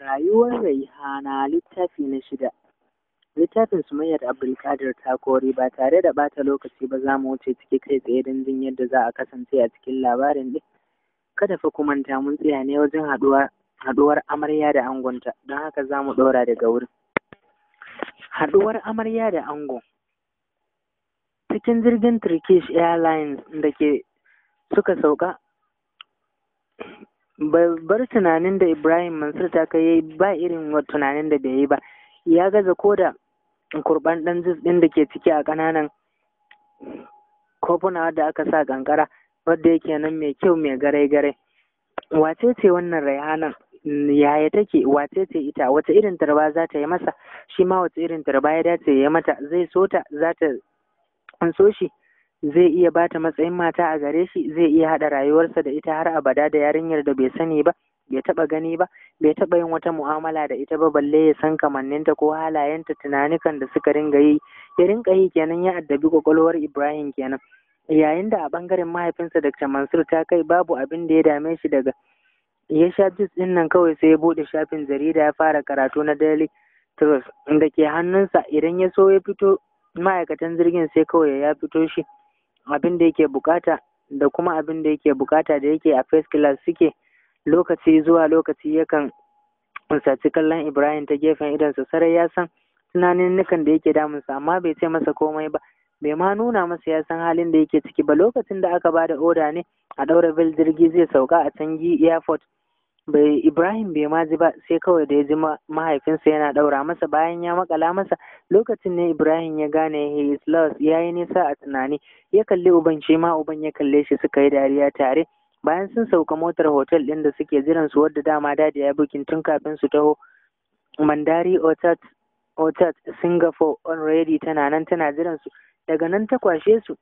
Rayuwar Raihana littafi na shida littafin Sumayyar Abdulkadir Takori ba tare da bata lokaci ba za mu wuce ciki kai tsaye don jin yadda za a kasance a cikin labarin ɗin. Kada fa ku manta mun tsaya ne wajen haɗuwar amarya da angonta don haka za mu ɗora daga wurin. Haɗuwar amarya da ango cikin jirgin Turkish Airlines da ke suka sauka bar tunanin da Ibrahim Mansur ta kai yayi ba irin tunanin da bai yi ba ya gaza ko da kurban ɗan jus ɗin da ke ciki a ƙananan kofuna da aka sa kankara wadda yake nan mai kyau mai garai garai wace ce wannan raihanan yaya take wace ce ita wace irin tarba za ta yi masa shi ma wace irin tarba ya dace ya mata zai so ta za ta so shi zai iya bata matsayin mata a gare shi zai iya haɗa rayuwarsa da ita har abada da yarinyar da bai sani ba bai taɓa gani ba bai taɓa yin wata mu'amala da ita ba balle ya san kamanninta ko halayenta tunanikan da suka ringa yi ya rinka yi kenan ya addabi kwakwalwar ibrahim kenan yayin da a ɓangaren mahaifinsa dr mansur ta kai babu abin da ya dame shi daga ya sha jus ɗin nan kawai sai ya buɗe shafin jarida ya fara karatu na daily trust da ke hannunsa idan ya so ya fito ma'aikatan jirgin sai kawai ya fito shi abin da yake bukata da kuma abin da yake bukata da yake a first class suke lokaci zuwa lokaci yakan saci kallon Ibrahim ta gefen idansa sarai ya san tunanin nukan da yake damunsa amma bai ce masa komai ba bai ma nuna masa ya san halin da yake ciki ba lokacin da aka bada oda ne a daura bil jirgi zai sauka a Tangi airport bai Ibrahim bai ma ji ba sai kawai da ya ji mahaifinsa yana ɗaura masa bayan ya makala masa lokacin ne Ibrahim ya gane ya is ya yi nisa a tunani ya kalli uban shi ma uban ya kalle shi suka yi dariya tare bayan sun sauka motar hotel ɗin da suke jiran su wadda dama dadi ya bukin tun kafin su taho Mandari Otat Otat Singapore already tana nan tana jiran su daga nan ta kwashe su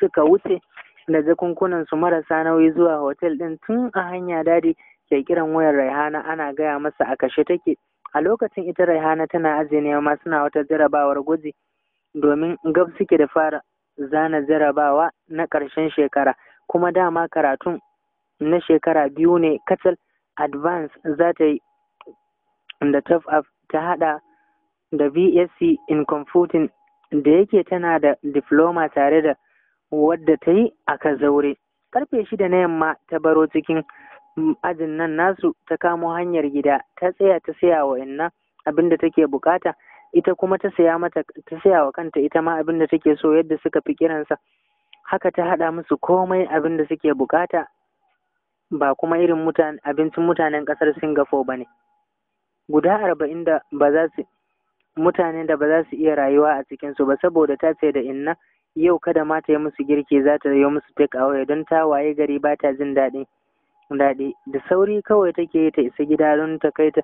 suka wuce da jakunkunan su marasa nauyi zuwa hotel ɗin tun a hanya dadi ke kiran wayar Raihana ana gaya masa a kashe take a lokacin ita Raihana tana ajiye ne suna wata jarabawar gwaji domin gab suke da fara zana jarabawa na ƙarshen shekara kuma dama karatun na shekara biyu ne kacal advance za ta yi da tafaf ta hada da VSC in computing da yake tana da diploma tare da wadda ta yi a kazaure karfe shida na yamma ta baro cikin Mm, ajin nan nasu ta kamo hanyar gida ta tsaya ta saya wa inna abin da take bukata ita kuma ta saya mata ta saya wa kanta ita ma abin da take so yadda suka fi kiransa haka ta haɗa musu komai abin da suke bukata ba kuma irin mutan abincin mutanen ƙasar Singapore ba ne guda arba'in da ba za su mutane da ba za su iya rayuwa a cikinsu ba saboda ta ce da inna yau kada ma ta yi musu girki za ta yi musu take away don ta waye gari ba ta jin daɗi. daɗi da sauri kawai take ta isa gida don ta kai ta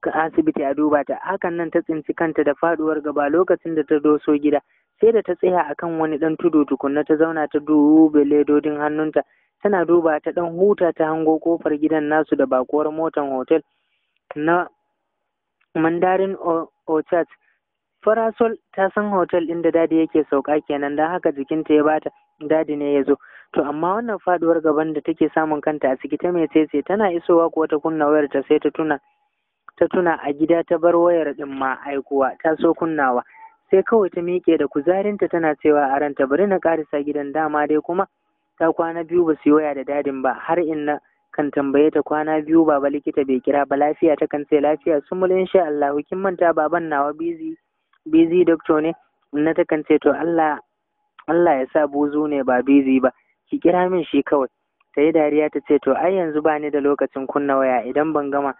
ka asibiti a duba ta hakan nan ta tsinci kanta da faduwar gaba lokacin da ta doso gida sai da ta tsaya akan wani dan tudu tukunna ta zauna ta dube ledodin hannunta tana duba ta dan huta ta hango kofar gidan nasu da bakuwar motar hotel na mandarin orchard farasol ta san hotel ɗin da dadi yake sauka kenan don haka jikinta ya bata dadi ne ya zo To amma wannan faduwar gaban da take samun kanta a ciki ta mecece tana isowa kuwa ta kunna wayar ta sai ta tuna ta tuna a gida ta bar wayar din ma aikuwa ta so kunnawa sai kawai ta miƙe da kuzarinta tana cewa a ranta bari na ƙarisa gidan dama dai kuma ta kwana biyu ba su yi waya da dadin ba har inna kan tambaye ta kwana biyu baba likita bai kira ba lafiya ta kan ce lafiya sumul insha Allah kin manta baban nawa busy busy doctor ne na ta kan ce to Allah Allah ya sa buzu ne ba Bizi ba ki kira min shi kawai ta yi dariya ta ce to ai yanzu ba ni da lokacin kunna waya idan ban gama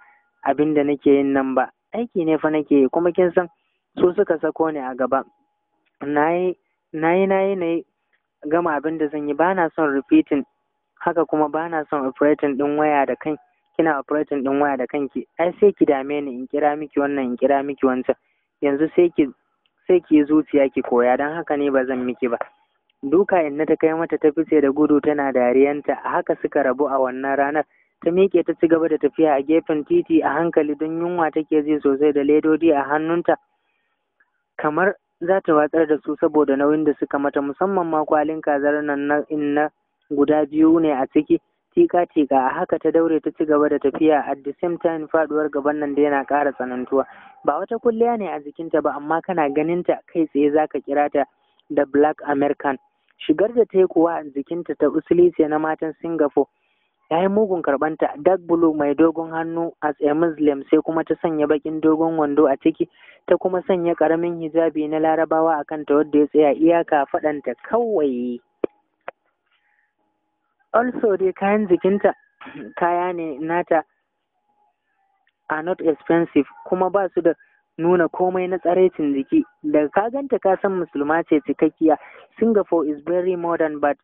abin da nake yin nan ba aiki ne fa nake yi kuma kin san su suka sako ni a gaba Na nayi nayi nayi gama abin da zan yi ba na son repeating haka kuma ba na son operating din waya da kan kina operating din waya da kanki ai sai ki dame ni in kira miki wannan in kira miki wancan yanzu sai ki sai ki zuciya ki koya don haka ne ba zan miki ba Duka inna ta kai mata ta fice da gudu tana dariyanta a haka suka rabu a wannan ranar. Ta miƙe ta ci gaba da tafiya a gefen titi a hankali don yunwa take ji sosai da ledodi a hannunta. Kamar za ta watsar da su saboda nauyin da suka mata musamman ma kwalin kazar nan na inna guda biyu ne a ciki tika-tika a haka ta daure ta ci gaba da tafiya at the same time faduwar gaban nan da yana ƙara tsanantuwa ba wata kulliya ne a jikinta ba amma kana ganin ta kai tsaye zaka kira ta da black american shigar da ta yi kuwa a jikinta ta usilisiya na matan singapore ya yi mugun karɓanta dark blue mai dogon hannu as a muslim sai kuma ta sanya bakin dogon wando a ciki ta kuma sanya karamin hijabi na larabawa a kanta wadda ya tsaya iyaka faɗanta kawai also dai kayan jikinta kaya ne nata are not expensive kuma ba su da nuna komai na tsaraicin jiki daga ka ganta ka san musulma ce cikakkiya singapore is very modern but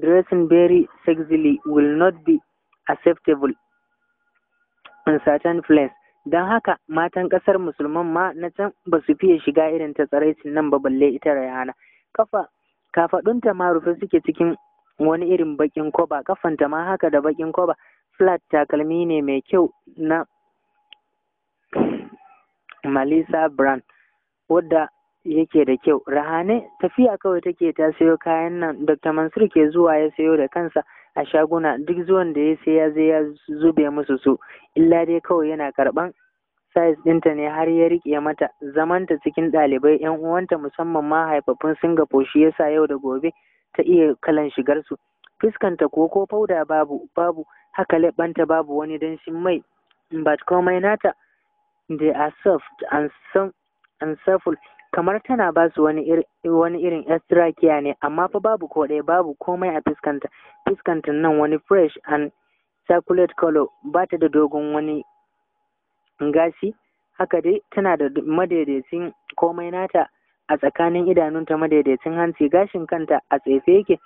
dressing very sexily will not be acceptable in certain place don haka matan kasar musulman ma na can ba su fiye shiga irin ta tsaraicin nan ba balle ita rayana kafa kafadunta ma rufe suke cikin wani irin bakin koba kafanta ma haka da bakin koba flat takalmi ne mai kyau na Malisa Brand wadda yake da kyau rahane tafiya kawai take ta sayo kayan nan Dr. Mansur ke zuwa ya sayo da kansa a shaguna duk zuwan da ya sai ya zai ya zube musu su illa dai kawai yana karban size ɗinta ne har ya rike mata zamanta cikin ɗalibai yan uwanta musamman ma haifafin Singapore shi yasa yau da gobe ta iya kalan shigar su fuskanta ko ko fauda babu babu haka labanta babu wani danshin mai ba komai nata They are soft and, some, and soft Kamar tana ba su wani, iri, wani irin extra care ne, amma fa babu ko ɗaya babu komai a fuskanta. nan wani fresh and chocolate color, ba ta da dogon wani gashi. Haka dai tana da madaidaicin komai nata a tsakanin idanunta madaidaicin hanci gashin kanta a tsefe yake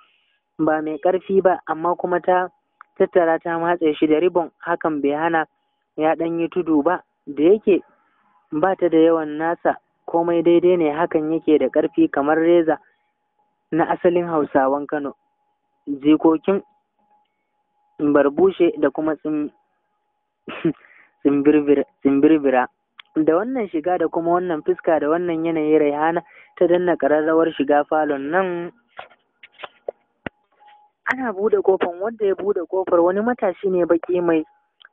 ba mai karfi ba amma kuma ta tattara ta matse shi da ribon hakan bai hana ya ɗan yi tudu ba da yake ba ta da yawan nasa komai daidai ne hakan yake da ƙarfi kamar reza na asalin hausawan kano jikokin barbushe da kuma tsimbirbira da wannan shiga da kuma wannan fuska da wannan yanayi raihana ta danna ƙararrawar shiga falon nan ana buɗe ƙofar wanda ya buɗe kofar wani matashi ne baki mai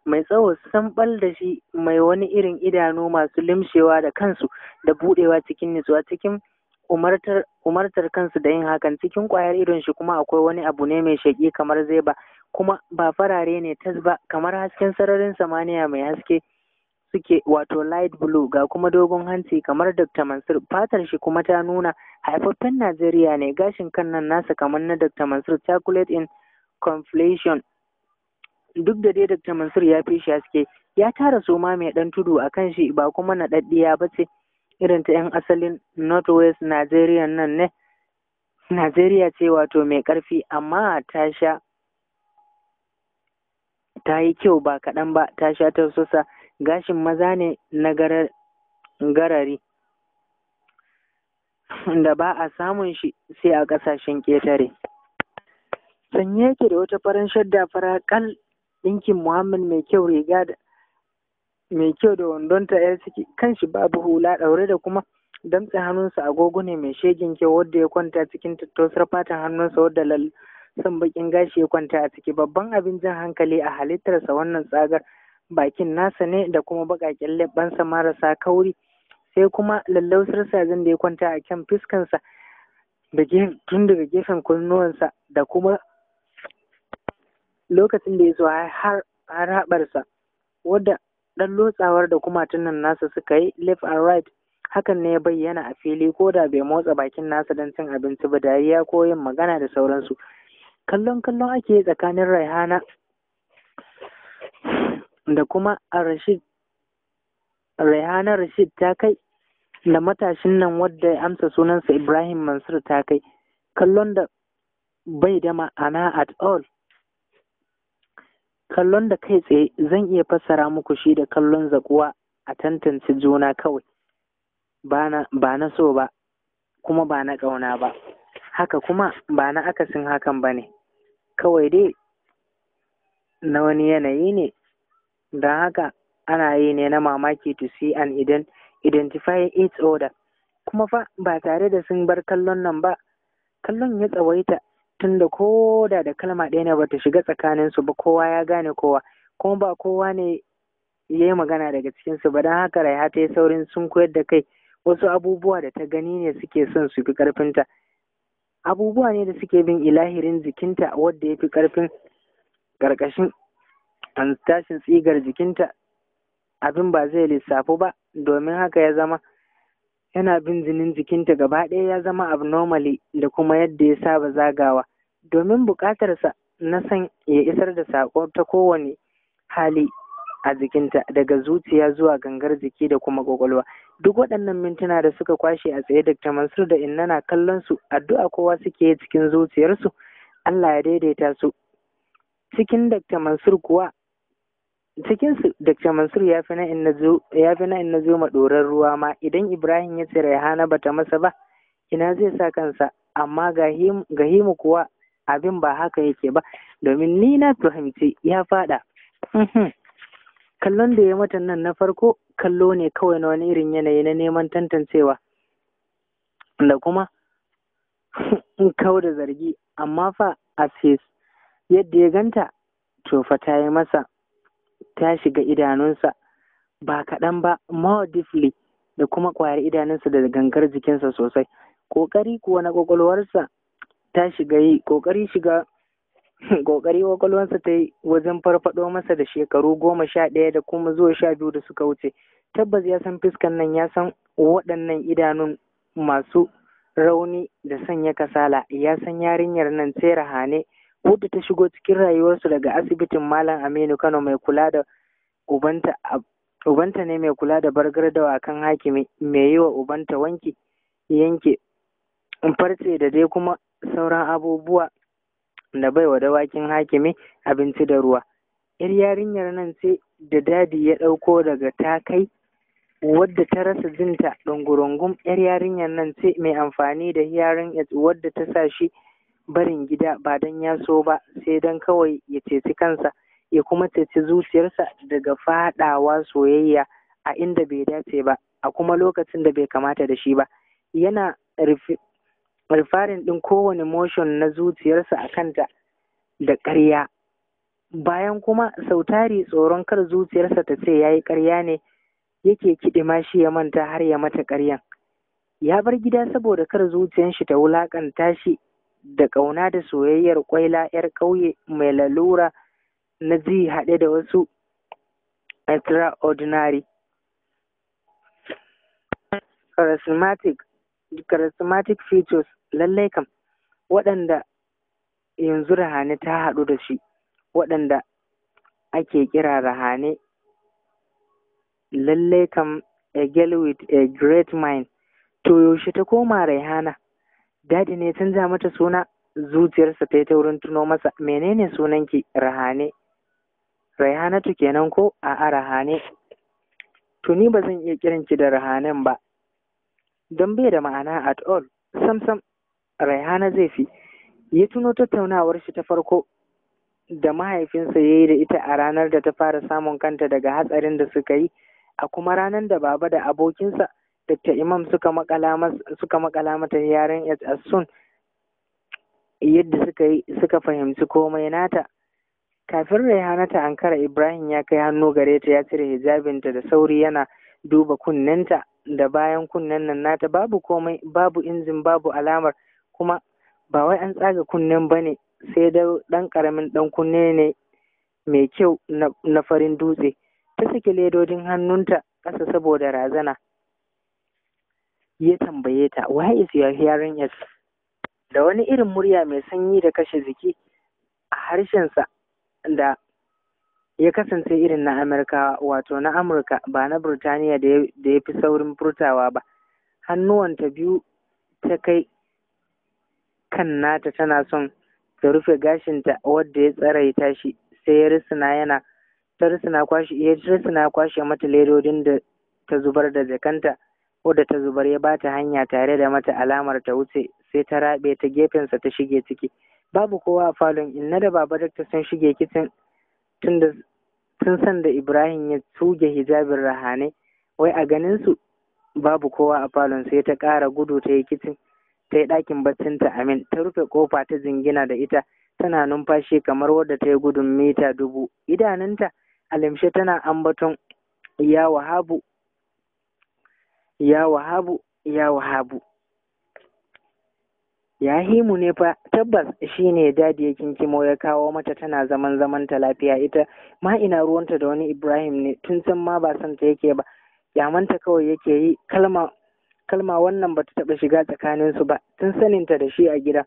mai tsawo ɓal da shi mai wani irin idanu masu limshewa da kansu da buɗewa cikin nutsuwa cikin umartar, umartar kansu da yin hakan cikin ƙwayar idon shi kuma akwai wani abu ne mai shaƙi kamar zai ba kuma ba farare ne tas ba kamar hasken sararin samaniya mai haske suke wato light blue ga kuma dogon hanci kamar Dr. Mansur fatar shi kuma ta nuna haifaffen Najeriya ne gashin kan nan nasa kamar na Dr. Mansur chocolate in conflation duk da dai Dr. Mansur ya fi shi haske ya tara ma mai ɗan tudu a kan shi ba kuma naɗaɗɗiya ba ce irin ta 'yan asalin Northwest Nigeria nan ne. Najeriya ce wato mai ƙarfi amma ta sha ta yi kyau ba kaɗan ba ta sha ta sosa gashin maza ne na garari da ba a samun shi sai a ƙasashen ƙetare. Sanye yake da wata farin shadda fara kal ɗinkin muhammad mai kyau riga da mai kyau da wandonta ya ciki kanshi babu hula ɗaure da kuma damtse hannunsa agogo ne mai shegin kyau wadda ya kwanta cikin tattausar fatan hannunsa wadda lalsan bakin gashi ya kwanta a ciki babban abin jan hankali a halittarsa wannan tsagar bakin nasa ne da kuma baƙaƙen leɓɓansa marasa kauri sai kuma lallausar sajen da ya kwanta a kan fuskansa tun daga gefen kunnuwansa da kuma lokacin da ya zo har haɓarsa wadda ɗan lotsawar da kumatun nan nasa suka yi left and right hakan ne ya bayyana a fili ko da bai motsa bakin nasa don cin abinci ba dariya ko yin magana da sauransu kallon kallon ake tsakanin raihana da kuma a rashid raihana rashid ta kai da matashin nan wadda ya amsa sunansa ibrahim mansur ta kai kallon da bai da ma'ana at all kallon da kai tsaye zan iya fassara muku shi da kallon zaƙuwa a tantance juna kawai ba na so ba kuma ba na ƙauna ba haka kuma ba na akasin hakan ba ne kawai dai na wani yanayi ne don haka ana yi ne na mamaki to see an ident identify its order kuma fa ba tare da sun bar kallon nan ba kallon ya tsawaita tunda ko da da kalma ɗaya ne bata shiga tsakanin su ba kowa ya gane kowa kuma ba kowa ne ya yi magana daga cikin su ba don haka raiha ta yi saurin sun koyar da kai wasu abubuwa da ta gani ne suke son su fi ƙarfinta abubuwa ne da suke bin ilahirin jikinta wadda ya fi ƙarfin ƙarƙashin tashin tsigar jikinta abin ba zai lissafu ba domin haka ya zama yana bin jinin jikinta gaba ɗaya ya zama abnormally da kuma yadda ya saba zagawa domin buƙatarsa na san ya isar da saƙo ta kowane hali a jikinta daga zuciya zuwa gangar jiki da kuma ƙwaƙwalwa duk waɗannan mintuna da suka kwashe a tsaye Dr. Mansur da Inna na kallon su addu'a kowa suke cikin zuciyarsu Allah ya daidaita su cikin Dr. Mansur kuwa cikinsu Dr. Mansur ya fi na inna na zo ma ruwa ma idan Ibrahim ya ce Raihana bata masa ba ina zai sa kansa amma ga himu kuwa abin ba haka yake ba domin ni na fahimci ya faɗa. Uhm, kallon da ya mata nan na farko kallo ne kawai na wani irin yanayi na neman tantancewa da kuma kau da zargi amma fa a yadda ya ganta to fa ta yi masa ta shiga idanunsa ba kaɗan ba more da kuma ƙwayar idanunsa da gangar jikinsa sosai ƙoƙari kuwa na ƙwaƙwalwarsa ta shiga yi ƙoƙari shiga ƙoƙari ƙwaƙwalwarsa ta yi wajen farfaɗo masa da shekaru goma sha ɗaya da kuma zuwa sha biyu da suka wuce tabbas ya san fiskan nan ya san waɗannan idanun masu rauni da sanya kasala ya san yarinyar nan sai rahane Wadda ta shigo cikin rayuwarsu daga asibitin Malam Aminu Kano mai kula da ubanta ubanta ne mai kula da bargar dawakan hakimi mai yi wa ubanta wanki yanke farce da dai kuma sauran abubuwa da bai wa dawakin hakimi abinci da ruwa. ‘Yar yarinyar nan ce da dadi ya ɗauko daga takai wadda ta rasa jinta ɗungurungun ‘yar yarinyar nan ce mai amfani da hearing wadda ta sa shi barin gida ba don ya so ba sai don kawai ya ceci kansa ya kuma ceci zuciyarsa daga faɗawa soyayya a inda bai dace ba a kuma lokacin da bai kamata da shi ba yana rufarin ɗin kowane motion na zuciyarsa a kanta da ƙarya bayan kuma sautari tsoron kar zuciyarsa ta ce ya yi ƙarya ne yake ma shi ya manta har ya mata ƙaryan ya bar gida saboda kar zuciyar shi ta wulaƙanta shi da ƙauna da soyayyar ƙwaila 'yar ƙauye mai lalura na ji haɗe da wasu extraordinary charismatic, charismatic features lallai kam waɗanda yanzu rahane ta haɗu da shi waɗanda ake kira rahane lallai kam a girl with a great mind to yaushe ta koma raihana dadi ne canza mata suna zuciyarsa ta yi ta wurin tuno masa menene sunanki rahane raihanatu kenan ko a'a rahane tuni ba zan iya kiranki da rahanen ba don bai da ma'ana at all sam sam raihana zai fi ya tuno tattaunawar shi ta farko da mahaifinsa ya yi da ita a ranar da ta fara samun kanta daga hatsarin da suka yi a kuma ranar da baba da abokinsa Dakta Imam suka makala mata yaren Sun yadda suka yi suka fahimci komai nata kafin raihana ta ankara Ibrahim ya kai hannu gare ta ya cire hijabinta da sauri yana duba kunnenta da bayan kunnen nan nata babu komai babu injin babu alamar kuma ba wai an tsaga kunnen bane sai da ɗan ƙaramin ɗan kunne ne mai kyau na farin dutse ta saki ledojin hannunta ƙasa saboda razana ya tambaye ta why is your hearing aids da wani irin murya mai sanyi da kashe jiki a harshensa da ya kasance irin na Amurka wato na Amurka ba na Burtaniya da ya fi saurin furtawa ba hannuwanta biyu ta kai kan nata tana son ta rufe gashinta wadda ya tsaraita shi sai ya risina yana ta risina kwashe ya risina kwashe mata ledodin da ta zubar da jakanta wadda ta zubar ya bata hanya tare da mata alamar ta wuce sai ta rabe ta gefensa ta shige ciki babu kowa a falon inna da baba dakta sun shige kicin tunda tun san da ibrahim ya tuge hijabin rahane wai a ganin su babu kowa a falon sai ta ƙara gudu ta yi kicin ta yi baccin ta amin ta rufe kofa ta jingina da ita tana numfashi kamar wadda ta yi gudun mita dubu idanunta alimshe tana ambaton ya wahabu ya wahabu ya wahabu ya himu ne fa tabbas shi ne dadi ya kinkimo ya kawo mata tana zaman zaman ta lafiya ita ma ina ruwanta da wani ibrahim ne tun san ma ba san ta yake ba yamanta kawai yake yi kalma kalma wannan ba ta taba shiga tsakanin su ba tun saninta da shi a gida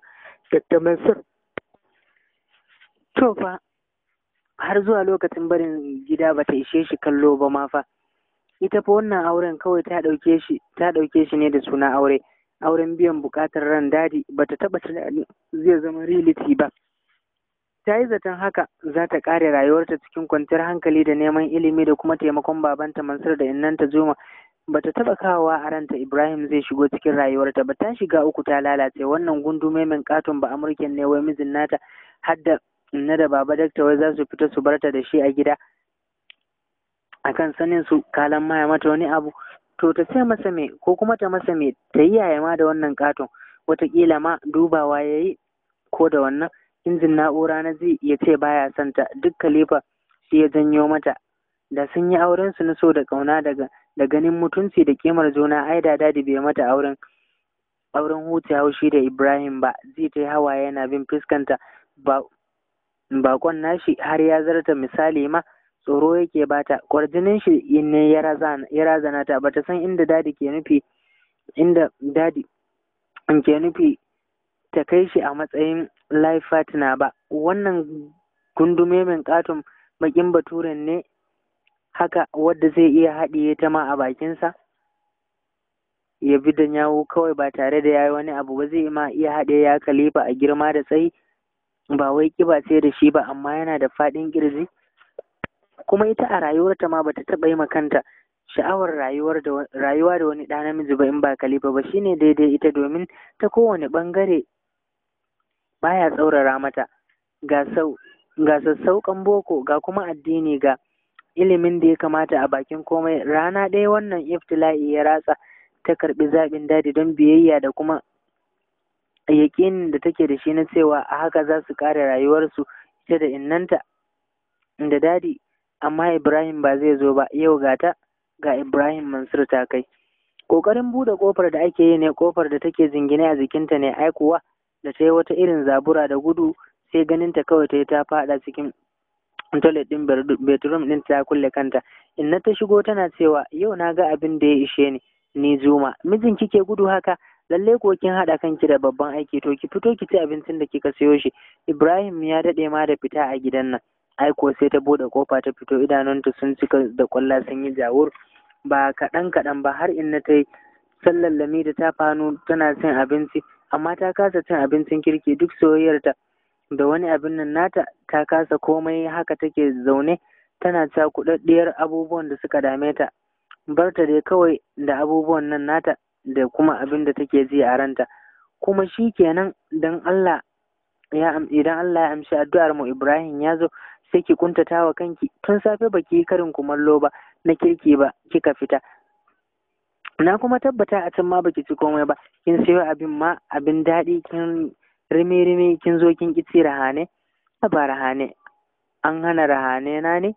dr mansur to fa har zuwa lokacin barin gida bata ishe shi kallo ba ma fa ita fa wannan auren kawai ta ɗauke shi ta dauke shi ne da suna aure auren biyan bukatar ran dadi bata taba tunani zai zama reality ba ta yi zaton haka za ta kare rayuwarta cikin kwanciyar hankali da neman ilimi da kuma taimakon babanta mansur da innanta zuma bata taba kawowa a ranta ibrahim zai shigo cikin rayuwarta ba ta shiga uku ta lalace wannan mai min katon ba amurken ne wai mijin nata hadda na da baba dakta wai za su fita su barta da shi a gida akan sanin su kalan maya mata wani abu to ta ce masa me ko kuma ta masa me ta yi yaya ma da wannan katon wataƙila ma dubawa ya yi ko da wannan injin na'ura na zai ya ce baya son ta duk kalifa shi ya janyo mata da sun yi auren su na so da kauna daga da ganin mutunci da kimar juna ai da dadi bai mata auren auren huce haushi da Ibrahim ba zai ta hawaye yana bin fuskanta ba bakon nashi har ya zarta misali ma tsoro yake bata kwarjinin shi ne ya razana ta bata san inda dadi ke nufi inda dadi ke nufi ta kai shi a matsayin life partner ba wannan gundume min katon bakin baturen ne haka wadda zai iya haɗiye ta ma a bakinsa ya bi da yawo kawai ba tare da yayi wani abu ba zai ma iya haɗe ya kalifa a girma da tsayi ba wai kiba sai da shi ba amma yana da faɗin kirji kuma ita a rayuwarta ma bata taɓa yi kanta sha'awar rayuwar da rayuwa da wani ɗa namiji ba in ba Khalifa ba shine daidai ita domin ta kowane ɓangare baya tsaurara mata ga sau ga sassauƙan boko ga kuma addini ga ilimin da ya kamata a bakin komai rana ɗaya wannan iftila'i ya ratsa ta karɓi zaɓin dadi don biyayya da kuma yakinin da take da shi na cewa a haka za su ƙara rayuwarsu ita da innanta da dadi amma Ibrahim ba zai zo ba yau ga ta ga Ibrahim Mansur ta kai Ƙoƙarin buɗe ƙofar da ake yi ne ƙofar da take zingine a jikinta ne ai kuwa da ta wata irin zabura da gudu sai ganin ta kawai ta yi ta faɗa cikin toilet ɗin bedroom ɗin ta kulle kanta inna ta shigo tana cewa yau na ga abin da ya ishe ni ni zuma mijin kike gudu haka Lallai ko kin haɗa kanki da babban aiki to ki fito ki ci abincin da kika siyo shi Ibrahim ya daɗe ma da fita a gidan nan Aiko sai ta buɗe kofa ta fito idanunta sun cika da kwalla sun yi jawur ba kaɗan kaɗan ba har inna ta yi sallar lamida ta fano tana cin abinci amma ta kasa cin abincin kirki duk soyayyarta da wani abin nan nata ta kasa komai haka take zaune tana ta cakuɗaɗɗiyar abubuwan da suka dame ta barta dai kawai da abubuwan nan nata da kuma abin da take ji a ranta kuma shi kenan Allah ya idan Allah ya amshi addu'ar mu Ibrahim ya zo sai ki kuntata wa kanki tun safe baki yi karin kumallo ba na kirki ba kika fita na kuma tabbata a can ma baki ci komai ba kin sayo abin ma abin daɗi kin rime-rime kin zo kin kici rahane haba rahane an hana rahane na ne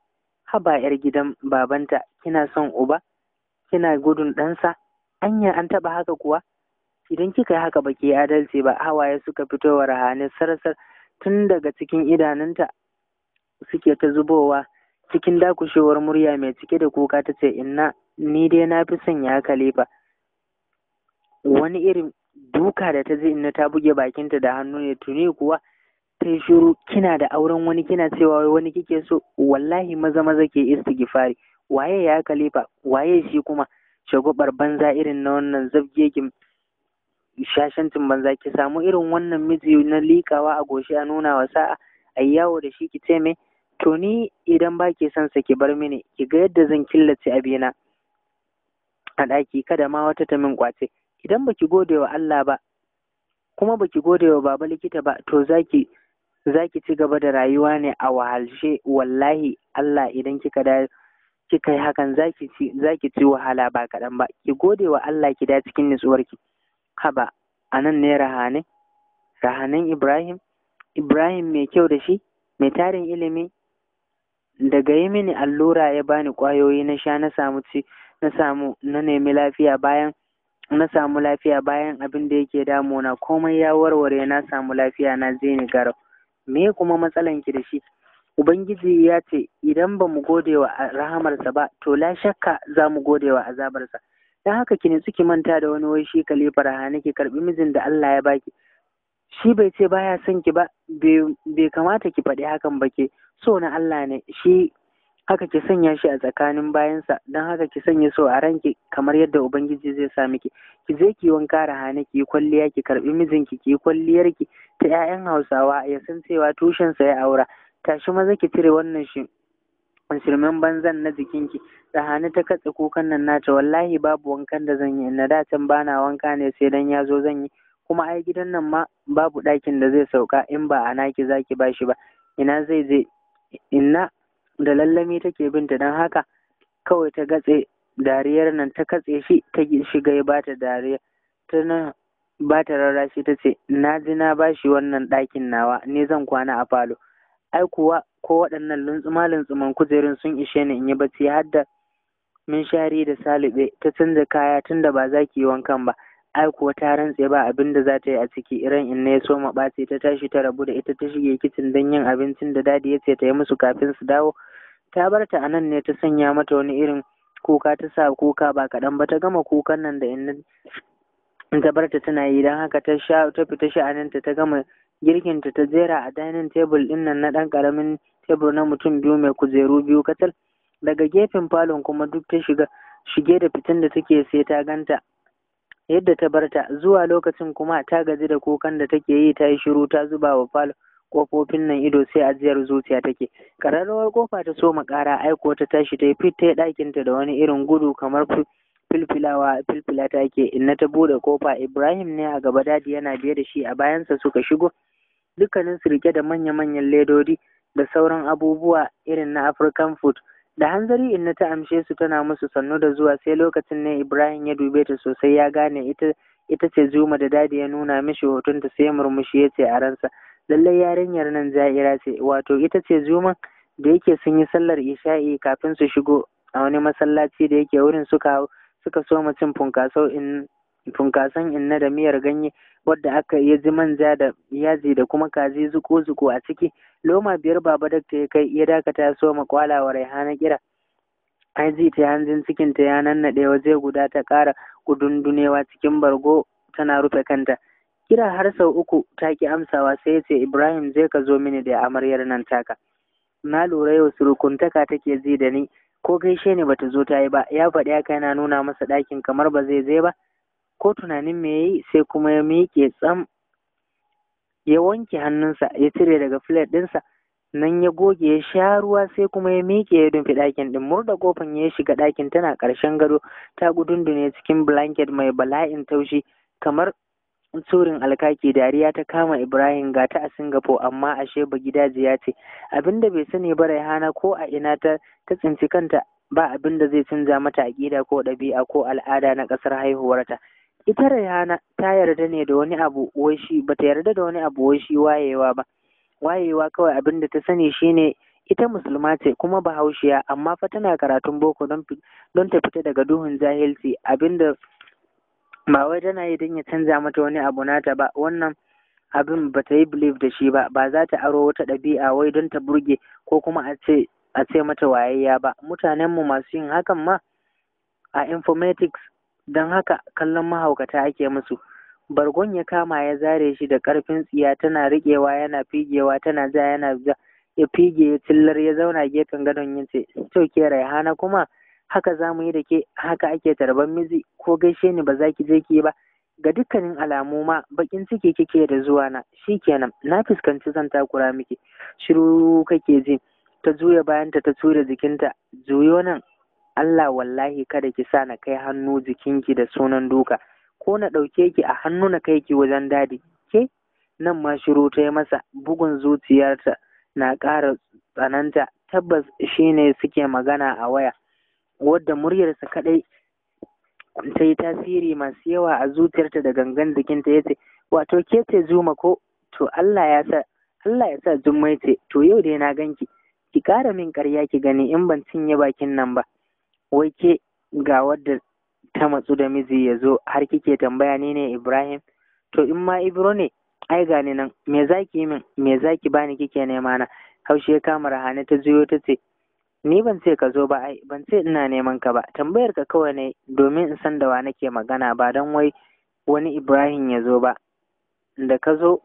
haba yar gidan babanta kina son uba kina gudun ɗansa anya an taɓa haka kuwa idan kika yi haka baki adalci ba hawaye suka fito wa rahane sarsar tun daga cikin idanunta suke ta zubowa cikin dakushewar murya mai cike da kuka ta ce inna ni dai na fi son ya kalifa. wani irin duka da ta ji inna ta buge bakinta da hannu ne tuni kuwa ta yi shiru kina da auren wani kina cewa wani kike so wallahi maza maza ke istighfari waye ya kalifa? waye shi kuma shagubar banza irin na wannan zabgegin shashancin banza ki samu irin wannan miji na likawa a goshi a nuna wa sa'a a yawo da shi ki ce mai To ni idan ba ke son sa ki bar mini, ki ga yadda zan killace abina a ɗaki kada ma wata ta min ƙwace. Idan ba ki gode wa Allah ba, kuma ba ki gode wa baba likita ba, to za ki za ci gaba da rayuwa ne a wahalshe wallahi Allah idan kika da kika yi hakan za ci zaki ci wahala ba kaɗan ba ki gode wa Allah ki da cikin ki haba a ne rahane rahanen Ibrahim Ibrahim mai kyau da shi mai tarin ilimi daga yi mini allura ya bani kwayoyi na sha na samu ci na samu na nemi lafiya bayan na samu lafiya bayan abin da yake damuna komai ya warware na samu lafiya na zini me kuma matsalan ki da shi ubangiji ya ce idan ba mu gode wa rahamarsa ba to la shakka za mu gode wa azabarsa dan haka ki nitsu ki manta da wani wai shi kalifar ha nake karbi mijin da Allah ya baki shi bai ce baya son ki ba bai kamata ki faɗi hakan ba ke so na Allah ne shi haka ki sanya shi a tsakanin bayansa don haka ki sanya so a ranki kamar yadda ubangiji zai sa miki ki je ki wanka rahane ki yi kwalliya ki karbi mijinki ki yi kwalliyar ki ta ƴaƴan hausawa ya san cewa tushen sa ya aura tashi maza ki cire wannan shi shirmen banzan na jikinki rahane ta katse kukan nan nata wallahi babu wankan da zan yi na da can bana wanka ne sai dan ya zo zan yi kuma ai gidan nan ma babu ɗakin da zai sauka in ba a naki zaki ba shi ba ina zai je inna da lallami take binta don haka kawai ta gatse dariyar nan ta katse shi ta shiga ya bata dariya ta nan ba ta shi ta ce na ji na ba shi wannan ɗakin nawa ne zan kwana a falo ai kuwa ko waɗannan luntsuma luntsuman kujerun sun ishe ni in yi bacci har da min shari da salube ta canza kaya tunda ba za ki yi wankan ba Ai kuwa ta rantse ba abin abinda zata yi a ciki, iran inna ya soma ɓaci ta tashi ta rabu da ita ta shige kicin don yin abincin da dadi ya ce ta yi musu kafin su dawo. Ta barta a nan ne ta sanya mata wani irin kuka ta sa kuka ba kaɗan ba ta gama kukan nan da in ta barta tana yi don haka ta sha ta fita sha'aninta ta gama girkin ta jera a dining table ɗinnan nan na ɗan ƙaramin tebur na mutum biyu mai kujeru biyu kacal daga gefen falon kuma duk ta shiga shige da fitan da take sai ta ganta yadda ta barta zuwa lokacin kuma ta gaji da kukan da take yi ta yi shiru ta zuba wa falo kofofin nan ido sai ajiyar zuciya take kararrawar kofa ta so ma ƙara aiko ta tashi ta yi fit ta ta da wani irin gudu kamar filfilawa filfila ta ke inna ta bude kofa ibrahim ne a gaba dadi yana biye da shi a bayansa suka shigo dukkanin su rike da manya-manyan ledodi da sauran abubuwa irin na african food da hanzari inna ta amshe su tana musu sannu da zuwa sai lokacin ne ibrahim ya dube ta sosai ya gane ita ita ce zuma da dadi ya nuna mishi hotonta sai murmushi ya ce a ransa lallai yarinyar nan za'ira ce wato ita ce zuma da yake sun yi sallar isha'i kafin su shigo a wani masallaci da yake wurin suka suka so mutum funkasau in funkasan inna da miyar ganye wadda aka iya ji manja da yaji da kuma kaji zuko-zuko a ciki loma biyar baba dakta ya kai ya dakata ya soma kwalawa raihana kira ai ji ta hanzin cikin ta ya nannaɗe waje guda ta kara kudundunewa cikin bargo tana rufe kanta kira har sau uku ta ki amsawa sai ya ce ibrahim zai ka zo mini da amaryar nan taka na lura yau surukuntaka take ji da ni ko gaishe ne bata zo ta yi ba ya faɗi haka yana nuna masa ɗakin kamar ba zai je ba ko tunanin me ya yi, sai kuma ya miƙe tsam ya wanke hannunsa ya cire daga filet ɗinsa nan ya goge ya sha ruwa sai kuma ya miƙe ya dumfi ɗakin ɗin murda kofan ya shiga ɗakin tana ƙarshen gado ta gudundune cikin blanket mai bala'in taushi kamar tsurin alkaki dariya ta kama ibrahim ga ta a singapore amma ashe ba gidajiya ce abinda bai sani ba raihana ko a ina ta ta tsinci kanta ba abin da zai canza mata aƙida ko ɗabi'a ko al'ada na ƙasar haihuwarta ita Rayhana ta yarda ne da wani abu wai shi bata yarda da wani abu wai shi wayewa ba wayewa kawai abin da ta sani shine ita musulma ce kuma bahaushiya amma fa tana karatun boko don ta fita daga duhun jahilci abinda ba wai tana yi don ya canza mata wani abu nata ba wannan abin ba ta yi believe da shi ba ba za ta aro wata ɗabi'a wai don ta burge ko kuma a ce a ce mata wayayya ba mutanenmu masu yin hakan ma a informatics don haka kallon mahaukata ake musu bargon ya kama ya zare shi da karfin tsiya tana riƙewa yana figewa tana ja yana ja ya fige ya cillar ya zauna gefen gadon ya ce to ke raihana kuma haka za mu yi da ke haka ake tarban miji ko gaishe ni ba za ki je ki ba ga dukkanin alamu ma bakin ciki kike da zuwa na Shi kenan na fuskanci zan takura miki shiru kake ji ta juya bayanta ta tura jikinta juyo nan Allah wallahi kada ki sa na kai hannu jikinki da sunan duka ko na ɗauke ki a hannu na kai ki wajen dadi ke nan ma shiru ta yi masa bugun zuciyarta na ƙara tsananta tabbas shi ne suke magana a waya wadda muryarsa kaɗai ta yi tasiri masu yawa a zuciyarta da gangan jikinta ya ce wato ke ce zuma ko to Allah ya sa Allah ya sa jummai ce to yau dai na ganki ki ƙara min ƙarya ki gani in ban cinye bakin nan ba wai ke ga wadda ta matsu da miji ya zo har kike tambaya ni ne Ibrahim to in ma Ibro ne ai gane nan me zaki yi min me zaki bani kike nema na haushe kama rahane ta juyo ta ce ni ban ce ka zo ba ai ban ce ina neman ka ba tambayar ka kawai ne domin in san da wa nake magana ba dan wai wani Ibrahim ya zo ba da ka zo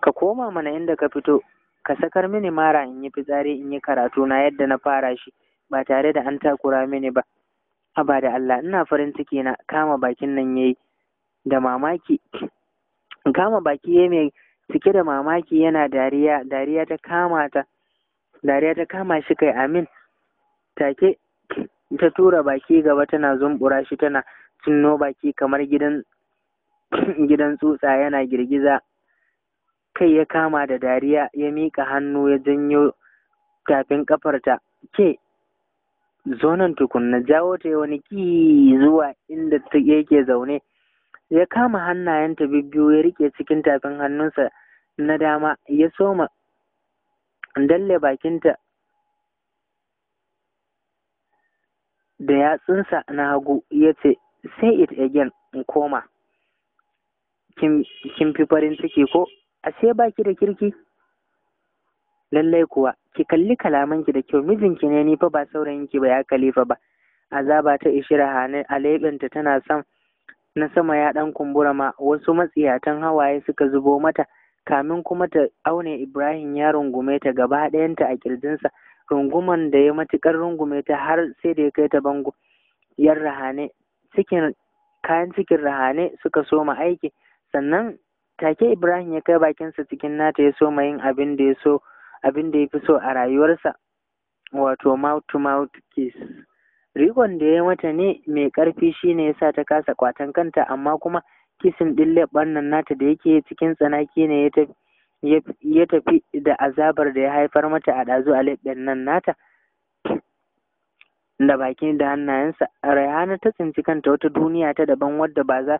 ka koma mana inda ka fito ka sakar mini mara in yi fitsari in yi karatu na yadda na fara shi ba tare da an takura mini ba haba da Allah ina farin ciki na kama bakin nan yayi da mamaki kama baki yayi mai cike da mamaki yana dariya dariya ta kama ta dariya ta kama shi kai amin take ta tura baki gaba tana zumbura shi tana cinno baki kamar gidan gidan tsutsa yana girgiza kai ya kama da dariya ya mika hannu ya janyo kafin kafarta ke zonan tukunna, tukun na jawo ta wani ki zuwa inda ta yake zaune ya kama hannayenta bibiyu ya rike cikin tafin hannunsa na dama ya soma dalle bakinta da yatsunsa na hagu ya ce say it again in koma kin fi farin ciki ko ashe baki da kirki lallai kuwa ki kalli kalaman ki da kyau mijinki ne ni fa ba ki ba ya kalifa ba azaba ta ishira hane a tana san na sama ya ɗan kumbura ma wasu matsiyatan hawaye suka zubo mata kamin kuma ta aune ibrahim ya rungume ta gaba ɗayanta a ƙirjinsa runguman da ya matuƙar rungume ta har sai da ya kai ta bango Yar rahane cikin kayan cikin rahane suka soma aiki sannan take ibrahim ya kai bakinsa cikin nata ya soma yin abin da ya so abin da ya fi so a rayuwarsa wato mouth to mouth kiss rikon da ya yi mata ne mai ƙarfi shine yasa ta kasa kwatan kanta amma kuma kisin ɗin leɓɓan nan nata da yake cikin tsanaki ne ya tafi da azabar da ya haifar mata a ɗazu a leɓen nan nata da baki da hannayensa rayhana ta tsinci kanta wata duniya ta daban wadda ba za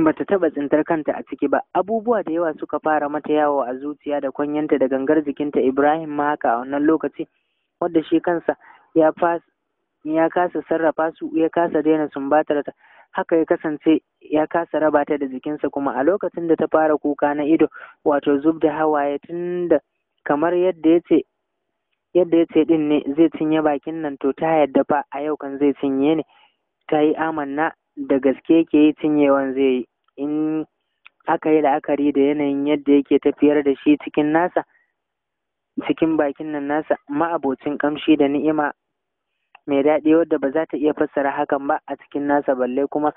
bata taɓa tsintar kanta a ciki ba abubuwa da yawa suka fara mata yawo a zuciya da kwanyanta da gangar jikinta ibrahim ma haka a wannan lokaci wadda shi kansa ya fas ya kasa sarrafa su ya kasa daina sumbatar ta haka ya kasance ya kasa raba ta da jikinsa kuma a lokacin da ta fara kuka na ido wato zub da hawaye tunda kamar yadda ya ce yadda ya ce din ne zai cinye bakin nan to ta yadda fa a yau kan zai cinye ne ta yi amanna da gaske yake yi cinyewan zai yi in aka yi la'akari da yanayin yadda yake tafiyar da shi cikin nasa cikin bakin nan nasa ma'abocin kamshi da ni'ima mai daɗi wadda ba za ta iya fassara hakan ba a cikin nasa balle kuma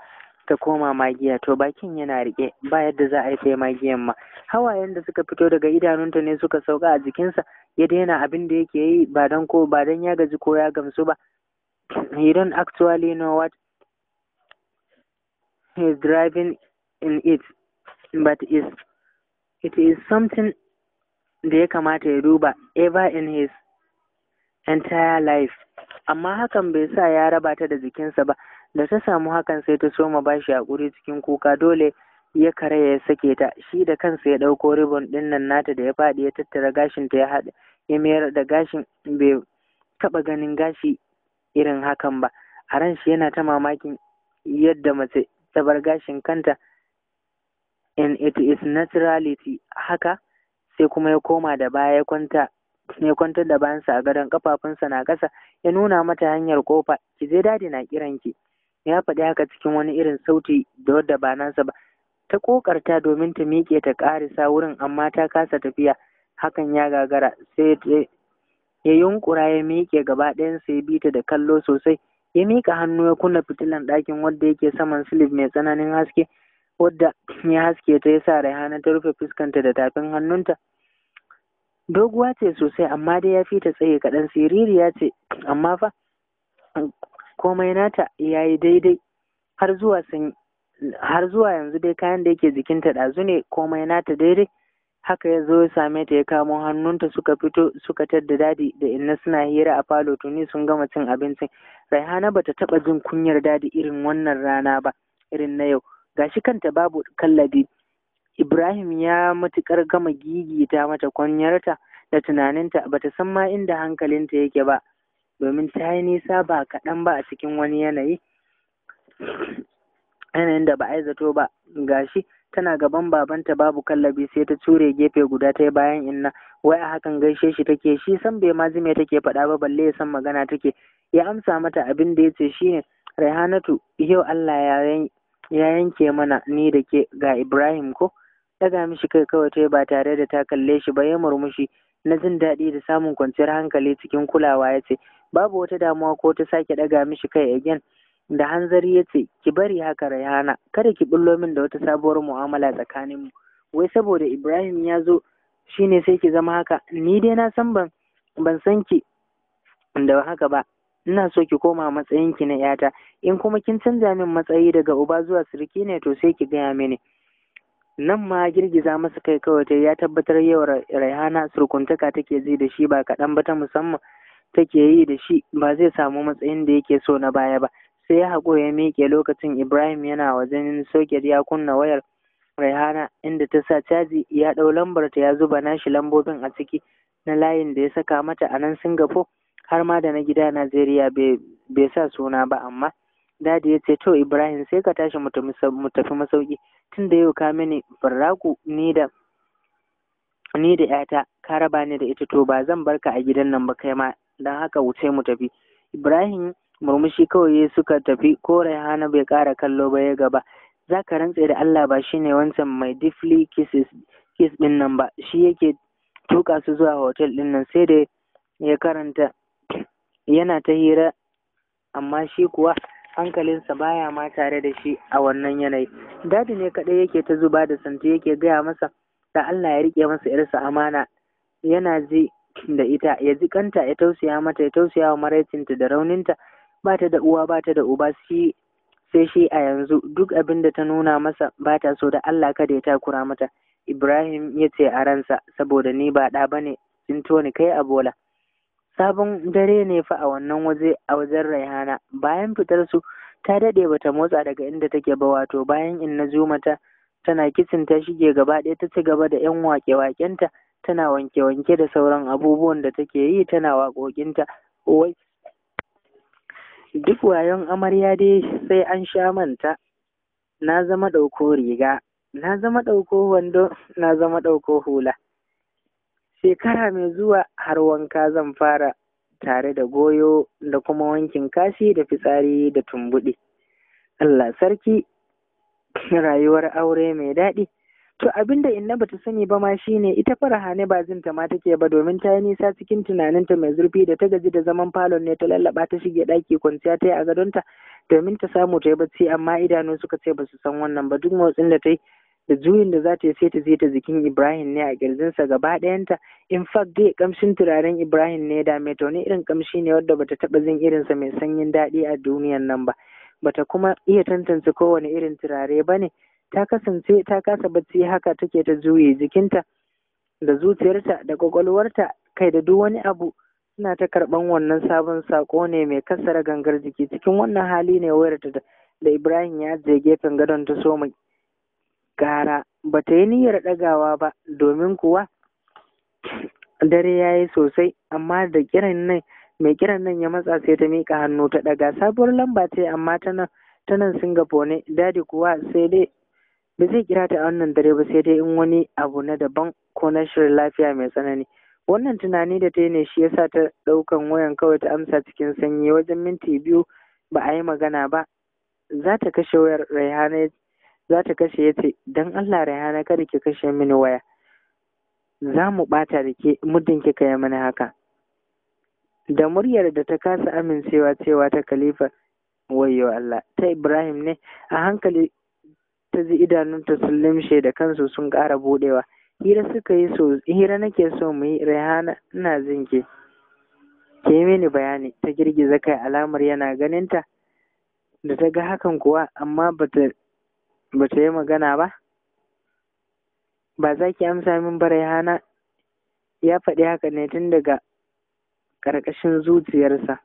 ta koma magiya to bakin yana rike ba yadda za a yi sai magiyan ma hawayen da suka fito daga idanunta ne suka sauka a jikinsa ya daina abin da yake yi ba don ko ba don ya gaji ko ya gamsu ba he don't actually know what he's driving in it but is it is something da ya kamata ya duba ever in his entire life amma hakan bai sa ya raba ta da jikinsa ba da ta samu hakan sai ta soma bashi hakuri cikin kuka dole ya kare ya sake ta shi da kansa ya ɗauko ribon ɗinnan nan nata da ya faɗi ya tattara gashin ta ya hada ya mayar da gashin bai taɓa ganin gashi irin hakan ba a ran shi yana ta mamakin yadda mace tsabar bar gashin kanta in it is naturality haka sai kuma ya koma da baya ya kwanta ya kwantar da bayansa a gadon kafafunsa na ƙasa ya nuna mata hanyar kofa ki je dadi na kiranki ya faɗi haka cikin wani irin sauti da wadda ba nasa ba ta kokarta domin ta miƙe ta ƙarisa wurin amma ta kasa tafiya hakan ya gagara sai ya yunkura ya miƙe gaba ɗayansa ya bi ta da kallo sosai ya mika hannu ya kunna fitilan ɗakin wadda yake saman silif mai tsananin haske wadda ya haske ta ya sa raihana ta rufe fuskanta da tafin hannunta doguwa ce sosai amma dai ya fi ta tsaye kaɗan siririya ce amma fa komai nata ya yi daidai har zuwa har zuwa yanzu dai kayan da yake jikinta ɗazu ne komai nata daidai haka ya zo ya same ta ya kamo hannunta suka fito suka tadda dadi da inna suna hira a falo tuni sun gama cin abincin raihana bata taba jin kunyar dadi irin wannan rana ba irin na yau gashi kanta babu kallabi ibrahim ya matukar gama gigita mata kunyarta da tunaninta bata san ma inda hankalinta yake ba domin ta yi nisa ba kaɗan ba a cikin wani yanayi yanayin da ba zato ba gashi tana gaban babanta babu kallabi sai ta cure gefe guda ta bayan inna wai a hakan gaishe shi take shi san bai ma zime take faɗa ba balle ya san magana take ya amsa mata abin da ya ce shine raihanatu yau Allah ya yanke mana ni da ke ga Ibrahim ko daga mishi kai kawai ta yi ba tare da ta kalle shi ba ya murmushi na jin daɗi da samun kwanciyar hankali cikin kulawa ya ce babu wata damuwa ko ta sake daga mishi kai again da hanzari ya ce ki bari haka rayana kada ki bullo min da wata sabuwar mu'amala tsakanin mu wai saboda ibrahim ya zo shine sai ki zama haka ni dai na san ban san ki da haka ba ina so ki koma matsayin ki na yata in kuma kin canza min matsayi daga uba zuwa sirki ne to sai ki gaya mini nan ma girgiza masa kai kawai ta ya tabbatar yau raihana surkuntaka take ji da shi ba kaɗan ba ta musamman take yi da shi ba zai samu matsayin da yake so na baya ba sai ya haƙo ya miƙe lokacin Ibrahim yana wajen soket ya kunna wayar Raihana inda ta sa caji ya ɗau lambar ta ya zuba nashi lambobin a ciki na layin da ya saka mata a nan Singapore har ma da na gida Najeriya bai sa suna ba amma dadi ya ce to Ibrahim sai ka tashi mu tafi masauki tunda yau ka mini farraku ni da ni da ‘yata ka raba ni da ita to ba zan barka a gidan nan ba kai ma don haka wuce mu tafi Ibrahim murmushi kawai suka tafi ko Raihana bai kara kallo ba ya gaba za ka rantse da Allah ba shine wancan mai deeply kisses kiss din nan ba shi yake tuka su zuwa hotel din nan sai da ya karanta yana ta hira amma shi kuwa hankalinsa baya ma tare da shi a wannan yanayi dadi ne kaɗai yake ta zuba da santi yake gaya masa da Allah ya rike masa irsa amana yana ji da ita ya ji kanta ya tausaya mata ya tausaya wa maraicinta da rauninta ba ta da uwa ba ta da uba si sai shi a yanzu duk abin da ta nuna masa ba ta so da Allah kada ya takura mata Ibrahim ya ce a ransa saboda ni ba ɗa bane tsinto ni kai a bola sabon dare ne fa a wannan waje a wajen Raihana bayan fitar su ta dade bata motsa daga inda take ba wato bayan in na mata tana kitchen ta shige gaba ɗaya ta ci gaba da yan wake wakenta tana wanke wanke da sauran abubuwan da take yi tana waƙoƙinta wai Duk wayon amarya dai sai an sha manta, na zama ɗauko riga, na zama ɗauko wando, na zama ɗauko hula. Shekara mai zuwa har wanka zan fara tare da goyo da kuma wankin kashi da fitsari da tumbuɗi. Allah sarki, rayuwar aure mai daɗi. To abin da inna bata sani ba ma shine ita farahane ba ta ma take ba domin ta yi nisa cikin tunaninta mai zurfi da ta gaji da zaman falon ne ta lallaba ta shige daki kwanciya ta yi a gadonta domin ta samu ta yi bacci amma idanu suka ce basu san wannan ba duk motsin da ta yi da juyin da za ta yi sai ta je ta jikin Ibrahim ne a kirjinsa gaba ɗayanta in fact dai kamshin turaren Ibrahim ne da mai ta wani irin kamshi ne wadda bata taba jin irinsa mai sanyin daɗi a duniyan nan ba bata kuma iya tantance kowane irin turare ba ne. ta kasance ta kasa bacci haka take ta juye jikinta da zuciyarta da kwakwalwarta kai da duk wani abu suna ta karɓan wannan sabon sako ne mai kasara gangar jiki cikin wannan hali ne wayarta da ibrahim ya je gefen gadon ta so mai gara ba ta yi niyyar ɗagawa ba domin kuwa dare ya yi sosai amma da kiran nan mai kiran nan ya matsa sai ta miƙa hannu ta ɗaga sabuwar lamba ce amma ta nan ta nan singapore ne dadi kuwa sai dai Ba zai kira ta a wannan dare ba sai dai in wani abu na daban ko na shirin lafiya mai tsanani. Wannan tunani da ta yi ne shi yasa ta ɗaukan wayan kawai ta amsa cikin sanyi wajen minti biyu ba a yi magana ba. Za ta kashe wayar Raihana za ta kashe ya ce don Allah Raihana kada ki kashe mini waya. Za mu ɓata da ke muddin kika yi mana haka. Da muryar da ta kasa amincewa cewa ta Khalifa wayo Allah ta Ibrahim ne a hankali ta ji idanunta sun limshe da kansu sun ƙara buɗewa hira suka yi so hira nake so mu yi raihana ina jin ke, ke mini bayani ta girgiza kai alamar yana ganinta da ta ga hakan kuwa amma bata bata yi magana ba ba za ki amsa min ba raihana ya faɗi haka ne tun daga ƙarƙashin zuciyarsa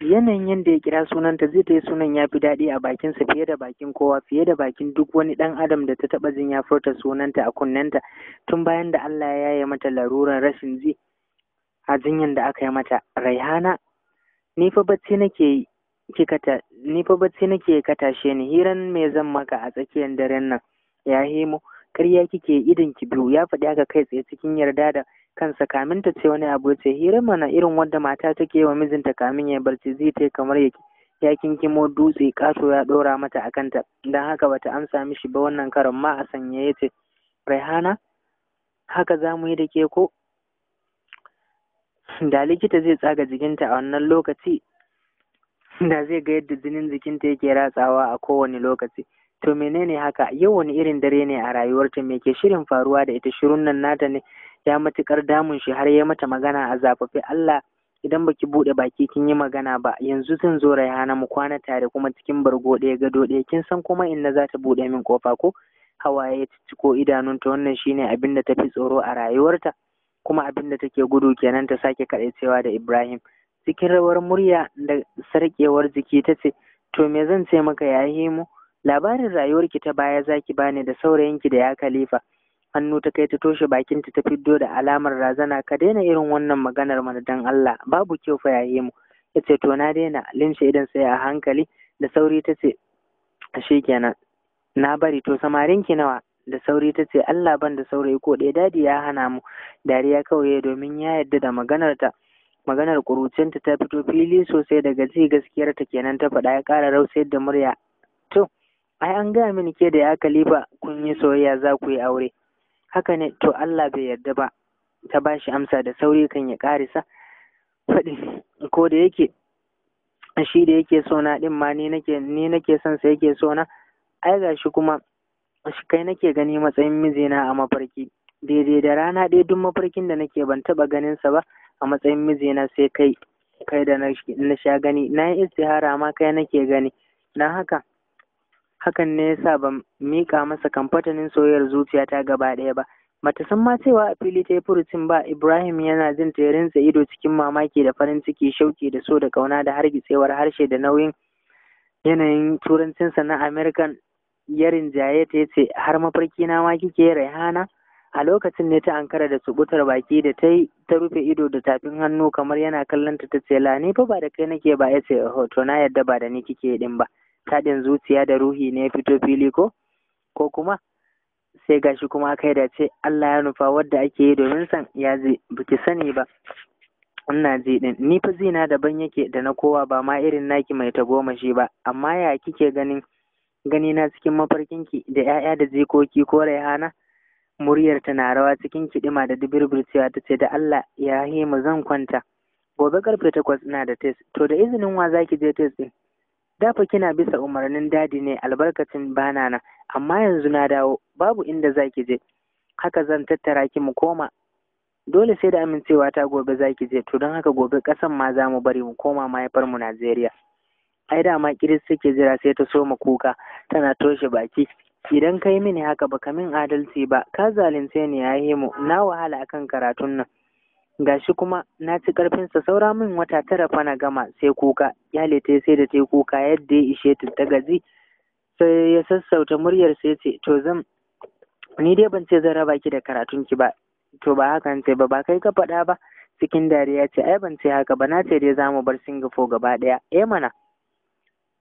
yanayin yadda ya kira sunanta zai ta yi sunan ya fi daɗi a bakinsa fiye da bakin kowa fiye da bakin duk wani ɗan adam da ta taɓa jin ya furta sunanta a kunnenta tun bayan da Allah ya yaye mata laruran rashin ji a jinyar da aka yi mata raihana ni fa bacci nake ke kata ni fa ni hiran mai zan maka a tsakiyar daren nan ya hemo ƙarya kike idan ki biyu ya faɗi "Aka kai tsaye cikin yarda da kansa kamin ta ce wani abu ce hira mana irin wanda mata take yi wa mijinta kamin ya barci zai ta kamar ya ya kinkimo dutse kaso ya ɗora mata a kanta dan haka bata amsa mishi ba wannan karon ma a sanya yace ce haka za mu yi da ke ko da likita zai tsaga jikinta a wannan lokaci da zai ga yadda jinin jikinta yake ratsawa a kowane lokaci to menene haka yau wani irin dare ne a rayuwarta me ke shirin faruwa da ita shirun nan nata ne ya matuƙar damun shi har ya mata magana a zafafi Allah idan baki buɗe baki kin yi magana ba yanzu zan zo Raihana mu kwana tare kuma cikin bargo ɗaya gado ɗaya kin san kuma inna za ta buɗe min kofa ko hawaye ya cicciko idanunta wannan shine abin da tafi tsoro a rayuwarta kuma abin da take gudu kenan ta sake kaɗaicewa da Ibrahim cikin rawar murya da sarƙewar jiki ta ce to me zan ce maka yayi mu labarin rayuwarki ta baya zaki bani da saurayinki da ya kalifa. hannu ta kai ta toshe bakinta ta fiddo da alamar razana ka daina irin wannan maganar mana dan Allah babu kyau fa yaye mu yace to na daina limshe idan sai a hankali da sauri ta ce ashe kenan na bari to samarin ki nawa da sauri ta ce Allah ban da saurayi ko ɗaya dadi ya hana mu dariya kawai domin ya yarda da maganar ta maganar kurucinta ta fito fili sosai daga ji gaskiyar ta kenan ta faɗa ya ƙara rausayar da murya to ai an gaya mini ke da ya kalifa kun yi soyayya za ku yi aure haka ne to Allah bai yarda ba ta ba shi amsa da sauri kan ya karisa faɗi ko da yake shi da yake so na ɗin ma ni nake ni nake son sa yake so na ai gashi kuma shi kai nake gani matsayin mijina a mafarki daidai da rana ɗaya duk mafarkin da nake ban taɓa ganin sa ba a matsayin mijina sai kai kai da na sha gani na yi istihara ma kai nake gani na haka hakan ne yasa ban mika masa kamfatanin soyayyar zuciya ta gaba ɗaya ba bata san ma cewa a fili ta yi ba ibrahim yana jin ta ido cikin mamaki da farin ciki shauki da so da kauna da hargitsewar harshe da nauyin yanayin turancinsa na american Yarin jaye ta ce har mafarki na ma kike raihana a lokacin ne ta ankara da tsubutar baki da ta ta rufe ido da tafin hannu kamar yana kallon ta ta la ni fa ba da kai nake ba yace ce to na yadda ba da ni kike din ba taɗin zuciya da ruhi ne ya fito fili ko ko kuma sai gashi kuma kai da ce Allah ya nufa wadda ake yi domin san ya ji biki sani ba ina ji din ni fa zina daban yake da na kowa ba ma irin naki mai ta tagomashi ba amma ya kike ganin gani na cikin ki da 'ya'ya da jikoki ko raihana muryar ta na rawa cikin kiɗima da cewa ta ce da Allah ya himu zan kwanta gobe karfe takwas ina da test to da izinin wa zaki je test din dafa kina bisa umarnin dadi ne albarkacin bana nan amma yanzu na dawo babu inda za ki je haka zan tattara ki mu koma dole sai da amincewa ta gobe ki je to don haka gobe kasan ma za mu bari mu koma mahaifar mu Najeriya ai dama kiris ke jira sai ta soma kuka tana toshe baki idan kai mini haka baka min adalci ba ka zalunce ni ya mu na wahala akan karatun nan gashi kuma na ci sa saura min wata tara fa na gama sai kuka yale ta sai da ta kuka yadda ya ishe ta ta gaji sai ya sassauta muryar sai ce to zan ni dai ban ce zan raba ki da karatun ki ba to ba hakan ce ba ba kai ka faɗa ba cikin dariya ce ai ban ce haka ba na ce dai za mu bar Singapore gaba ɗaya eh mana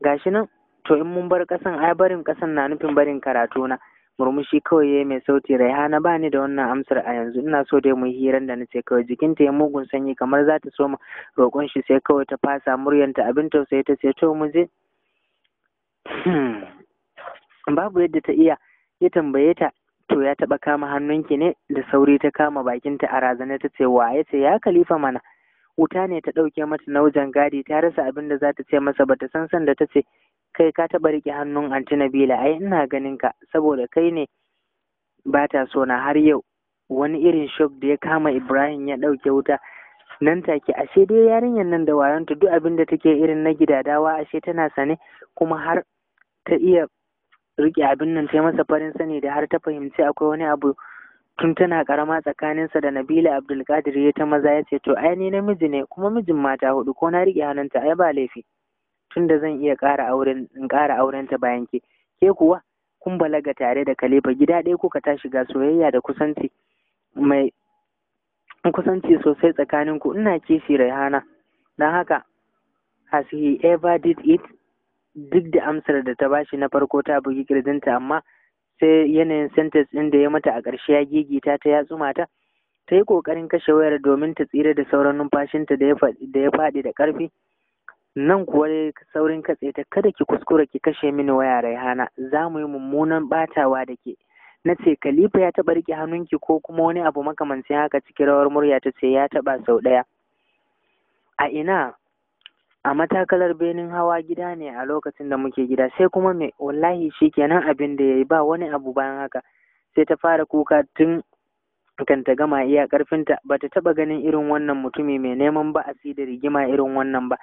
gashi nan to in mun bar ƙasan ai barin ƙasan na nufin barin karatu na murmushi kawai yayi mai sauti raihana ba ni da wannan amsar a yanzu ina so dai mu yi hirar da nace kawai jikinta ya mugun sanyi kamar za ta soma roƙon shi sai kawai ta fasa muryanta abin tausayi ta ce to mu je hmm. babu yadda ta iya ya tambaye ta to ya taɓa kama hannunki ne da sauri ta kama bakinta a razana ta ce wa ya ce ya kalifa mana wuta ne ta ɗauke mata naujan gadi ta rasa abin da za ta ce masa bata san san da ta ce kai ka taɓa riƙe hannun anti Nabila ai ina ganin ka saboda kai ne ba ta so na har yau wani irin shock da ya kama Ibrahim ya ɗauke wuta nan take ashe dai yarinyar nan da wayonta duk abin da take irin na gidadawa ashe tana sane kuma har ta iya riƙe abin nan yi masa farin sani da har ta fahimci akwai wani abu tun tana karama tsakaninsa da Nabila Abdulkadir ya ta maza ya ce to ai ni namiji ne kuma mijin mata hudu ko na riƙe hannunta ai ba laifi tunda zan iya ƙara auren in ƙara aurenta bayan ke ke kuwa kun balaga tare da Khalifa gida ɗaya kuka tashi ga soyayya da kusanci mai kusanci sosai tsakanin ku ina shi Raihana Don haka has he ever did it duk da amsar da ta bashi na farko ta bugi kirjinta amma sai yanayin sentence ɗin da ya mata a ƙarshe ya gigita ta ya tsumata ta yi ƙoƙarin kashe wayar domin ta tsira da sauran numfashinta da ya faɗi da ƙarfi nan kuwa saurin katse ta kada ki kuskura ki kashe mini waya raihana za mu yi mummunan batawa da ke na ce khalifa ya taɓa riƙe hannunki ko kuma wani abu makamancin haka cikin rawar murya ta ce ya taɓa sau ɗaya a ina a matakalar benin hawa gida ne a lokacin da muke gida sai kuma me wallahi shi kenan abin da ya yi ba wani abu bayan haka sai ta fara kuka tun kan ta gama iya karfinta ba ta taɓa ganin irin wannan mutumi mai neman a da rigima irin wannan ba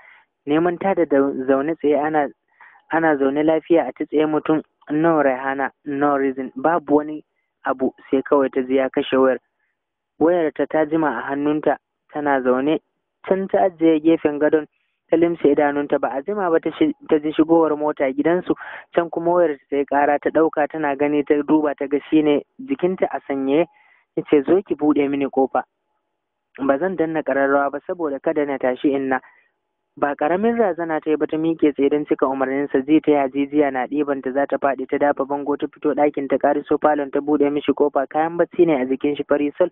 neman tada da zaune tsaye ana ana zaune lafiya a ta tsaye mutum no raihana no reason babu wani abu sai kawai ta ji ya kashe wayar wayar ta ta jima a hannunta tana zaune can ta ajiye gefen gadon ta limse idanunta ba a jima ba ta ji shigowar mota gidansu can kuma wayar ta yi kara ta ɗauka tana gani ta duba ta ga shine jikinta a sanye ce zo ki bude mini kofa ba zan danna kararrawa ba saboda kada na tashi inna ba karamin razana ta yi ba ta miƙe tsaye don cika umarninsa zai ta yajijiya na ɗiban ta za ta faɗi ta dafa bango ta fito ɗakin ta ƙariso falon ta buɗe mishi kofa kayan bacci ne a jikin shi fari sol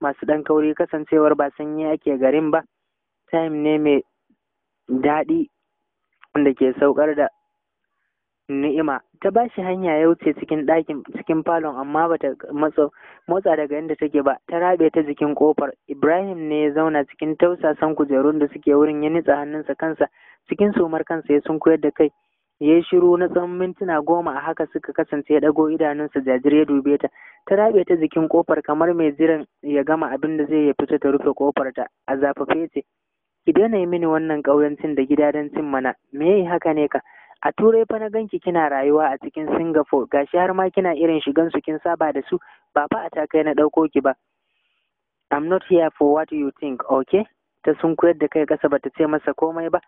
masu ɗan kauri kasancewar ba sanyi ake garin ba time ne mai daɗi wanda ke saukar da ni'ima ta ba shi hanya ya wuce cikin ɗakin cikin falon amma bata ta motsa daga inda take ba ta rabe ta jikin kofar Ibrahim ne ya zauna cikin tausasan kujerun da suke wurin ya nitsa hannunsa kansa cikin sumar kansa ya sun koyar da kai ya yi shiru na tsawon mintuna goma a haka suka kasance ya ɗago idanunsa jajir ya dube ta ta rabe ta jikin kofar kamar mai jiran ya gama abin da zai ya fita ta rufe kofar ta a zafafe ce ki daina yi mini wannan ƙauyancin da gidadancin mana me yi haka ne ka a turai fa na ganki kina rayuwa a cikin singapore gashi har ma kina irin shigan su kin saba da su ba fa a takai na ɗauko ki ba i'm not here for what you think okay ta sun koyar da kai kasa bata ce masa komai ba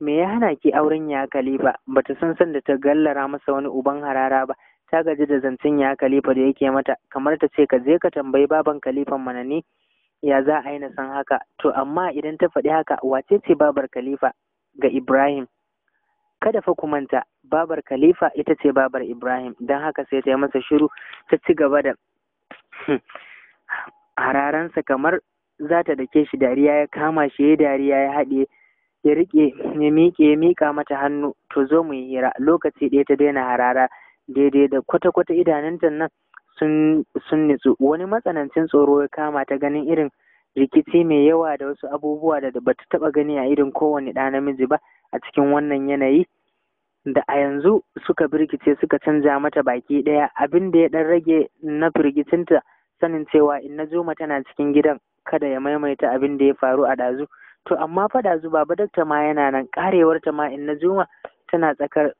me ya hana ki auren ya kalifa bata san san da ta gallara masa wani uban harara ba ta gaji da zancen ya kalifa da yake mata kamar ta ce ka je ka tambayi baban kalifan mana ne ya za a yi na san haka to amma idan ta faɗi haka wace ce babar kalifa ga ibrahim kada fa ku manta babar khalifa ita ce babar ibrahim don haka sai ta yi masa shiru ta ci gaba da hararansa kamar za ta dake shi dariya ya kama shi ya dariya ya haɗe ya riƙe ya miƙe ya miƙa mata hannu to zo mu yi hira lokaci ɗaya ta daina harara daidai da kwata-kwata idanunta nan sun sun nitsu wani matsanancin tsoro ya kama ta ganin irin rikici mai yawa da wasu abubuwa da ba ta taɓa gani a irin kowane ɗa namiji ba a cikin wannan yanayi da a yanzu suka birkice suka canza mata baki ɗaya abin da ya ɗan rage na firgicinta sanin cewa in na juma tana cikin gidan kada ya maimaita abin da ya faru a ɗazu to amma fa ɗazu baba dakta ma yana nan ta ma in na juma tana tsakar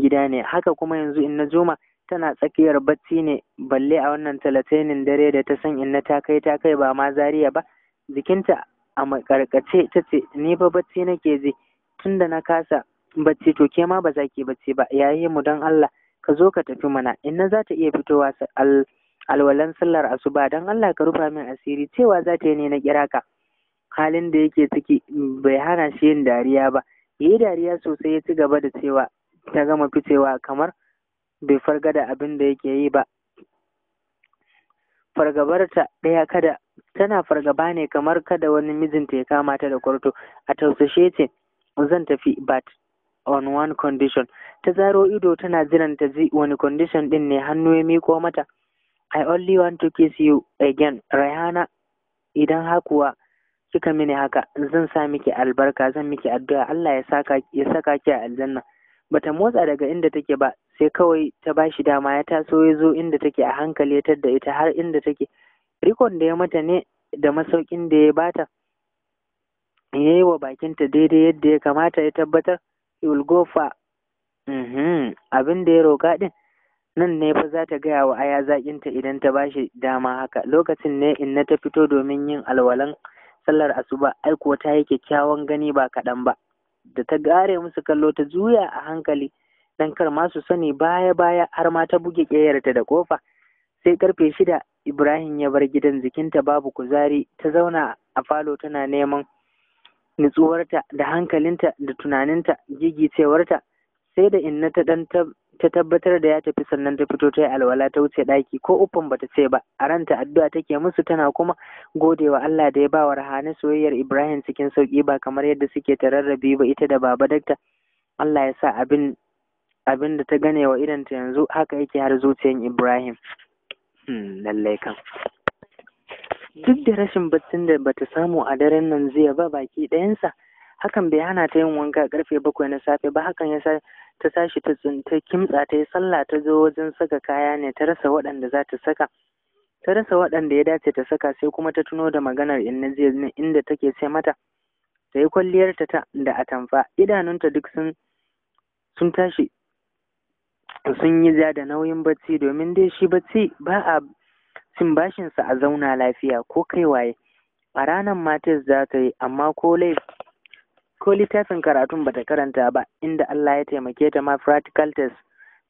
gida ne haka kuma yanzu in na juma tana tsakiyar bacci ne balle a wannan talatinin dare da ta san in na ta kai ta kai ba ma zariya ba jikinta a makarkace ta ce ni fa bacci nake ji tunda na kasa bacci to ke ma ba za ki bacci ba yayi mu don Allah ka zo ka tafi mana In na za ta iya fitowa al alwalan sallar asuba don Allah ka rufa min asiri cewa za ta yi ne na kira ka halin da yake ciki bai hana shi yin dariya ba yi dariya sosai ya ci gaba da cewa ta gama ficewa kamar bai farga da abin da yake yi ba fargabarta ɗaya kada tana fargaba ne kamar kada wani mijinta ya kama ta da kwarto a tausashe ce zan tafi but on one condition ta zaro ido tana jiran ta ji wani condition din ne hannu ya miko mata i only want to kiss you again rayana idan hakuwa kika mini haka zan sa miki albarka zan miki addu'a Allah ya saka ya saka ki a aljanna bata motsa daga inda take ba sai kawai ta bashi dama ya taso ya zo inda take a hankali ya tadda ita har inda take rikon da ya mata ne da masaukin da ya bata ya yi wa bakinta daidai yadda ya kamata ya tabbatar he will go mhm. abin da ya roƙa ɗin nan ne fa za ta gaya wa aya zaƙinta idan ta ba shi dama haka lokacin ne in na ta fito domin yin alwalan sallar asuba aiko ta yi kyakkyawan gani ba kaɗan ba da ta gare musu kallo ta juya a hankali dan kar ma sani baya baya har ma ta buge ƙeyarta da kofa sai karfe shida Ibrahim ya bar gidan jikinta babu kuzari ta zauna a falo tana neman nutsuwarta da hankalinta da tunaninta gigicewarta sai da inna ta dan ta tabbatar da ya tafi sannan ta fito ta yi alwala ta wuce ɗaki ko uffan bata ce ba a ranta addu'a take musu tana kuma godewa Allah da ya ba wa rahane soyayyar Ibrahim cikin sauki ba kamar yadda suke tararrabi ba ita da baba dakta Allah ya sa abin abin da ta gane wa idanta yanzu haka yake har zuciyar Ibrahim Hmm, lallai kan duk da rashin baccin da bata samu a daren nan jiya ba baki ɗayansa hakan bai hana ta yin wanka karfe bakwai na safe ba hakan ya sa ta tashi ta tsinta kimtsa ta yi sallah ta zo wajen saka kaya ne ta rasa waɗanda za ta saka ta rasa waɗanda ya dace ta saka sai kuma ta tuno da maganar inna zina, inda take sai mata ta yi kwalliyarta ta da atamfa idanunta duk sun sun tashi sun yi ja da nauyin bacci domin dai shi bacci ba a cin bashinsa a zauna lafiya ko kai waye a ranar matar za ta yi amma ko littafin karatun bata karanta ba inda Allah ya taimake ta ma practical test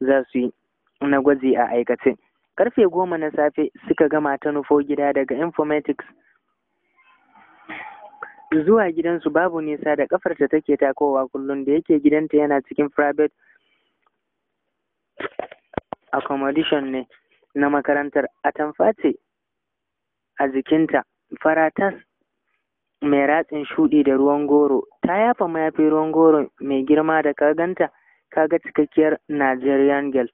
za su yi na gwaji a aikace karfe goma na safe suka gama ta nufo gida daga informatics zuwa gidansu babu nisa da kafarta take takowa kullum da yake gidanta yana cikin private accommodation ne na makarantar atamfa ce a jikinta Faratas, mai ratsin shuɗi da ruwan goro ta yafa mayafi ruwan goro mai girma da kaganta kaga cikakkiyar Nigerian girl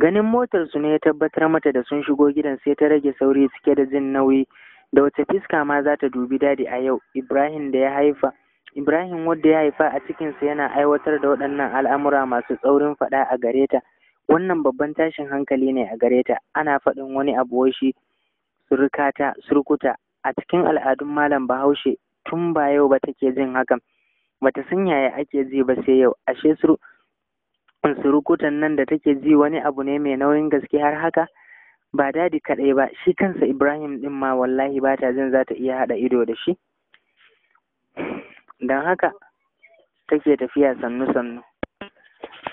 ganin motar su ne ya tabbatar mata da sun shigo gidan sai ta rage sauri cike da jin nauyi da wata fiska ma za ta dubi dadi a yau Ibrahim da ya haifa Ibrahim wanda ya haifa a cikinsa yana aiwatar da waɗannan al'amura masu tsaurin faɗa a gare ta wannan babban tashin hankali ne a gare ta ana faɗin wani abu wai shi surkata surkuta a cikin al'adun malam bahaushe tun ba yau ba take jin hakan bata san yaya ake ji ba sai yau ashe sur surkutan nan da take ji wani abu ne mai nauyin gaske har haka ba dadi kaɗai ba shi kansa ibrahim ɗin ma wallahi ba ta jin za ta iya haɗa ido da shi don haka take tafiya sannu sannu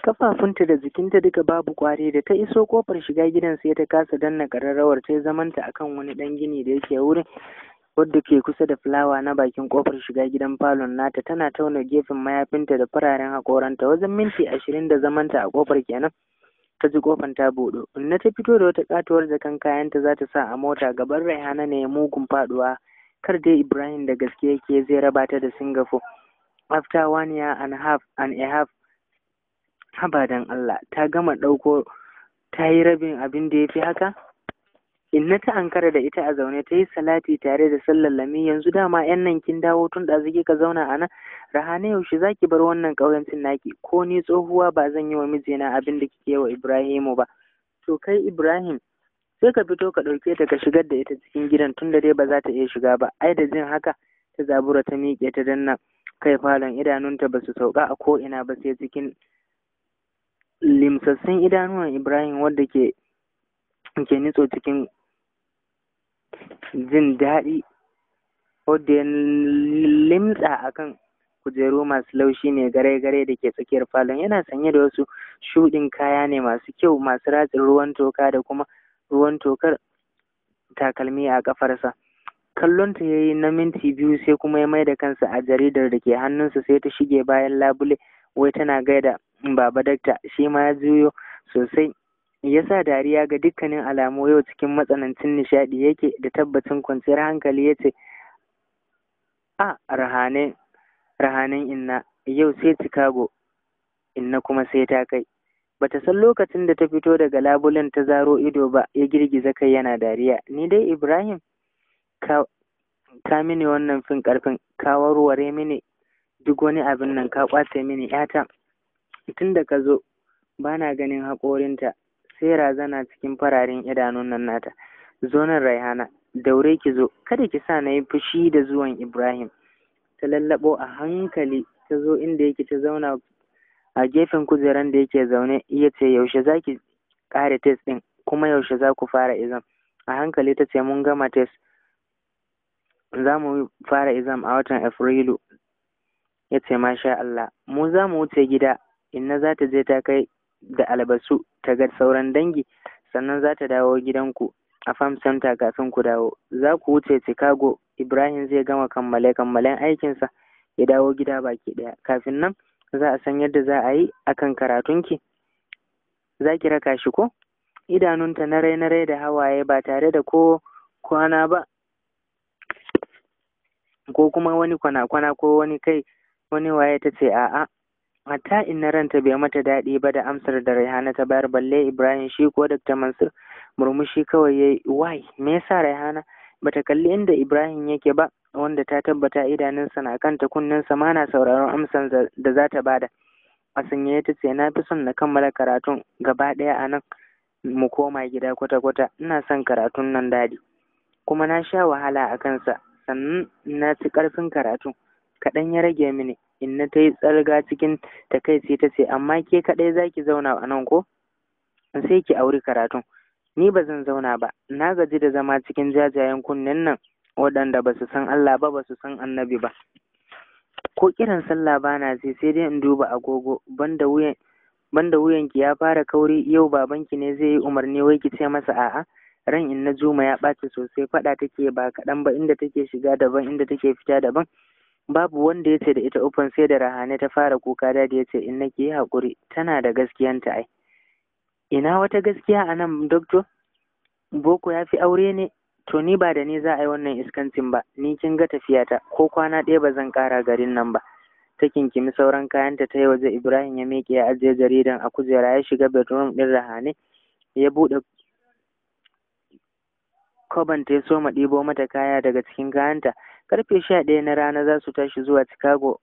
kafafunta da jikinta duka babu kwari da ta iso kofar shiga gidan sai ta kasa danna kararrawar ta zamanta akan wani dan gini da yake wurin wadda ke kusa da fulawa na bakin kofar shiga gidan falon nata tana tauna gefen mayafinta da fararen hakoranta wajen minti ashirin da zamanta a kofar kenan ta ji kofar ta buɗo na ta fito da wata katuwar jakan kayanta za ta sa a mota gaban raihana ne mugun faduwa kar dai ibrahim da gaske yake zai raba da singapore after one year and a half and a half haba dan Allah ta gama ɗauko ta yi rabin abin da ya fi haka inna ta ankara da ita a zaune ta yi salati tare da sallallami yanzu dama yan nan kin dawo tun da zaki ka zauna a nan rahane yaushe zaki bar wannan ƙauyen naki ko ni tsohuwa ba zan yi wa mijina abin da kike wa Ibrahimu ba to kai Ibrahim sai ka fito ka ɗauke ta ka shigar da ita cikin gidan tun da dai ba za ta iya shiga ba ai da jin haka ta zabura ta miƙe ta danna kai falon idanunta ba su sauka a ko ina ba sai cikin limsassun idanuwan Ibrahim wadda ke ke nitso cikin jin daɗi wadda ya limtsa akan kujeru masu laushi ne gare-gare da ke tsakiyar falon yana sanye da wasu shuɗin kaya ne masu kyau masu ratsin ruwan toka da kuma ruwan tokar takalmi a ƙafarsa kallonta ya yi na minti biyu sai kuma ya mai da kansa a jaridar da ke hannunsa sai ta shige bayan labule wai tana gaida baba dakta shi ma ya juyo sosai Ya sa dariya ga dukkanin alamu yau cikin matsanancin nishaɗi yake da tabbacin kwanciyar hankali ya ce a rahane rahanen inna yau sai chicago inna kuma sai ta kai Ba ta san lokacin da ta fito daga labulen ta zaro ido ba ya girgiza kai yana dariya ni dai ibrahim ka, mini wannan fin karfin ka warware mini duk wani abin nan ka ƙwace mini ƴata tun da ka zo ba na ganin haƙorinta sai razana cikin fararen idanun nan nata zo nan raihana daure ki zo kada ki sa na yi fushi da zuwan ibrahim ta lallaɓo a hankali ta zo inda yake ta zauna a gefen kujeran da yake zaune iya ce yaushe za ki ƙare test ɗin kuma yaushe za ku fara izam a hankali ta ce mun gama test za mu fara izam a watan afrilu ya ce masha Allah mu za mu wuce gida inna za ta je ta kai da albasu ta ga sauran dangi sannan za ta dawo gidanku a farm center kafin ku dawo za ku wuce Chicago Ibrahim zai gama kammale kammalen aikinsa ya dawo gida baki ɗaya kafin nan za a san yadda za a yi akan karatunki za ki raka shi ko idanunta na rai na rai da hawaye ba tare da ko kwana ba ko kuma wani kwana-kwana ko wani kai wani waye ta ce a'a hatta inna ranta bai mata daɗi ba da amsar da Raihana ta bayar balle Ibrahim shi ko dakta Mansur murmushi kawai yi. wai me yasa Raihana bata kalli inda Ibrahim yake ba wanda ta tabbata idanunsa na kanta kunnensa ma na sauraron amsan da za ta bada a sanye ta ce na fi son na kammala karatun gaba ɗaya a nan mu koma gida kwata-kwata ina son karatun nan daɗi. kuma na sha wahala a kansa sannan na ci ƙarfin karatun kaɗan ya rage mini in na ta yi tsarga cikin takaici ta ce amma ke kaɗai za ki zauna a nan ko sai ki auri karatun ni ba zan zauna ba na gaji da zama cikin jajayen kunnen nan waɗanda ba su san Allah ba ba su san annabi ba ko kiran sallah ba na sai sai dai in duba agogo banda wuyan banda wuyanki ya fara kauri yau babanki ne zai yi umarni wai ki ce masa a'a ran in na juma ya ɓaci sosai faɗa take ba kaɗan ba inda take shiga daban inda take fita daban babu wanda ya ce da ita ufan sai da rahane ta fara kuka dadi ya ce in nake yi hakuri tana da gaskiyanta ai ina wata gaskiya a nan doctor boko ya fi aure ne to ni ba da ni za a yi wannan iskancin ba ni kin ga tafiyata ko kwana ɗaya ba zan ƙara garin nan ba ta kinkimi sauran kayanta ta yi waje ibrahim ya miƙe ya ajiye jaridan a kujera ya shiga bedroom ɗin rahane ya buɗe kwabanta ya so ma ɗibo mata kaya daga cikin kayanta karfe sha ɗaya na rana za su tashi zuwa chicago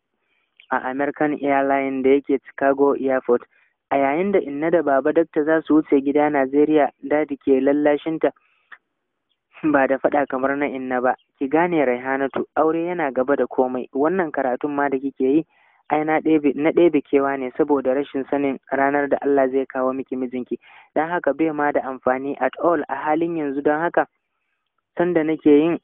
a american Airlines da yake chicago airport a yayin da inna da baba dakta za su wuce gida najeriya dadi ke lallashinta ba da faɗa kamar na inna ba ki gane raihanatu aure yana gaba da komai wannan karatun ma da kike yi ai na ɗebe kewa ne saboda rashin sanin ranar da Allah zai kawo miki mijinki don haka bai ma da amfani at all a halin yanzu don haka sanda nake yin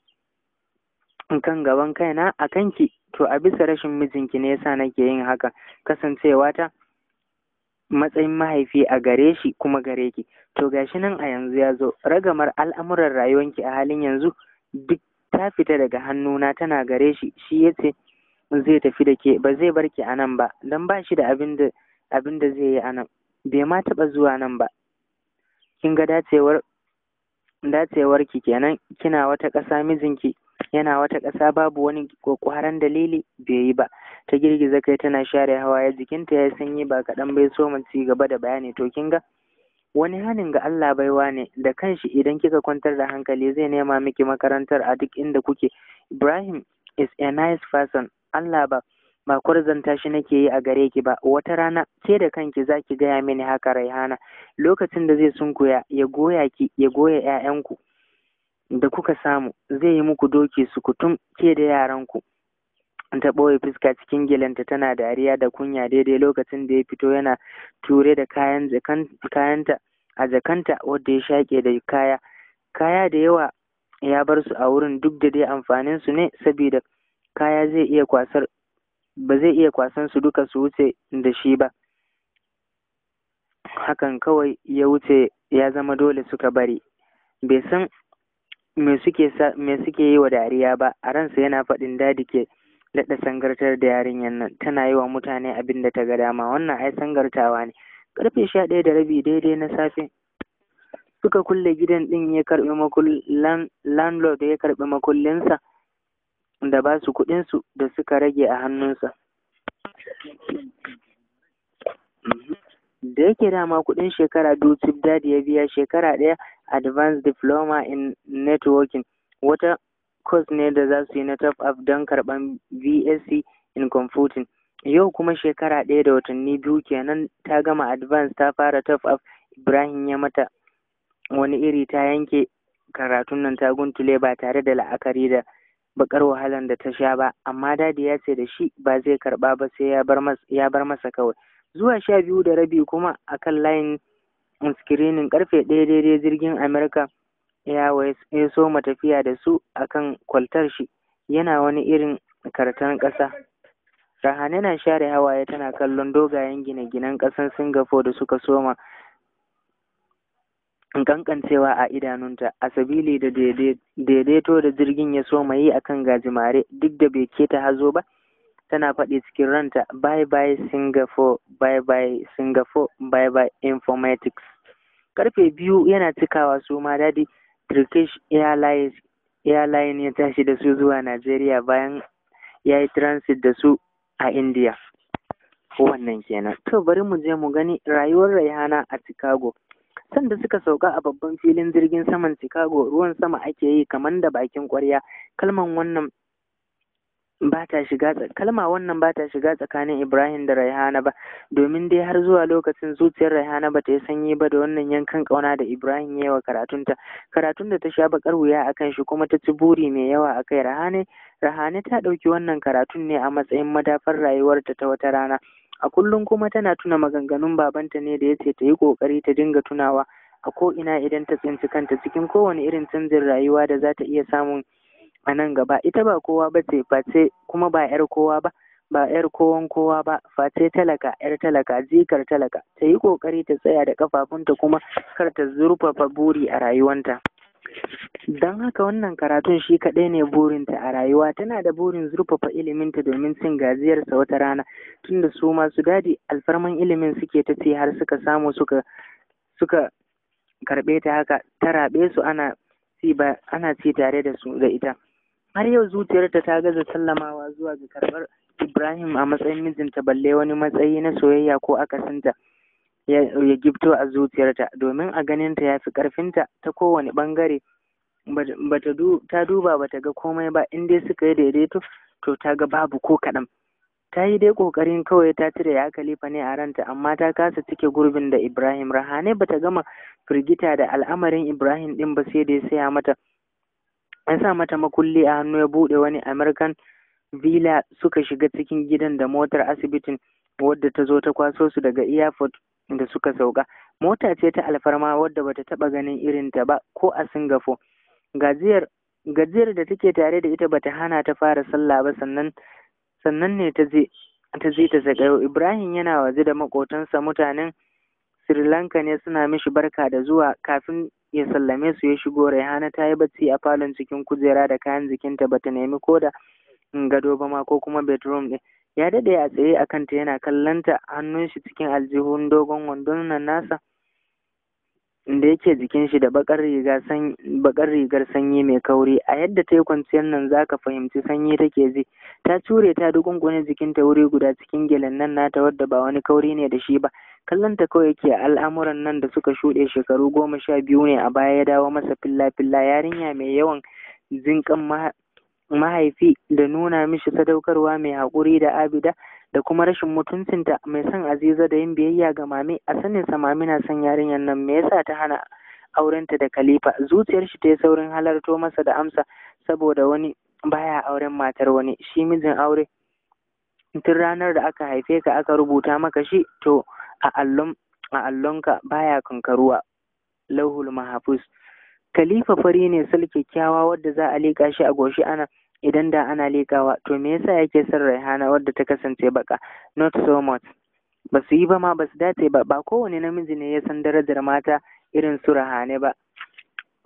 kan gaban kaina a kanki to a bisa rashin mijinki ne yasa nake yin haka kasancewa ta matsayin mahaifi a gare shi kuma gare ki to gashi nan a yanzu ya zo ragamar al'amuran rayuwanki a halin yanzu duk ta fita daga hannuna tana gare shi shi ce zai tafi da ke ba zai bar ki a nan ba don ba shi da abin da zai yi a nan bai ma taɓa zuwa nan ba kin ga dacewar ki kenan kina wata ƙasa mijinki yana wata ƙasa babu wani ƙwaƙwaran dalili bai yi ba ta girgiza kai tana share hawaye jikinta ya yi sanyi ba kaɗan bai so mu ci gaba da bayani to kin ga wani hanin ga Allah baiwa ne da kanshi idan kika kwantar da hankali zai nema miki makarantar a duk inda kuke Ibrahim is a nice person Allah ba ba kurzanta shi nake yi a gare ki ba wata rana sai da kanki zaki gaya mini haka Raihana lokacin da zai sunkuya ya goya ki ya goya 'ya'yanku da kuka samu zai yi muku doki kutum ke da yaranku ta ɓoye fuska cikin gilanta tana dariya da kunya daidai lokacin da ya fito yana ture da kayan kayanta a jakanta wadda ya shaƙe da kaya kaya da yawa ya bar su a wurin duk da dai amfanin su ne saboda kaya zai iya kwasar ba zai iya kwasan su duka su wuce da shi ba hakan kawai ya wuce ya zama dole suka bari bai san me suke yi wa dariya ba a ransa yana faɗin dadi ke daɗa sangartar da yarinyar nan tana yi wa mutane abin da ta ga dama wannan ai sangartawa ne karfe sha ɗaya da rabi daidai na safe suka kulle gidan ɗin ya karɓi makullin landlord ya karɓi makullinsa da ba su kuɗinsu da suka rage a hannunsa mm-hmm. da yake dama kuɗin shekara biyu Dadi ya biya shekara ɗaya advanced diploma in networking wata course ne da za su yi na top up don karɓan VSC in computing yau kuma shekara ɗaya da watanni biyu kenan ta gama advanced ta fara top up Ibrahim ya mata wani iri ta yanke karatun nan ta guntule ba tare da la'akari da bakar wahalan da ta sha ba amma dadi ya ce da shi ba zai karba ba sai ya bar masa kawai zuwa sha biyu da rabi kuma a kan layin skirinin karfe ɗaya daidai jirgin Amerika Airways ya soma tafiya da su a kan kwaltar shi yana wani irin kartan ƙasa. Rahane na share hawaye tana kallon dogayen gine-ginen ƙasar Singapore da suka soma kankancewa a idanunta a sabili da daidaito da jirgin ya soma yi akan gajimare duk da bai keta hazo ba tana faɗi cikin ranta bye bye singapore bye bye singapore bye bye informatics karfe biyu yana cikawa su ma dadi turkish airlines airline ya tashi da su zuwa najeriya bayan ya yi transit da su a india wannan kenan to bari mu je mu gani rayuwar raihana a chicago sanda suka sauka a babban filin jirgin saman chicago ruwan sama ake yi kamar da bakin kwarya kalman wannan ba shiga kalma wannan ba ta shiga tsakanin Ibrahim da Raihana ba domin dai har zuwa lokacin zuciyar Raihana ba ta yi sanyi ba da wannan yankan kauna da Ibrahim ya yi wa karatunta karatun da ta sha bakar wuya a kan shi kuma ta ci buri mai yawa a kai Rahane Rahane ta ɗauki wannan karatun ne a matsayin madafar rayuwarta ta wata rana a kullum kuma tana tuna maganganun babanta ne da ya ce ta yi ƙoƙari ta dinga tunawa a ko ina idan ta tsinci kanta cikin kowane irin canjin rayuwa da za ta iya samun a nan gaba ita ba kowa ba ce face kuma ba 'yar kowa ba ba 'yar kowan kowa ba face talaka 'yar talaka jikar talaka ta yi ƙoƙari ta tsaya da kafafunta kuma kar ta zurfafa buri a rayuwanta don haka wannan karatun shi kaɗai ne burinta a rayuwa tana da burin zurfafa iliminta domin cin gajiyarsa wata rana tunda su masu dadi alfarman ilimin suke ta ce har suka samu suka suka karɓe ta haka ta raɓe su ana ci tare da su da ita har yau zuciyarta ta gaza sallamawa zuwa ga karbar Ibrahim a matsayin mijinta balle wani matsayi na soyayya ko akasinta ya, ya gifto a zuciyarta domin a ganinta ya fi ƙarfinta ta kowane ɓangare ta duba bata ga komai ba in dai suka yi daidaito to ta ga babu ko kaɗan ta yi dai ƙoƙarin kawai ta cire ya kalifa ne a ranta amma ta kasa cike gurbin da Ibrahim Rahane bata gama firgita da al'amarin Ibrahim ɗin ba sai da ya saya mata ya sa mata makulli a hannu ya bude wani American Villa suka shiga cikin gidan da motar asibitin wadda ta zo ta kwaso su daga airport da suka sauka. Mota ce ta alfarma wadda bata taba ganin irin ta ba ko a Singapore. Gajiyar gajiyar da take tare da ita bata hana ta fara sallah ba sannan sannan ne ta je ta je zagayo Ibrahim yana waje da makotansa mutanen Sri Lanka ne suna mishi barka da zuwa kafin ya sallame su ya shigo Raihana ta yi bacci a falon cikin kujera da kayan jikinta bata nemi ko da gado ba ma ko kuma bedroom ɗin. Ya daɗe a tsaye a kanta yana kallonta hannun shi cikin aljihun dogon wandon nan nasa da yake jikin shi da bakar riga san bakar rigar sanyi mai kauri a yadda ta yi kwanciyar nan zaka fahimci sanyi take ji ta cure ta dukunkune jikinta wuri guda cikin gyalen nan nata wadda ba wani kauri ne da shi ba kallon ta kawai yake al'amuran nan da suka shuɗe shekaru goma sha biyu ne a baya ya dawo masa filla-filla yarinya mai yawan zinƙan mahaifi da nuna mishi sadaukarwa mai haƙuri da abida da kuma rashin mutuncinta mai son aziza da yin biyayya ga mami a sanin sa mami na son yarinyar nan me yasa ta hana aurenta da kalifa zuciyar shi ta yi saurin halarto masa da amsa saboda wani baya auren matar wani shi mijin aure tun ranar da aka haife ka aka rubuta maka shi to a allon allonka baya kankaruwa lauhul mahafuz khalifa fari ne sal kyakkyawa wadda za a leƙa shi a goshi ana idan da ana leƙawa to me yasa yake son raihana wadda ta kasance baka not so much ba su yi ba ma ba su dace ba ba kowane namiji ne ya san darajar mata irin su rahane ba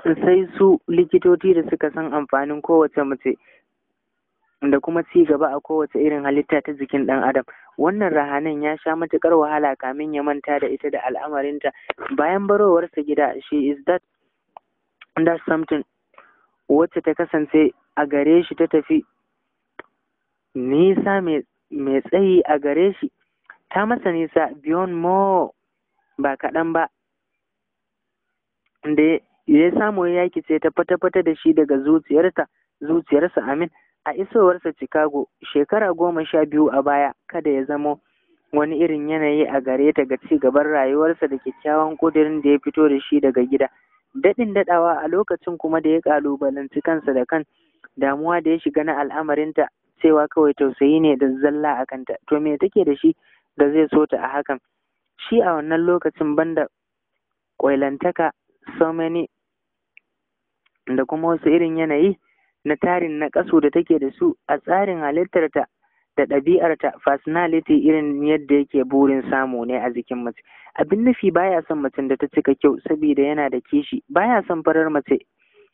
sai su likitoci da suka san amfanin kowace mace da kuma ci gaba a kowace irin halitta ta jikin ɗan adam wannan rahanan ya sha matuƙar wahala kamin ya manta da ita da al'amarinta bayan barowarsa gida she is that that something wacce ta kasance a gare shi ta tafi nisa mai tsayi a gare shi ta masa nisa beyond more ba kaɗan ba da ya samu ya yaki sai ta fata da shi daga zuciyarta zuciyarsa amin a isowarsa Chicago shekara goma sha biyu a baya kada ya zamo wani irin yanayi a gare ta ga ci gaban rayuwarsa da kyakkyawan ƙudurin da ya fito da shi daga gida. Daɗin daɗawa a lokacin kuma da ya ƙalubalanci kansa da kan damuwa da ya shiga na al'amarinta cewa kawai tausayi ne da zalla a kanta, to me take da shi da zai so ta a hakan? Shi a wannan lokacin banda ƙwailantaka so many da kuma wasu irin yanayi na tarin na kaso da take da su a tsarin halittarta da ɗabi'arta personality irin yadda yake burin samu ne a jikin mace abin nufi baya son macen da ta cika kyau saboda yana da kishi baya son farar mace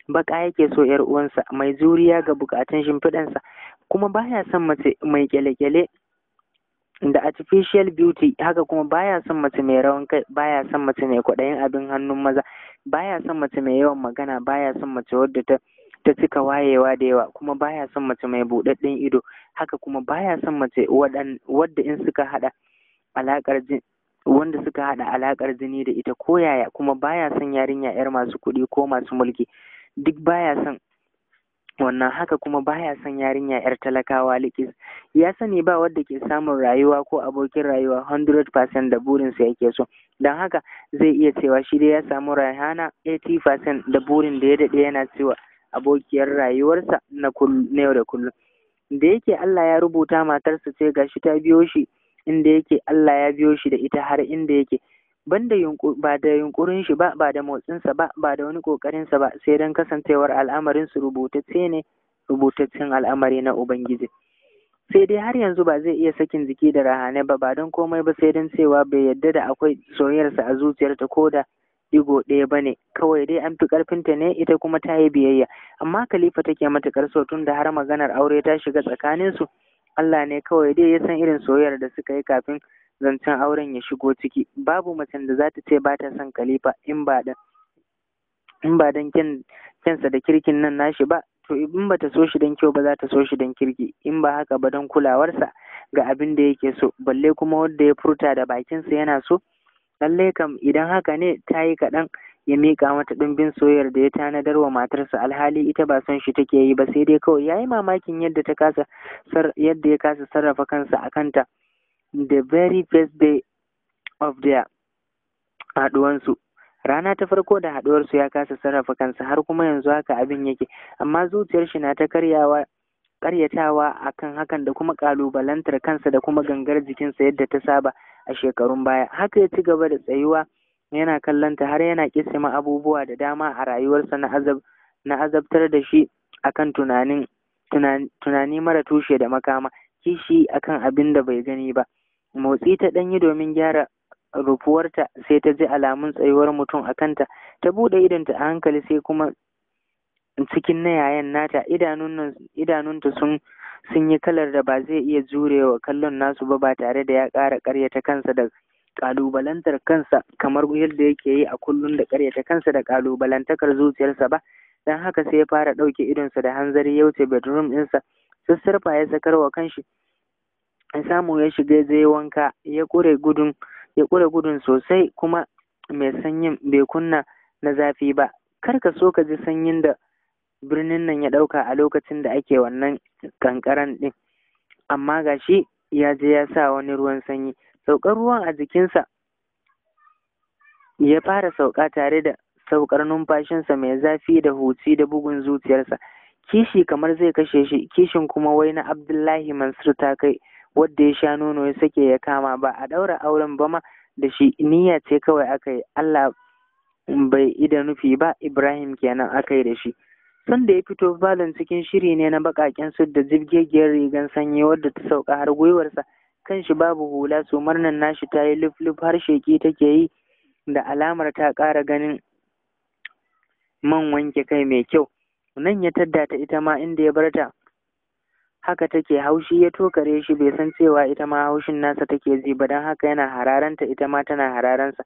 baka yake so yar uwansa mai zuriya ga bukatun shimfiɗansa kuma baya son mace mai kyale-kyale da artificial beauty haka kuma baya son mace mai rawan kai baya son mace mai kwaɗayin abin hannun maza baya son mace mai yawan magana baya son mace wadda ta ta cika wayewa da yawa kuma baya son mace mai buɗaɗɗen ido haka kuma baya son mace wadda in suka haɗa alaƙar jin wanda suka haɗa alaƙar jini da ita ko yaya kuma baya son yarinya yar masu kuɗi ko masu mulki duk baya son wannan haka kuma baya son yarinya yar talakawa likis ya sani ba wadda ke samun rayuwa ko abokin rayuwa 100% da burinsa yake so don haka zai iya cewa shi dai ya samu rayhana 80% da burin da ya daɗe yana cewa abokiyar rayuwarsa na yau da kullum da yake Allah ya rubuta matarsa ce gashi ta biyo shi inda yake Allah ya biyo shi da ita har inda yake banda ba da yunkurin shi ba ba da motsinsa ba ba da wani kokarinsa ba sai dan kasancewar al'amarin su rubutacce ne rubutaccen al'amari na ubangiji sai dai har yanzu ba zai iya sakin jiki da rahane ba ba don komai ba sai dan cewa bai yadda da akwai soyayyarsa a zuciyarta ko da digo ɗaya ba ne kawai dai an fi ƙarfinta ne ita kuma ta yi biyayya amma khalifa take matuƙar so tun da har maganar aure ta shiga tsakaninsu Allah ne kawai dai ya san irin soyayyar da suka yi kafin zancen auren ya shigo ciki babu macen da za ta ce ba ta son khalifa in ba da in ba dan da kirkin nan nashi ba to in ba ta so shi dan kyau ba za ta so shi dan kirki in ba haka ba dan kulawarsa ga abin da yake so balle kuma wanda ya furta da bakinsa yana so Lalle kam idan haka ne ta yi kaɗan ya miƙa mata ɗumbin soyayyar da ya tanadar wa matarsa alhali ita ba son shi take yi ba sai dai kawai ya yi mamakin yadda ta kasa yadda ya kasa sarrafa kansa a kanta the very first day of their haɗuwansu rana ta farko da haɗuwarsu ya kasa sarrafa kansa har kuma yanzu haka abin yake amma zuciyar shi na ta karyawa karyatawa akan hakan da kuma ƙalubalantar kansa da kuma gangar jikinsa yadda ta saba a shekarun baya haka ya ci gaba da tsayuwa yana kallonta har yana kisima abubuwa da dama a rayuwarsa na azab na azabtar da shi akan tunanin tunani mara tushe da makama kishi akan abin da bai gani ba motsi ta danyi domin gyara rufuwarta sai ta ji alamun tsayuwar mutum a kanta ta buɗe idonta a hankali sai kuma cikin na yayan nata idanunta sun sun yi kalar da ba zai iya jurewa kallon nasu ba ba tare da ya ƙara ƙaryata kansa da ƙalubalantar kansa kamar yadda yake yi a kullum da ƙaryata kansa da ƙalubalantakar zuciyarsa ba don haka sai ya fara ɗauke idonsa da hanzari ya wuce bedroom ɗinsa sassarfa ya sakarwa kanshi ya samu ya shiga zai wanka ya ƙure gudun ya gudun sosai kuma mai sanyin bai kunna na zafi ba kar ka so ka ji sanyin da birnin nan ya ɗauka a lokacin da ake wannan ƙanƙaran ɗin amma ga shi ya je ya sa wani ruwan sanyi saukar ruwan a jikinsa ya fara sauka tare da saukar numfashinsa mai zafi da huci da bugun zuciyarsa kishi kamar zai kashe shi kishin kuma wai na abdullahi mansur ta kai wadda ya sha nono ya sake ya kama ba a ɗaura auren ba ma da shi niyya ce kawai aka yi allah bai ida nufi ba ibrahim kenan aka yi da shi Sanda ya fito falon cikin shiri ne na baƙaƙen sut da jibgegiyar rigan sanyi wadda ta sauka har gwiwarsa, kan shi babu hula, sumarnan murnan nashi ta yi luf har sheki take yi da alamar ta kara ganin man wanke kai mai kyau. Nan ya tadda ta ita ma inda ya bar ta. Haka take haushi ya tokare shi bai san cewa ita ma haushin nasa take ji ba don haka yana hararanta ita ma tana hararansa.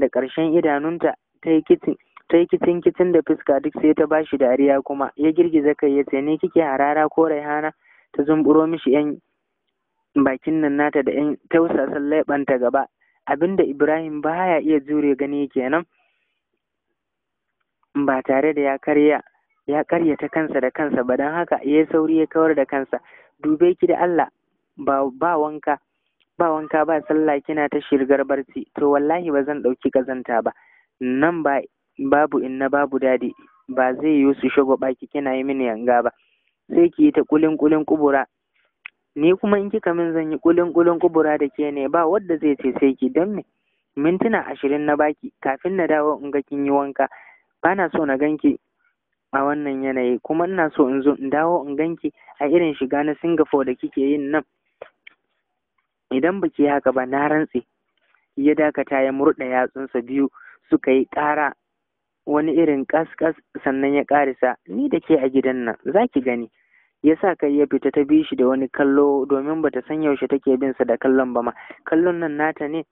Da ƙarshen idanunta ta yi kitin ta yi kicin-kicin da fuska duk sai ta bashi dariya kuma ya girgiza kai ya ce ni kike harara ko raihana ta zumburo mishi yan bakin nan nata da yan tausasan laibanta gaba abinda Ibrahim baya iya jure gani kenan ba tare da ya karya ya karyata kansa da kansa ba don haka ya sauri ya kawar da kansa dube ki da Allah ba, wanka ba wanka ba sallah kina ta shirgar barci to wallahi ba zan ɗauki kazanta ba nan ba babu inna babu dadi ba zai yiwu su shagwaba ki kina yi mini yanga ba sai ki ta kulin kulin kubura ni kuma in kika min zan yi kulin kulin kubura da ke ne ba wanda zai ce sai ki don me mintuna ashirin na baki kafin na dawo in ga kin yi wanka Bana so na ganki a wannan yanayi kuma ina so in zo in dawo in ganki a irin shiga na singapore da kike yin nan idan baki haka ba na rantse ya dakata ya murda yatsunsa biyu suka yi kara. wani irin kaskas sannan ya karisa ni da ke a gidan nan za ki gani ya sa kai ya fita ta bi shi da wani kallo domin ba ta san yaushe take bin sa da kallon ba ma kallon nan nata ne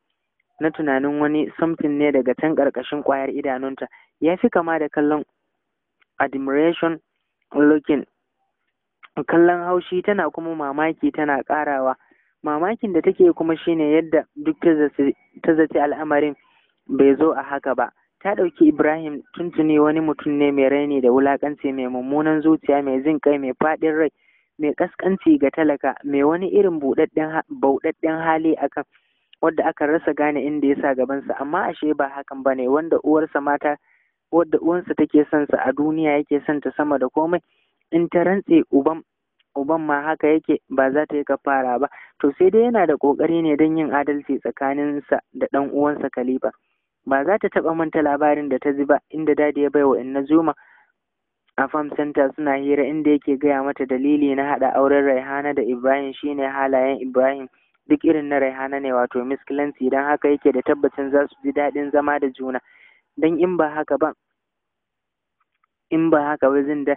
na tunanin wani samfin ne daga can karkashin kwayar idanunta ya fi kama da kallon admiration looking kallon haushi tana kuma mamaki tana karawa mamakin da take kuma shine yadda duk ta zaci al'amarin bai zo a haka ba ta ɗauki Ibrahim tuntuni wani mutum ne mai raini da wulakanci mai mummunan zuciya mai jin kai mai faɗin rai mai kaskanci ga talaka mai wani irin buɗaɗɗen hali akan wadda aka rasa gane inda ya sa gabansa amma ashe ba hakan bane wanda uwarsa mata wadda uwansa take son sa a duniya yake son ta sama da komai in ta rantse uban uban ma haka yake ba za ta yi kafara ba to sai dai yana da kokari ne don yin adalci tsakaninsa da ɗan uwansa Khalifa ba za ta taɓa manta labarin da ta ji ba inda dadi ya baiwa inna zuma a farm center suna hira inda yake gaya mata dalili na haɗa auren raihana da ibrahim shine halayen ibrahim duk irin na raihana ne wato miss clancy don haka yake da tabbacin za su ji daɗin zama da juna don in ba haka ba in ba haka ba zin da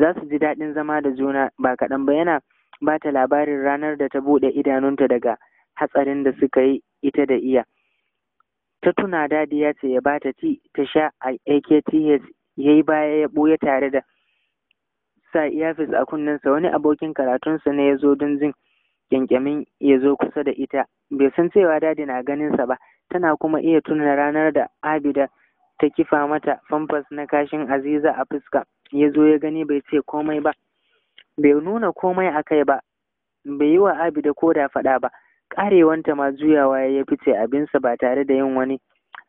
za su ji daɗin zama da juna ba kaɗan ba yana ba ta labarin ranar da ta buɗe idanunta daga hatsarin da suka yi ita da iya ta tuna dadi ya ce ya ba ta ci ta sha a akth ya yi baya ya buya tare da sa iyafis a kunnensa wani abokin karatunsa ne ya zo don jin kyankyamin ya zo kusa da ita bai san cewa dadi na ganinsa ba tana kuma iya tuna ranar da abida ta kifa mata famfas na kashin aziza a fuska ya zo ya gani bai ce komai ba bai nuna komai a kai ba bai yi wa abida ko da faɗa ba karewanta ma juyawa ya fice abinsa ba tare da yin wani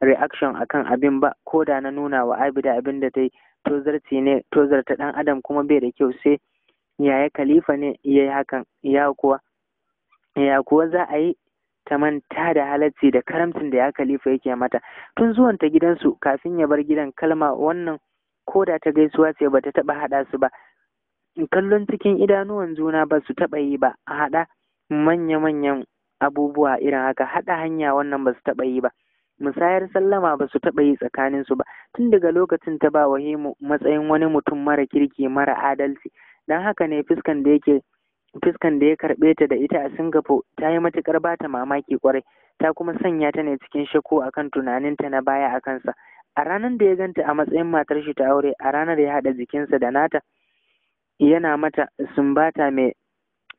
reaction akan abin ba ko da na nuna wa abida abin da ta yi tozarci ne tozarta ɗan adam kuma bai da kyau sai yaya khalifa ne ya yi hakan ya kuwa ya kuwa za a yi ta manta da halacci da karamcin da ya kalifa yake mata tun zuwan ta gidansu kafin ya bar gidan kalma wannan ko da ta gaisuwa ce ba ta taba haɗa su ba kallon cikin idanuwan juna ba su taɓa yi ba a haɗa manya-manyan abubuwa irin haka haɗa hanya wannan ba su taɓa yi ba musayar sallama ba su taɓa yi su ba tun daga lokacin ta ba wahimu matsayin wani mutum mara kirki mara adalci don haka ne fuskan da yake fuskan da ya karɓe ta da ita a singapore ta yi matuƙar ba ta mamaki kwarai ta kuma sanya ta ne cikin shakku akan tunanin ta na baya a kansa a ranar da ya ganta a matsayin matar shi ta aure a ranar ya haɗa jikinsa da nata yana mata sumbata mai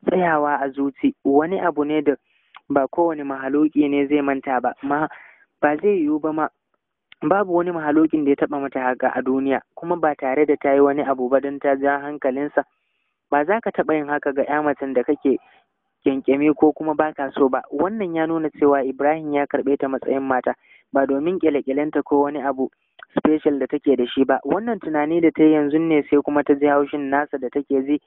tsayawa a zuci wani abu ne da ba kowane mahaloki ne zai manta ba ma ba zai yiwu ba ma babu wani mahalokin da ya taba mata haka a duniya kuma ba tare da ta yi wani abu ba don ta ja hankalinsa ba za ka taɓa yin haka ga ya macen da kake kyankyami ko kuma ba ka so ba wannan ya nuna cewa ibrahim ya karɓe ta matsayin mata ba domin kyalekyalenta ko wani abu special da take da shi ba wannan tunani da ta yanzu ne sai kuma ta ji haushin nasa da take ji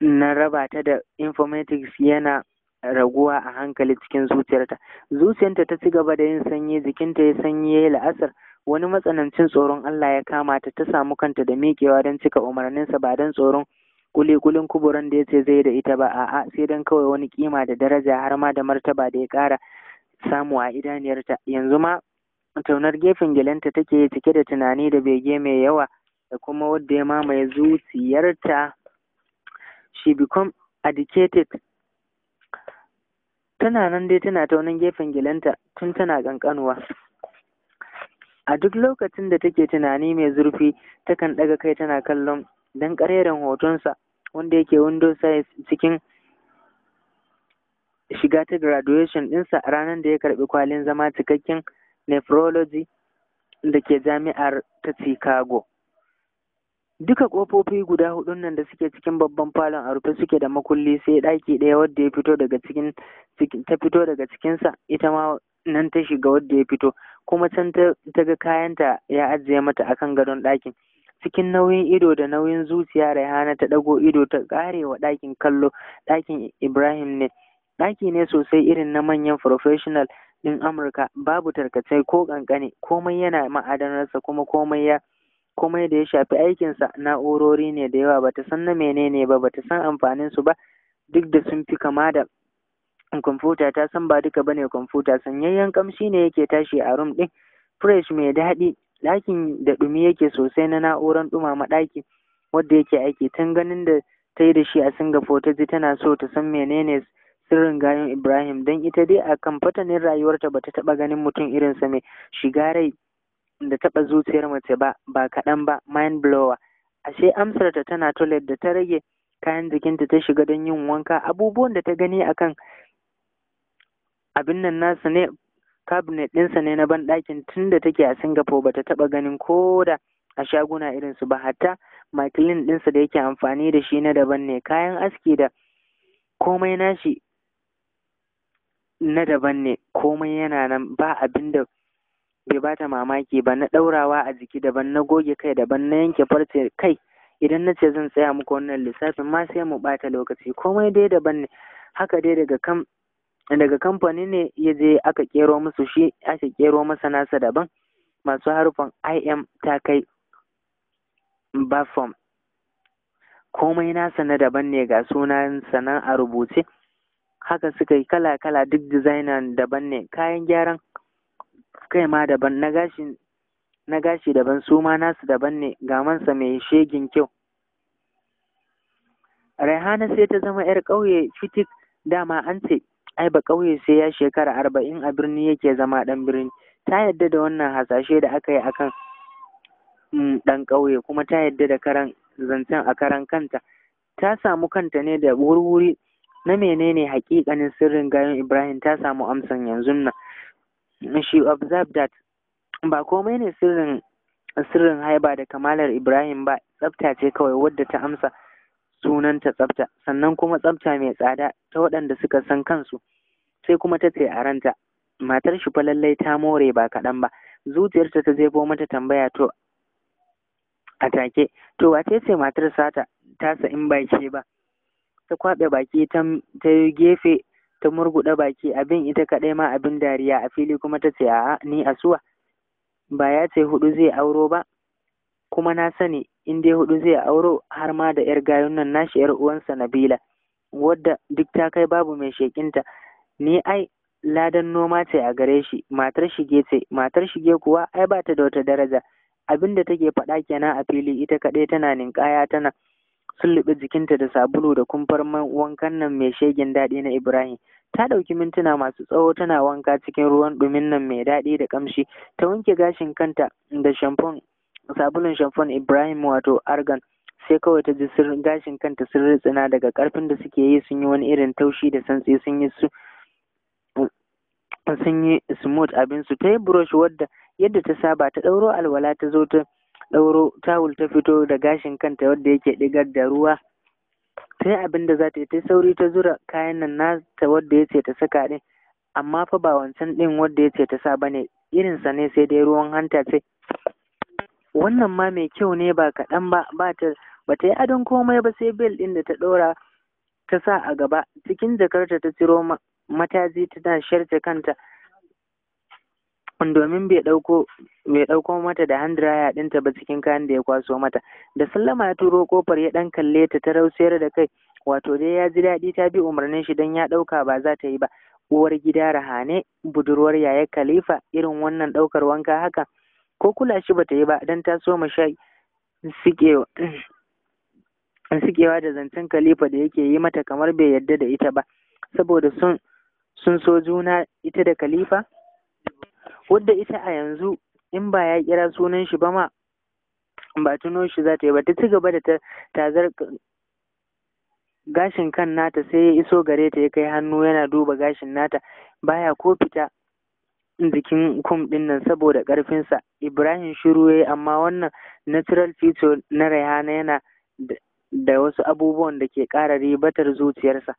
na raba ta da informatics yana raguwa a hankali cikin zuciyarta zuciyarta ta ci gaba da yin sanyi jikinta ya sanyi ya yi la'asar wani matsanancin tsoron Allah ya kama ta ta samu kanta da miƙewa don cika umarninsa ba don tsoron kulikulin kuburan da ya ce zai da ita ba a'a sai don kawai wani kima da daraja har ma da martaba da ya ƙara samu a idaniyarta yanzu ma taunar gefen gilanta take cike da tunani da bege mai yawa da kuma wadda ya mamaye zuciyarta she become educated tana nan dai tana ta wani gefen gilanta tun tana ƙanƙanuwa a duk lokacin da take tunani mai zurfi takan ɗaga kai tana kallon don ƙareren hotonsa wanda yake window size cikin shiga ta graduation ɗinsa ranar da ya karɓi kwalin zama cikakken nephrology da ke jami'ar ta chicago duka kofofi guda hudun nan da suke cikin babban falon a rufe suke da makulli sai ɗaki ɗaya wadda ya fito daga cikin ta fito daga cikinsa ita ma nan ta shiga wadda ya fito kuma can ta ga kayanta ya ajiye mata akan gadon ɗakin cikin nauyin ido da nauyin zuciya raihana ta ɗago ido ta ƙarewa ɗakin kallo ɗakin ibrahim ne ɗaki ne sosai irin na manyan professional ɗin amurka babu tarkace ko ƙanƙane komai yana ma'adanarsa kuma komai ya komai da ya shafi aikinsa na'urori ne da yawa bata san na menene ba bata san amfanin su ba duk da sun fi kama da kwamfuta ta san ba duka bane kwamfuta sanyayyen kamshi ne yake tashi a rum din fresh mai daɗi ɗakin da ɗumi yake sosai na na'urar ɗumama ɗaki wadda yake aiki tun ganin da ta yi da shi a singapore ta ji tana so ta san menene sirrin gayan ibrahim don ita dai a kan fatanin rayuwarta bata taɓa ganin mutum irinsa mai shiga rai da taɓa zuciyar mace ba ba kaɗan ba mind blower ashe amsar ta tana toilet da ta rage kayan jikinta ta shiga don yin wanka abubuwan da ta gani akan abin nan nasu ne cabinet ɗinsa ne na banɗakin tun da take a singapore ba ta taɓa ganin koda a shaguna irinsu ba hatta makilin ɗinsa da yake amfani da shi na daban ne kayan aski da komai nashi na daban ne komai yana nan ba abin da bai ta mamaki ba na ɗaurawa a jiki daban na goge kai daban na yanke farce kai idan na ce zan tsaya muku wannan lissafin ma sai mu ɓata lokaci komai dai daban ne haka dai daga kam daga kamfani ne ya je aka kero musu shi aka kero masa nasa daban masu harufan im ta kai bafom komai nasa na daban ne ga sunan sanan a rubuce haka suka yi kala kala duk designer daban ne kayan gyaran kai ma daban na gashi na gashi daban su ma nasu daban ne ga sa mai shegin kyau Raihana sai ta zama 'yar ƙauye fitik dama an ce ai ba ƙauye sai ya shekara arba'in a birni yake zama ɗan birni ta yadda da wannan hasashe da aka yi a kan mm, ɗan ƙauye kuma ta yadda da karan zancen a karan kanta ta samu kanta ne da wurwuri na menene haƙiƙanin sirrin gayon ibrahim ta samu amsan yanzu nan she observed that ba komai ne sirrin sirrin haiba da kamalar Ibrahim ba tsafta ce kawai wadda ta amsa sunanta tsafta sannan kuma tsafta mai tsada ta waɗanda suka san kansu sai kuma ta ce a ranta matar shi fa lallai ta more ba kaɗan ba zuciyarta ta jefo mata tambaya to a take to wace ce matar sata tasa in ba ba ta kwaɓe baki ta yi gefe ta murguɗa baki abin ita kaɗai ma abin dariya a fili kuma ta ce a'a ni asuwa ba ya ce hudu zai auro ba kuma na sani in dai hudu zai auro har ma da yar gayun nan nashi yar uwansa Nabila wadda duk ta kai babu mai shekinta ni ai ladan noma ce a gare shi matar shige ce matar shige kuwa ai bata da wata daraja abin da take faɗa kenan a fili ita kaɗai tana ninkaya tana sulluɓe jikinta da sabulu da kumfar wankan nan mai shegen daɗi na Ibrahim. Ta ɗauki mintuna masu tsawo tana wanka cikin ruwan ɗumin nan mai daɗi da ƙamshi, ta wanke gashin kanta da shamfon sabulun shamfon Ibrahim wato argan. Sai kawai ta ji gashin kanta sun ritsina daga ƙarfin da suke yi sun yi wani irin taushi da santsi sun yi su sun yi smooth abinsu ta yi brush wadda yadda ta saba ta ɗauro alwala ta zo ta ɗauro tawul ta fito da gashin kanta wadda yake ɗigar da ruwa sai abin da za ta yi ta sauri ta zura kayan nan nata wadda ya ce ta saka ɗin amma fa ba wancan ɗin wadda ya ce ta sa ba ne irinsa ne sai dai ruwan hanta ce wannan ma mai kyau ne ba kaɗan ba ba ta ba ta yi adon komai ba sai bel ɗin da ta ɗora ta sa a gaba cikin jakarta ta ciro mataji tana sharce kanta domin bai ɗauko mata da hand dryer ɗinta ba cikin kayan da ya kwaso mata da sallama ya turo kofar ya ɗan kalle ta ta rausayar da kai wato dai ya ji daɗi ta bi umarnin shi don ya ɗauka ba za ta yi ba uwar gida rahane budurwar yaya khalifa irin wannan ɗaukar wanka haka ko kula shi bata yi ba don ta so sha sikewa da zancen khalifa da yake yi mata kamar bai yadda da ita ba saboda sun sun so juna ita da khalifa wadda ita a yanzu in ba ya kira sunan shi ba ma ba tuno shi za ta yi ba ta ci gaba da tazar gashin kan nata sai ya iso gare ta ya kai hannu yana duba gashin nata baya ko fita jikin kum din nan saboda ƙarfinsa ibrahim shiru ya amma wannan natural feature na rayana yana da wasu abubuwan da ke ƙara ribatar zuciyarsa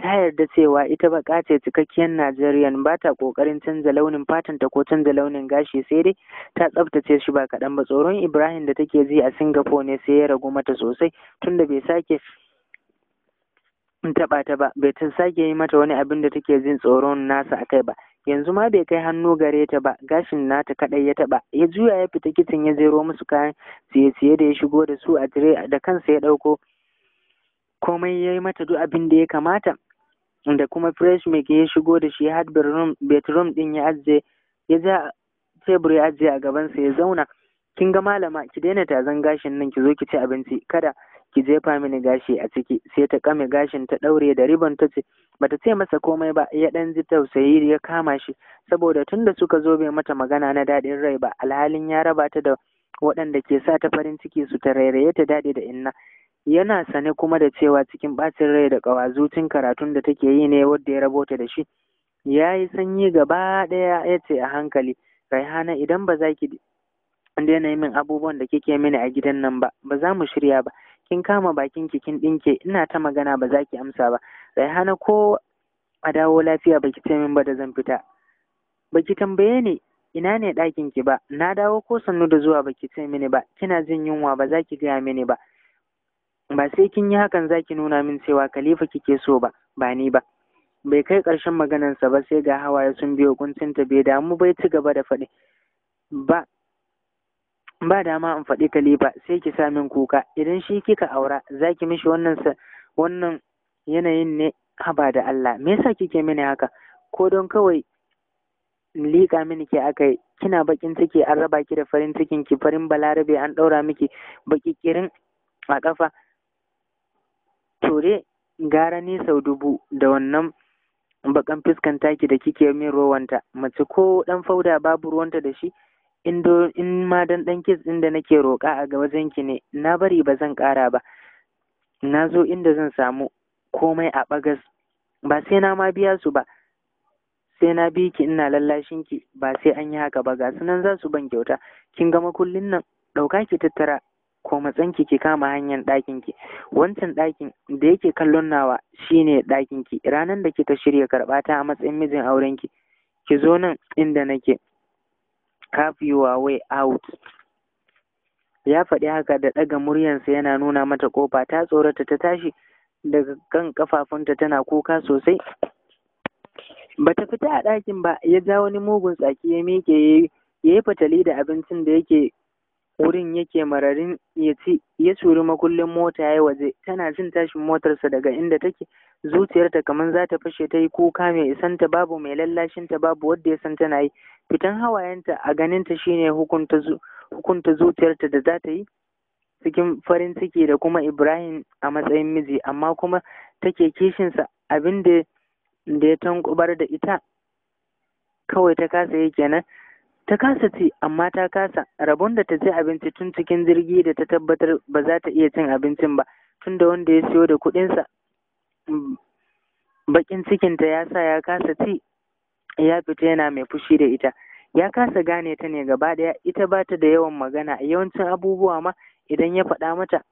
ta yarda cewa ita baka ce cikakkiyar Najeriyan ba ta kokarin canza launin fatan ta ko canza launin gashi sai dai ta tsaftace shi ba kaɗan ba tsoron Ibrahim da take ji a Singapore ne sai ya ragu mata sosai tunda bai sake taɓa ta ba bai ta sake yi mata wani abin da take jin tsoron nasa akai ba yanzu ma bai kai hannu gare ta ba gashin nata kadai ya taba ya juya ya fita kicin ya zero musu kayan siye-siye da ya shigo da su a tire da kansa ya dauko komai ya yi mata duk abin da ya kamata da kuma fresh milk ya shigo da shi har bedroom din ya ajiye ya ja tebur ya ajiye a gabansa ya zauna kin ga malama ki daina tazan gashin nan ki zo ki ci abinci kada ki jefa mini gashi a ciki sai ta kame gashin ta daure da ribon ta ce bata ce masa komai ba ya dan ji tausayi ya kama shi saboda tunda suka zo bai mata magana na dadin rai ba alhalin ya raba ta da waɗanda ke sa ta farin ciki su ta rairaye ta dade da inna yana sane kuma da cewa cikin ɓacin rai da ƙawazucin karatun da take yi ne wadda ya rabota da shi ya yi sanyi gaba ɗaya ya ce a hankali raihana idan ba za ki daina yi min abubuwan da kike mini a gidan nan ba ba za mu shirya ba kin kama bakin ki kin ɗinke ina ta magana ba za ki amsa ba raihana ko a dawo lafiya ba ki ce min ba da zan fita ba ki tambaye ni ina ne ɗakin ki ba na dawo ko sannu da zuwa ba ki ce mini ba kina jin yunwa ba za ki gaya mini ba ba sai kin yi hakan zaki nuna min cewa khalifa kike so ba ba ni ba bai kai ƙarshen maganarsa ba sai ga hawaye sun biyo kuncinta bai damu bai ci gaba da faɗi ba ba dama in faɗi khalifa sai ki sa min kuka idan shi kika aura zaki mishi wannan wannan yanayin ne haba da Allah me yasa kike mini haka ko don kawai liƙa mini ke aka yi kina bakin ciki an raba ki da farin cikin ki farin balarabe an ɗaura miki bakikirin a ƙafa to dai gara ni sau dubu da wannan bakan fuskan taki da kike min rowanta mace ko dan fauda babu ruwanta da shi in ma dan dan kids din da nake roka a ga wajen ki ne na bari ba zan ƙara ba na zo inda zan samu komai a bagas ba sai na ma biya su ba sai na bi ki ina lallashin ki ba sai an yi haka ba ga sunan za su ban kyauta kin gama kullun nan ɗauka ki tattara ko matsanki ki kama hanyar ɗakin ki wancan ɗakin da yake kallon nawa shine ɗakin ki ranan da kika shirya karɓa ta a matsayin mijin auren ki ki zo nan inda nake have your way out ya faɗi haka da ɗaga muryarsa yana nuna mata ƙofa ta tsorata ta tashi daga kan ƙafafunta tana kuka sosai Ba ta fita a ɗakin ba ya ja wani mugun tsaki ya miƙe ya yi fatali da abincin da yake wurin yake mararin ya curi makullin mota ya waje tana jin tashin motarsa daga inda take zuciyarta kamar za ta fashe tayi kuka mai isanta babu mai lallashinta babu wadda ya san tana yi fitan hawayenta a ganinta shine hukunta zuciyarta da za ta yi cikin farin ciki da kuma ibrahim a matsayin miji amma kuma take kishinsa abin da ya tankubar da ita kawai ta kasa yi kenan ta kasa ci amma ta kasa rabon da ta ci abinci tun cikin jirgi da ta tabbatar ba za ta iya cin abincin ba tun da wanda ya siyo da kuɗinsa bakin cikinta ya sa ya kasa ci ya fita yana mai fushi da ita ya kasa gane ta ne gaba daya ita ba ta da yawan magana yawancin abubuwa ma idan ya faɗa mata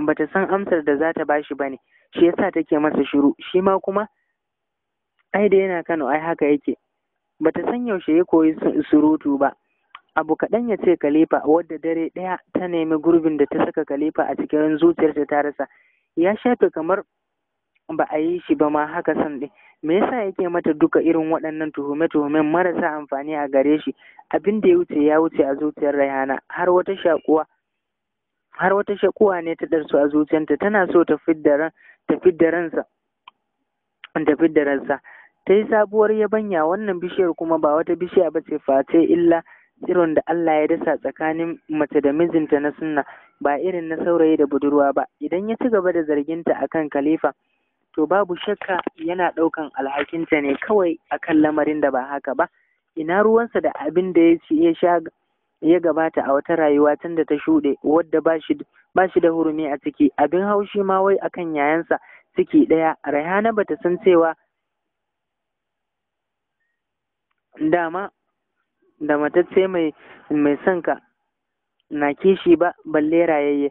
ba ta san amsar da za ta shi ba ne shi ya yasa take masa shiru shi ma kuma ai da yana kano ai haka yake bata san yaushe ya koyi surutu ba abu kaɗan ya ce kalifa wadda dare ɗaya ta nemi gurbin da ta saka kalifa a cikin zuciyarta ta rasa ya shafe kamar ba a yi shi ba ma haka san ɗin me yasa yake mata duka irin waɗannan tuhume-tuhumen marasa amfani a gare shi abin da ya wuce ya wuce a zuciyar rayana har wata shakuwa har wata shakuwa ne ta ɗarsu a zuciyarta tana so ta fidda ran ta fidda ransa ta fidda ransa ta yi sabuwar yabanya wannan bishiyar kuma ba wata bishiya ba ce face illa tsiron da Allah ya dasa tsakanin mace da mijinta na sunna ba irin na saurayi da budurwa ba idan ya ci gaba da zarginta akan khalifa to babu shakka yana ɗaukan alhakinta ne kawai akan lamarin da ba haka ba ina ruwansa da abin da ya sha ya gabata a wata rayuwa tun da ta shuɗe wadda ba shi da hurumi a ciki abin haushi ma wai akan yayansa ciki ɗaya raihana bata san cewa dama da matacce mai mai son na kishi ba balle rayayye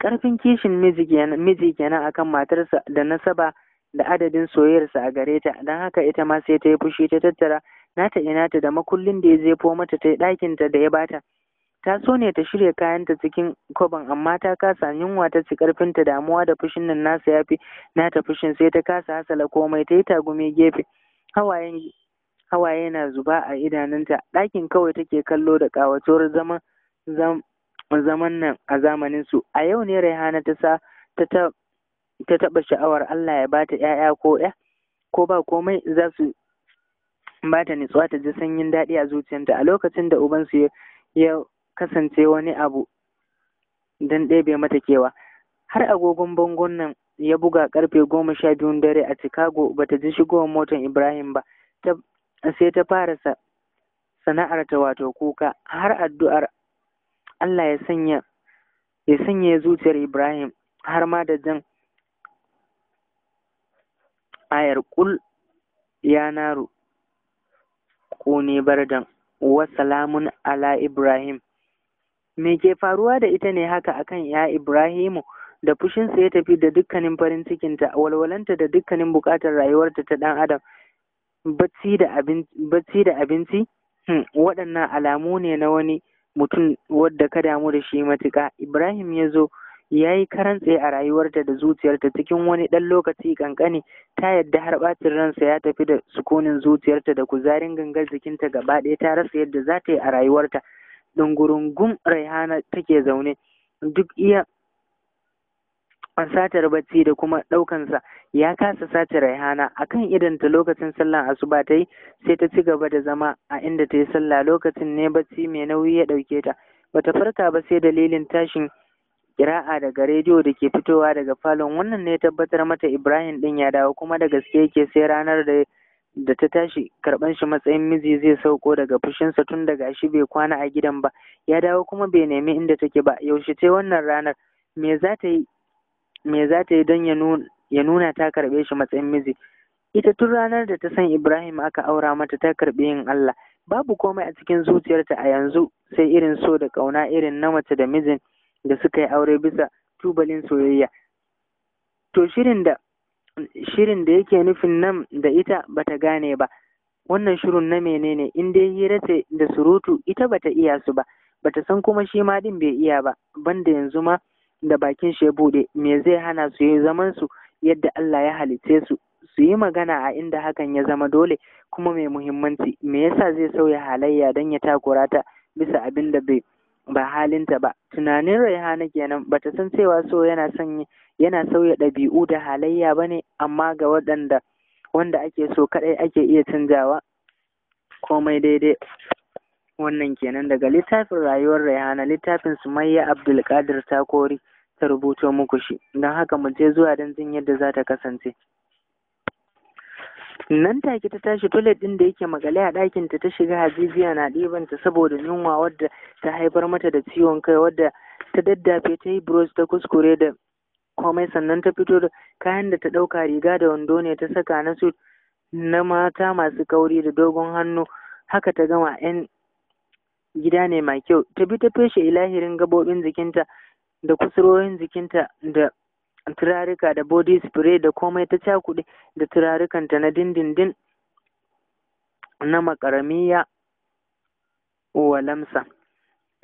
karfin kishin miji kenan akan matarsa da nasaba da adadin soyayarsa a gare ta don haka ita ma sai ta yi fushi ta tattara nata inata da makullin da ya zefo mata ta ta da ya bata ta so ne ta shirya kayanta cikin kwaban amma ta kasa yunwa ta ci karfin ta damuwa da fushin nan nasa yafi nata fushin sai ta kasa hasala komai ta yi tagumi gefe hawayen hawaye na zuba a idanunta ɗakin kawai take kallo da ƙawatuwar zaman zaman nan a zamanin su a yau ne Raihana ta sa ta ta taɓa sha'awar Allah ya bata ƴaƴa ko ƴa ko ba komai za su bata nutsuwa ta ji sanyin daɗi a zuciyarta a lokacin da ubansu ya kasance wani abu don ɗebe mata kewa har agogon bangon nan ya buga karfe goma sha biyun dare a Chicago bata ji shigowar motar Ibrahim ba ta sai ta fara sana'arta wato kuka har addu'ar Allah ya sanya ya sanya zuciyar Ibrahim har ma da jan ayar kul ya naru kone bardan wa salamun ala Ibrahim me ke faruwa da ita ne haka akan ya Ibrahimu da fushinsa ya tafi da dukkanin farin cikinta walwalanta da dukkanin bukatar rayuwarta ta ɗan adam bacci da abinci hmm, waɗannan alamu ne na wani mutum wadda ka damu da shi matuƙa ibrahim ya zo ya yi karantse a rayuwarta da zuciyarta cikin wani ɗan lokaci ƙanƙani ta yadda har ɓacin ransa ya tafi da sukunin zuciyarta da kuzarin gangar jikinta gaba ɗaya ta rasa yadda za ta yi a rayuwarta ɗungurungun raihana take zaune duk iya ban satar bacci da kuma ɗaukansa ya kasa sace raihana a kan idanta lokacin sallar asuba ta yi sai ta ci gaba da zama a inda ta yi sallah lokacin ne bacci mai nauyi ya ɗauke ta bata farka ba sai dalilin tashin kira'a daga rediyo da ke fitowa daga falon wannan ne tabbatar mata ibrahim ɗin ya dawo kuma da gaske yake sai ranar da da ta tashi karban shi matsayin miji zai sauko daga fushinsa tun daga shi bai kwana a gidan ba ya dawo kuma bai nemi inda take ba yaushe ce wannan ranar me za ta yi me za ta yi don ya nuna ta karɓe shi matsayin miji ita tun ranar da ta san Ibrahim aka aura mata ta karɓi yin Allah babu komai a cikin zuciyarta a yanzu sai irin so da ƙauna irin na mace da mijin da suka yi aure bisa tubalin soyayya to shirin da shirin da yake nufin nan da ita bata gane ba wannan shirin na menene in dai hira ce da surutu ita bata iya su ba bata san kuma shi ma din bai iya ba banda yanzu ma da bakin shi ya bude, me zai hana su yi zaman su yadda Allah ya halitte su su yi magana a inda hakan ya zama dole kuma mai muhimmanci me yasa zai sauya halayya dan ya takura ta bisa abin da bai ba halinta ba tunanin raihana kenan bata san cewa so yana son yana sauya ɗabi'u da halayya bane amma ga waɗanda wanda ake so kadai ake iya canjawa komai daidai wannan kenan daga littafin rayuwar rayana littafin Sumayya Abdulkadir Takori ta rubuto muku shi don haka mu je zuwa don jin yadda za ta kasance nan take ta tashi toilet din da yake magale a ɗakin ta ta shiga hajijiya na ɗibanta saboda yunwa wadda ta haifar mata da ciwon kai wadda ta daddafe ta yi brush ta kuskure da komai sannan ta fito da kayan da ta ɗauka riga da wando ne ta saka na su na mata masu kauri da dogon hannu haka ta gama yan gida ne mai kyau ta bi ta feshe ilahirin gabobin jikinta da kusurorin jikinta da turarika da body spray da komai ta cakuɗe da turarikanta na dindindin na makaramiya wa lamsa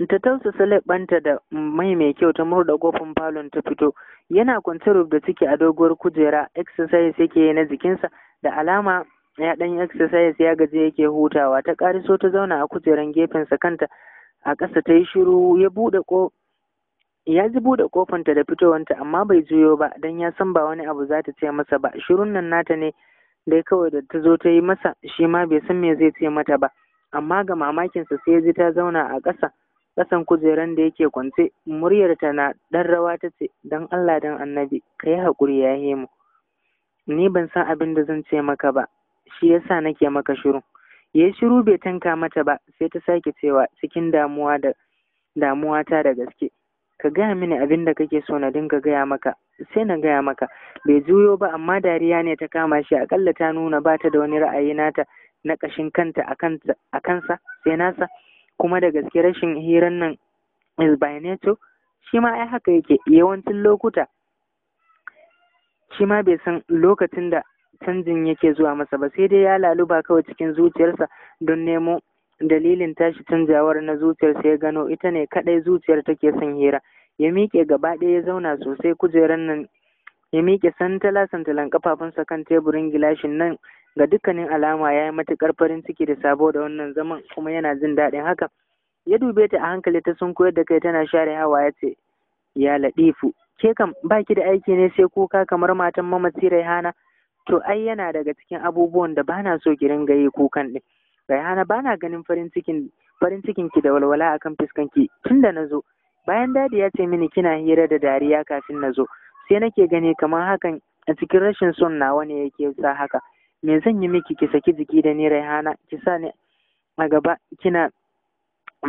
ta tausasa salibanta da mai mai kyau ta murda kofin falon ta fito yana kwance da ciki a doguwar kujera exercise yake na jikinsa da alama ya ɗan yi exercise ya gaji yake hutawa ta ƙariso ta zauna a kujeran gefensa kanta a ƙasa ta yi shiru ya buɗe ko ya ji buɗe kofanta da fitowanta amma bai juyo ba dan ya san ba wani abu za ta ce masa ba shirun nan nata ne dai kawai da ta zo ta yi masa shi ma bai san me zai ce mata ba amma ga mamakinsa sai ya ji ta zauna a ƙasa ƙasan kujeran da yake kwance muryarta na ɗan rawa ta ce don allah don annabi ka yi haƙuri ya himu. ni ban san abin da zan ce maka ba shi yasa nake maka shiru yayi shiru bai tanka mata ba sai ta sake cewa cikin damuwa da damuwa ta da gaske ka gaya mini abin da kake so na dinga gaya maka sai na gaya maka bai juyo ba amma dariya ne ta kama shi akalla ta nuna ba ta da wani ra'ayi nata na ƙashin kanta a kansa sai nasa kuma da gaske rashin hirar nan is by shi ma ai haka yake yawancin lokuta shi ma bai san lokacin da canjin yake zuwa masa ba sai dai ya laluba kawai cikin zuciyarsa don nemo dalilin tashi canjawar na zuciyarsa ya gano ita ne kadai zuciyar take son hira ya miƙe gaba ɗaya ya zauna sosai kujerar nan ya miƙe santala santalan kafafunsa kan teburin gilashin nan ga dukkanin alama ya yi matuƙar farin ciki da sabo da wannan zaman kuma yana jin daɗin haka ya dube ta a hankali ta sun koyar da kai tana share hawa ya ce ya laɗifu ke kam baki da aiki ne sai kuka kamar matan mamaci raihana to ai yana daga cikin abubuwan da bana so ki ringa yi kukan din Rayana bana ganin farin cikin farin cikin ki da walwala akan fuskan ki tunda nazo bayan dadi ya ce mini kina hira da dariya kafin nazo sai nake gani kamar hakan a cikin rashin son nawa ne yake sa haka me zan yi miki ki saki jiki da ni Rayana ki sa ni a gaba kina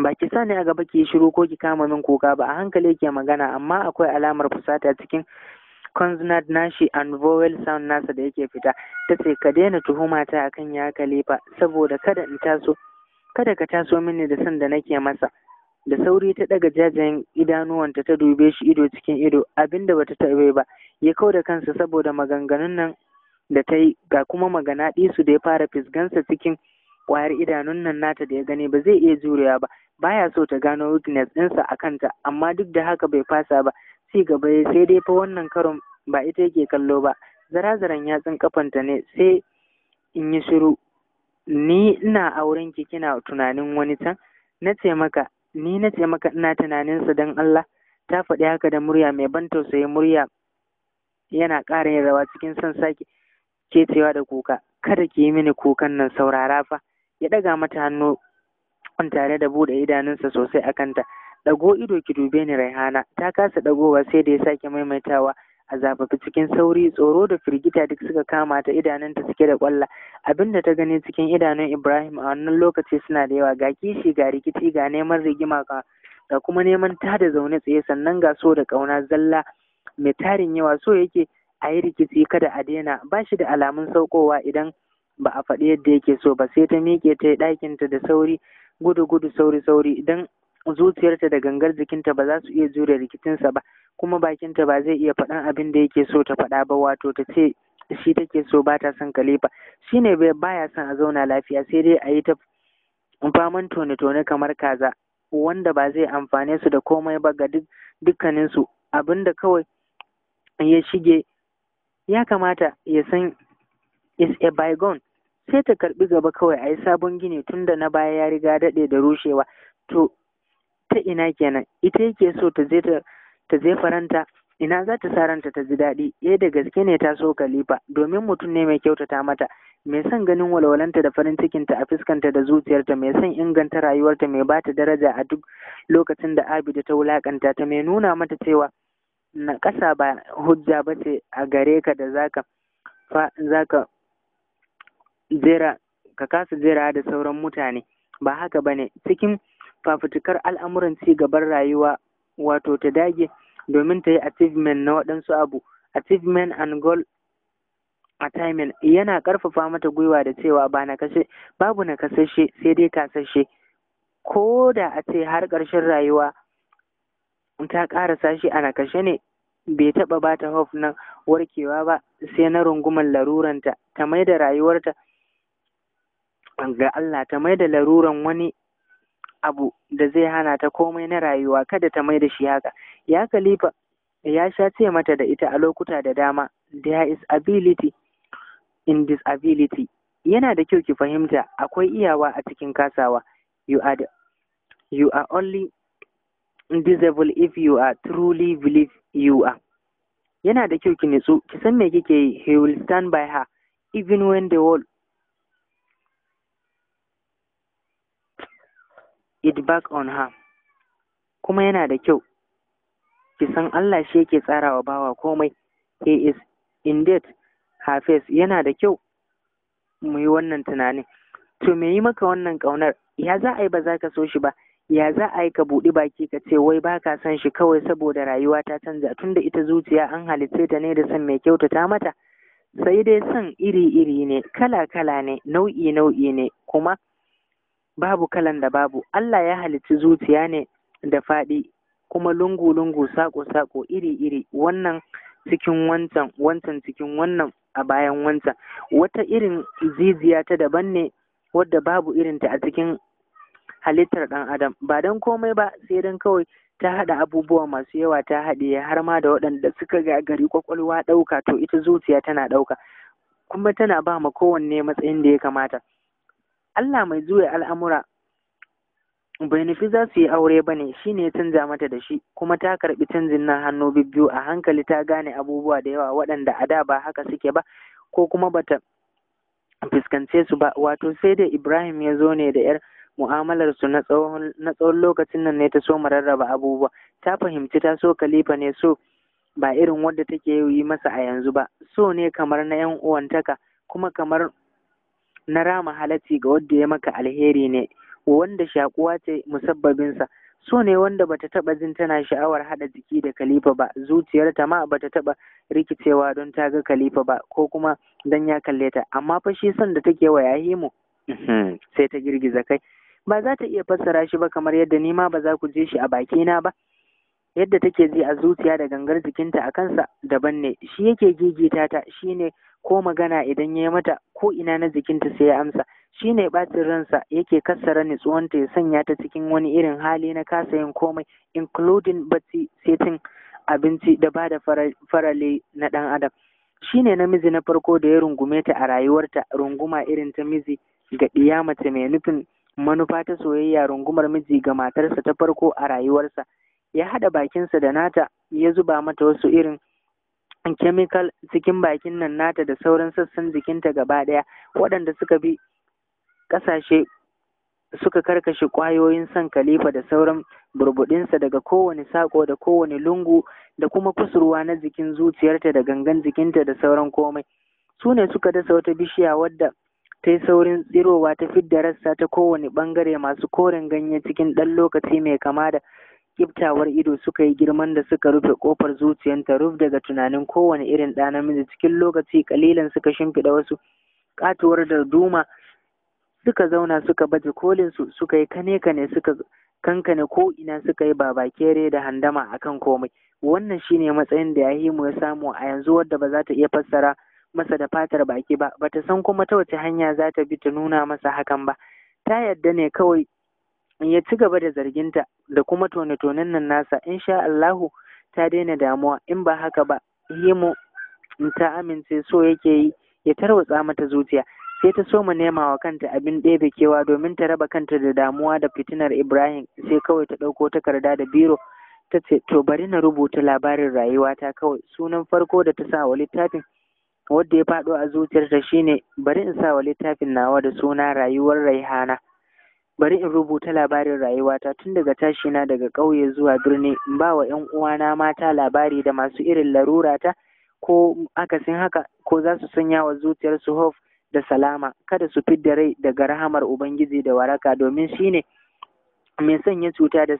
ba ki sa ni a gaba ki shiru ko ki kama min kuka ba a hankali ke magana amma akwai alamar fusata cikin consonant nashi and vowel sound nasa da yake fita ta ce ka daina tuhuma ta akan ya kalifa saboda kada in taso kada ka taso mini da san da nake masa da sauri ta daga jajayen idanuwanta ta dube shi ido cikin ido abinda bata taɓe ba ya kau da kansa saboda maganganun nan da ta yi ga kuma magana ɗisu da ya fara fisgansa cikin ƙwayar idanun nan nata da ya gani ba zai iya jurewa ba baya so ta gano weakness ɗinsa a kanta amma duk da haka bai fasa ba ci gaba ya sai dai fa wannan karon ba ita yake kallo ba zarazaran yatsun kafanta ne sai in yi shiru ni ina auren ki kina tunanin wani can na ce maka ni na ce maka ina tunaninsa dan Allah ta faɗi haka da murya mai ban tausayi murya yana ƙara yin rawa cikin son sake cewa da kuka kada ki yi mini kukan nan saurara fa ya ɗaga mata hannu tare da buɗe idanunsa sosai a kanta Dago ido ki dube ni raihana ta kasa ɗagowa sai da ya sake maimaitawa a zafafi cikin sauri tsoro da firgita duk suka kama ta idanunta suke da kwalla abinda ta gani cikin idanun ibrahim a wannan lokaci suna da yawa ga kishi ga rikici ga neman rigima ga kuma neman ta da zaune tsaye sannan ga so da ƙauna zalla mai tarin yawa so yake a yi rikici kada a daina ba shi da alamun saukowa idan ba a faɗi yadda yake so ba sai ta miƙe ta yi ɗakinta da sauri gudu gudu sauri sauri idan zuciyarta da gangar jikinta ba za su iya jure rikicinsa ba kuma bakinta ba zai iya faɗan abin da yake so ta faɗa ba wato ta ce shi take so ba ta son kalifa shi ne baya son a zauna lafiya sai dai a yi ta faman tone-tone kamar kaza wanda ba zai amfane su da komai ba ga dukkaninsu abin da kawai ya shige ya kamata ya san is a bygone sai ta karbi gaba kawai a yi sabon gini tunda na baya ya riga daɗe da rushewa to ta ina kenan ita yake so ta je ta je faranta ina za ta saranta ta ji daɗi ya eh, da gaske ne ta so kalifa domin mutum ne mai kyautata mata mai son ganin walwalanta da farin cikinta a fuskanta da zuciyarta mai son inganta rayuwarta mai bata daraja a duk lokacin da Abida ta wulakanta ta mai nuna mata cewa na ƙasa ba hujja ba ce a gare ka da zaka fa zaka jera ka kasa jera da sauran mutane ba haka bane cikin fafutukar al'amuran ci gaban rayuwa wato ta dage domin ta yi achievement na waɗansu abu achievement and goal timing yana ƙarfafa mata gwiwa da cewa ba na kashe babu na kasashe sai dai kasashe ko da a ce har ƙarshen rayuwa ta ƙara sashi a nakashe ne bai taɓa ba ta hof na warkewa ba sai na rungumar laruranta ta mai da rayuwarta ga Allah ta mai da laruran wani abu da zai hana ta komai na rayuwa kada ta mai da shi haka ya kalifa ya sha ce mata da ita a lokuta da dama there is ability in disability yana da kyau ki fahimta akwai iyawa a cikin kasawa you are the, you are only disabled if you are truly believe you are yana da kyau ki nitsu ki san me kike yi he will stand by her even when the world it back on her kuma yana da kyau ki san Allah shi yake tsarawa bawa komai he is indeed hafiz yana da kyau mu yi wannan tunanin to me yi maka wannan ƙaunar ya za a yi ba za ka so shi ba ya za a yi ka buɗi baki ka ce wai ba ka son shi kawai saboda rayuwa ta canza tunda ita zuciya an halitta ta ne da san mai kyautata mata sai dai san iri-iri ne kala-kala ne nau'i-nau'i ne kuma babu kalan da babu Allah ya halicci zuciya ne da faɗi kuma lungu-lungu sako-sako, iri-iri wannan cikin wancan wancan cikin wannan a bayan wancan wata irin ziziya ta daban ne wadda babu irinta a cikin halittar ɗan adam ba don komai ba sai don kawai ta haɗa abubuwa masu yawa ta haɗiye har ma da waɗanda suka ga gari kwakwalwa ɗauka to ita zuciya tana ɗauka kuma tana ba ma kowanne matsayin da ya kamata Allah mai zuwa al'amura bai nufi za su yi aure ba ne shi ne ya canza mata da shi kuma ta karɓi canjin nan hannu bibbiyu a hankali ta gane abubuwa da yawa waɗanda a da ba haka suke ba ko kuma bata fuskance su ba wato sai da ibrahim ya zo ne da yar mu'amalar su na tsawon lokacin nan ne ta so rarraba abubuwa ta fahimci ta so khalifa ne so ba irin wadda take yi masa a yanzu ba so ne kamar na yan uwantaka kuma kamar na rama halatti ga wanda ya maka alheri ne wanda shakuwa ce musabbabinsa so ne wanda bata taba jin tana sha'awar hada jiki da kalifa ba zuciyarta ma bata taba rikicewa don ta ga kalifa ba ko kuma dan ya kalle ta amma fa shi son da take wa mu, mhm. sai ta girgiza kai ba za ta iya fassara shi ba kamar yadda ni ma ba za ku je shi a bakina ba yadda take ji a zuciya da gangar jikinta a kansa daban ne shi yake gigita ta shi ne ko magana idan ya yi mata ko ina na jikinta sai ya amsa shi ne ɓacin ransa yake kassara nutsuwanta ya sanya ta cikin wani irin hali na kasa yin komai including bacci setin abinci da ba da farale na ɗan adam shi ne namiji na farko da ya rungume ta a rayuwarta runguma irin ta miji ga iya mace mai nufin manufa ta soyayya rungumar miji ga matarsa ta farko a rayuwarsa ya haɗa bakinsa da nata ya zuba mata wasu irin chemical cikin bakin nan nata da sauran sassan jikinta gaba ɗaya waɗanda suka bi ƙasashe suka karkashe ƙwayoyin son kalifa da sauran burbuɗinsa daga kowane sako da kowane lungu da kuma kusurwa na jikin zuciyarta da gangan jikinta da sauran komai su ne suka dasa wata bishiya wadda ta yi saurin tsirowa ta fidda rassa ta kowane ɓangare masu koren ganye cikin ɗan lokaci mai kama da kiftawar ido suka yi girman da suka rufe kofar zuciyarta ruf daga tunanin kowane irin ɗa namiji cikin lokaci kalilan suka shimfiɗa wasu ƙatuwar darduma suka zauna suka baje kolinsu su suka yi kane kane suka kankane ko ina suka yi babakere da handama akan komai wannan shine matsayin da Yahimu ya samu a yanzu wadda ba za ta iya fassara masa da fatar baki ba bata san kuma ta wace hanya za ta bi ta nuna masa hakan ba ta yadda ne kawai ya ci gaba da zarginta da kuma tone-tonen nan nasa insha Allahu ta daina damuwa in ba haka ba himo ta amince so yake yi ya tarwatsa mata zuciya sai ta soma nema wa kanta abin ɗebe kewa domin ta raba kanta da damuwa da fitinar Ibrahim sai kawai ta ɗauko takarda da biro ta ce to bari na rubuta labarin rayuwata kawai sunan farko da ta sa wa littafin wadda ya faɗo a zuciyarta shine bari in sa wa littafin nawa da suna rayuwar raihana bari in rubuta labarin rayuwata tun daga tashina daga ƙauye zuwa birni in ba wa 'yan uwana mata labari da masu irin larurata ko akasin haka ko za su sanya wa zuciyar su hof da salama kada su fidda rai daga rahamar ubangiji da waraka domin shine mai sanya cuta da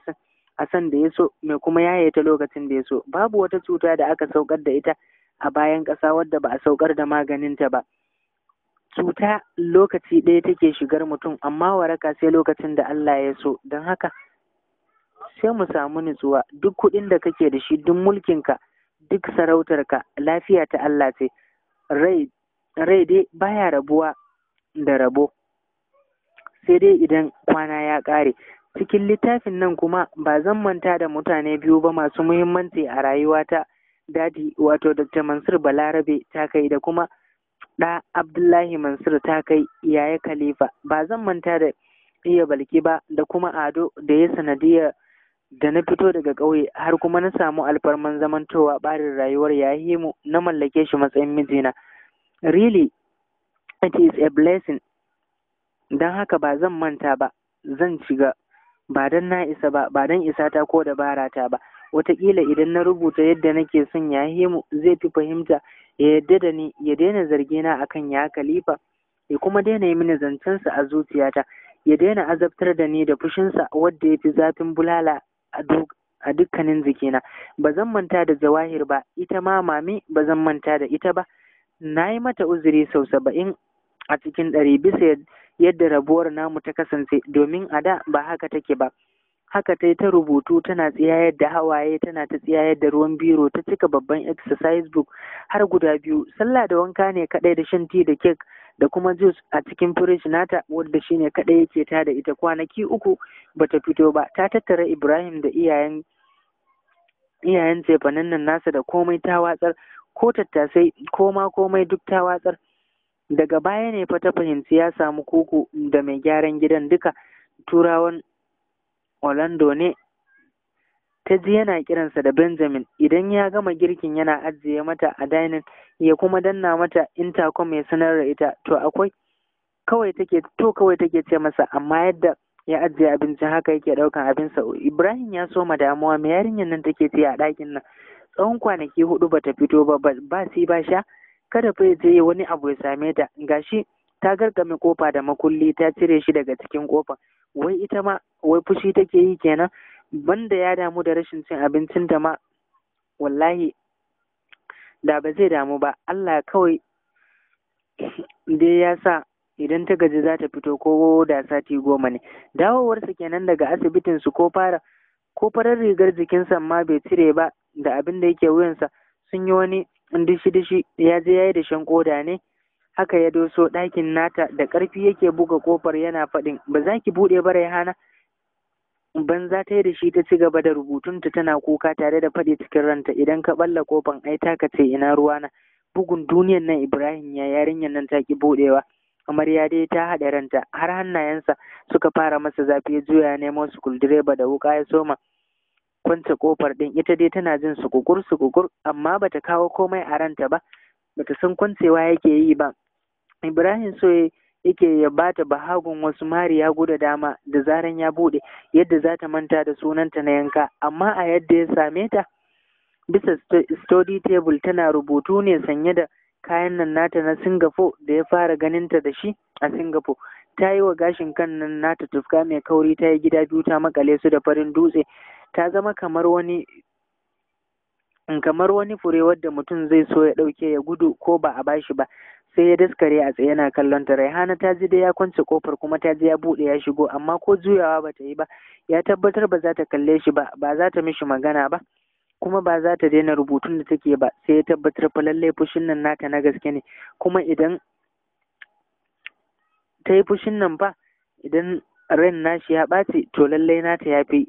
a san da ya so mai kuma yaye ta lokacin da ya so babu wata cuta da aka saukar da ita a bayan ƙasa wadda ba a saukar da maganinta ba cuta lokaci ɗaya take shigar mutum amma waraka sai lokacin da Allah ya so don haka sai mu samu nutsuwa duk kuɗin da kake da shi duk mulkinka duk sarautarka lafiya ta Allah ce rai dai baya rabuwa da rabo sai dai idan kwana ya ƙare cikin littafin nan kuma ba zan manta da mutane biyu ba masu muhimmanci a rayuwata dadi wato dr mansur balarabe ta kai da kuma ɗa Abdullahi Mansur ta kai yaya Khalifa ba zan manta da iya balki ba da kuma ado da ya sanadiyar da na fito daga ƙauye har kuma na samu alfarman zamantowa barin rayuwar Yahimu mu na mallake shi matsayin mijina really it is a blessing don haka ba zan manta ba zan shiga ba don na isa ba ba don ta ko dabarata ba wataƙila idan na rubuta yadda nake son Yahimu zai fi fahimta ya yadda da ni ya daina na akan ya khalifa ya kuma daina yi mini zancensa a zuciyata ya daina azabtar da ni da fushinsa wadda ya fi zafin bulala a dukkanin jikina ba zan manta da jawahir ba ita ma mami ba zan manta da ita ba na yi mata uzuri sau saba'in a cikin ɗari bisa yadda rabuwar namu ta kasance domin a da ba haka take ba Haka ta yi ta rubutu tana tsiyayar da hawaye tana ta tsiyayar da ruwan biro ta cika babban exercise book har guda biyu. Sallah da wanka ne kadai da shan tea da kek da kuma juice a cikin fridge nata wadda shine kaɗai yake ta da ita kwanaki uku bata fito ba. Ta tattara Ibrahim da iyayen iyayen nan nasa da komai ta watsar ko tattasai ko ma komai duk ta watsar. Daga baya ne fa ta fahimci ya samu koko da mai gyaran gidan duka turawan Orlando ne ta ji yana kiransa da Benjamin idan ya gama girkin yana ajiye mata a dining ya kuma danna mata intercom ya sanar da ita to akwai kawai take to kawai take ce masa amma yadda ya ajiye abincin haka yake daukan abinsa Ibrahim ya soma damuwa me yarinyar nan take ce a dakin nan tsawon kwanaki hudu bata fito ba ba si ba sha kada fa je wani abu ya same ta gashi ta garkame kofa da makulli ta cire shi daga cikin kofa wai ita ma wai fushi take yi kenan banda ya damu da rashin cin abincin da ma wallahi da ba zai damu ba Allah kawai dai ya sa idan ta gaji za ta fito ko da sati goma ne dawowarsa kenan daga asibitin su ko fara ko farar rigar jikinsa ma bai cire ba da abin da yake wuyansa sun yi wani dishi dishi ya je yayi dashen koda ne haka ya doso ɗakin nata da ƙarfi yake buga ƙofar yana faɗin ba za ki buɗe ba raihana za ta yi da shi ta ci gaba da rubutunta tana kuka tare da faɗi cikin ranta idan ka ɓalla ƙofan ai taka ce ina ruwana bugun duniyan nan ibrahim ya yarinyar nan ta ki buɗewa amarya dai ta haɗa ranta har hannayensa suka fara masa zafi ya juya nemo sukul direba da wuƙa ya soma kwance ƙofar ɗin ita dai tana jin sukukur sukukur amma bata kawo komai a ranta ba bata san kwancewa yake yi ba Ibrahim so yake ya bata bahagun wasu mariya guda dama da zaran ya bude yadda za ta manta da sunanta na yanka amma a yadda ya same ta bisa study table tana rubutu ne sanye da kayan nan nata na Singapore da ya fara ganinta da shi a Singapore ta yi wa gashin kan nan nata tufka mai kauri ta yi gida biyu ta makale su da farin dutse ta zama kamar wani kamar wani fure wadda mutum zai so ya ɗauke ya gudu ko ba a bashi ba sai ya daskare a tsaye yana kallon ta raihana ta ji da ya kwance kofar kuma ta ji ya buɗe ya shigo amma ko juyawa bata yi ba ya tabbatar ba za ta kalle shi ba ba za ta mishi magana ba kuma ba za ta daina rubutun da take ba sai ya tabbatar fa lallai fushin nan nata na gaske ne kuma idan ta yi fushin nan ba idan ran nashi ya ɓaci to lallai nata ya fi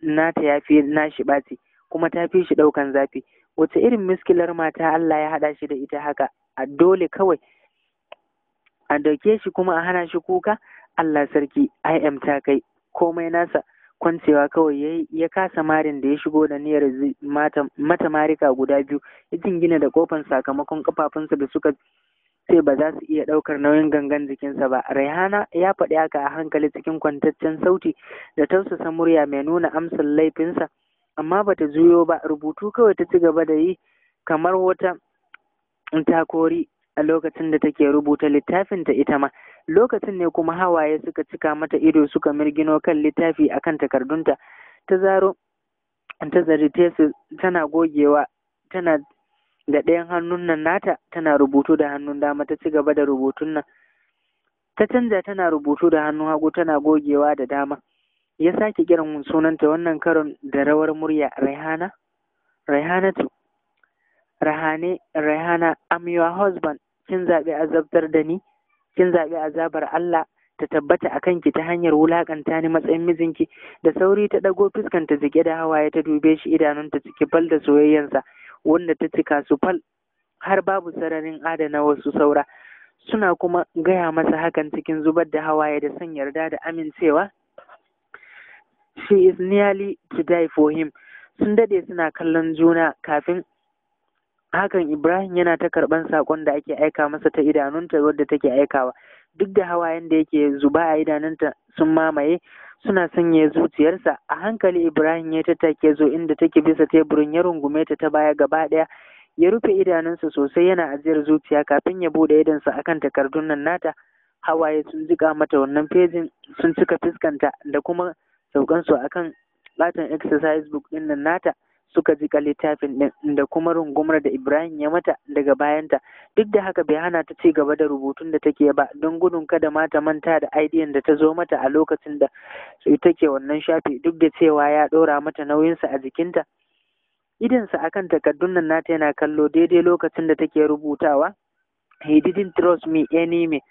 nata ya fi nashi ɓaci kuma ta fi shi ɗaukan zafi wace irin miskilar mata Allah ya haɗa shi da ita haka a dole kawai a dauke shi kuma a hana shi kuka Allah sarki im ta kai komai nasa kwancewa kawai ya kasa marin da ya shigo da niyyar mata marika guda biyu ya jingina da kofan sakamakon kafafunsa da suka sai ba za su iya ɗaukar nauyin gangan jikinsa ba. Raihana ya faɗi haka a hankali cikin kwantaccen sauti da tausasa murya mai nuna amsar laifinsa, amma bata juyo ba, rubutu kawai ta ci gaba da yi kamar wata ta kori a lokacin da take rubuta littafinta ita ma lokacin ne kuma hawaye suka cika mata ido suka mirgino kan littafi akan takardunta ta zaro ta zarite su tana gogewa tana da ɗayan hannun nan nata tana rubutu da hannun dama ta ci gaba da rubutun nan ta canza tana rubutu da hannun hagu tana gogewa da dama ya sake kiran sunanta wannan karon da rawar murya raihana raihanatu rahane rahana am your husband kin zaɓi azabtar da ni kin zaɓi azabar Allah ta tabbata a kanki ta hanyar wulakanta ni matsayin mijinki da sauri ta ɗago fuskanta jike da hawaye ta dube shi idanunta cike fal da soyayyansa wanda ta cika su fal har babu sararin adana wasu saura suna kuma gaya masa hakan cikin zubar da hawaye da son yarda da amincewa she is nearly to die for him sun dade suna kallon juna kafin hakan Ibrahim yana ta karɓan saƙon da ake aika masa ta idanunta wadda take aikawa duk da hawayen da yake zuba a idanunta sun mamaye suna sanya zuciyarsa a hankali Ibrahim ya tattake zo inda take bisa teburin ya rungume ta ta baya gaba ɗaya ya rufe idanunsa sosai yana ajiyar zuciya kafin ya bude idansa akan takardun nan nata hawaye sun jika mata wannan fejin sun cika fuskanta da kuma saukansu akan latin exercise book ɗin nan nata suka jika littafin ɗin da kuma rungumar da Ibrahim ya mata daga bayanta duk da haka bai hana ta ci gaba da rubutun da take ba don gudun kada ma ta manta da aidiyan da ta zo mata a lokacin da take wannan shafi duk da cewa ya ɗora mata nauyinsa a jikinta idonsa akan takardun nan nata yana kallo daidai lokacin da take rubutawa he didn't trust me anymore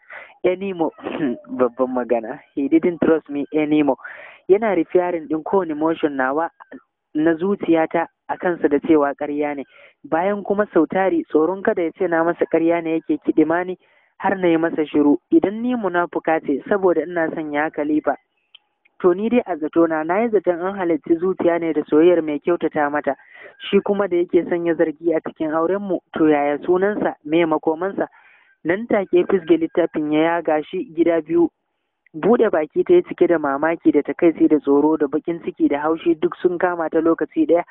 anymore babban magana he didn't trust me anymore yana rifiyarin din kowane motion nawa na zuciyata a kansa da cewa karya ne bayan kuma sautari tsoron kada ya ce na masa karya ne yake kiɗima ni har na yi masa shiru idan ni munafuka ce saboda ina son ya kalifa to ni dai a zato na yi zaton an halarci zuciya ne da soyayyar mai kyautata mata shi kuma da yake sanya zargi a cikin aurenmu to yaya sunansa me makomansa nan take fisge littafin ya yaga shi gida biyu bude baki ta yi cike da mamaki da takaici da tsoro da bakin ciki da haushi duk sun kama ta lokaci daya.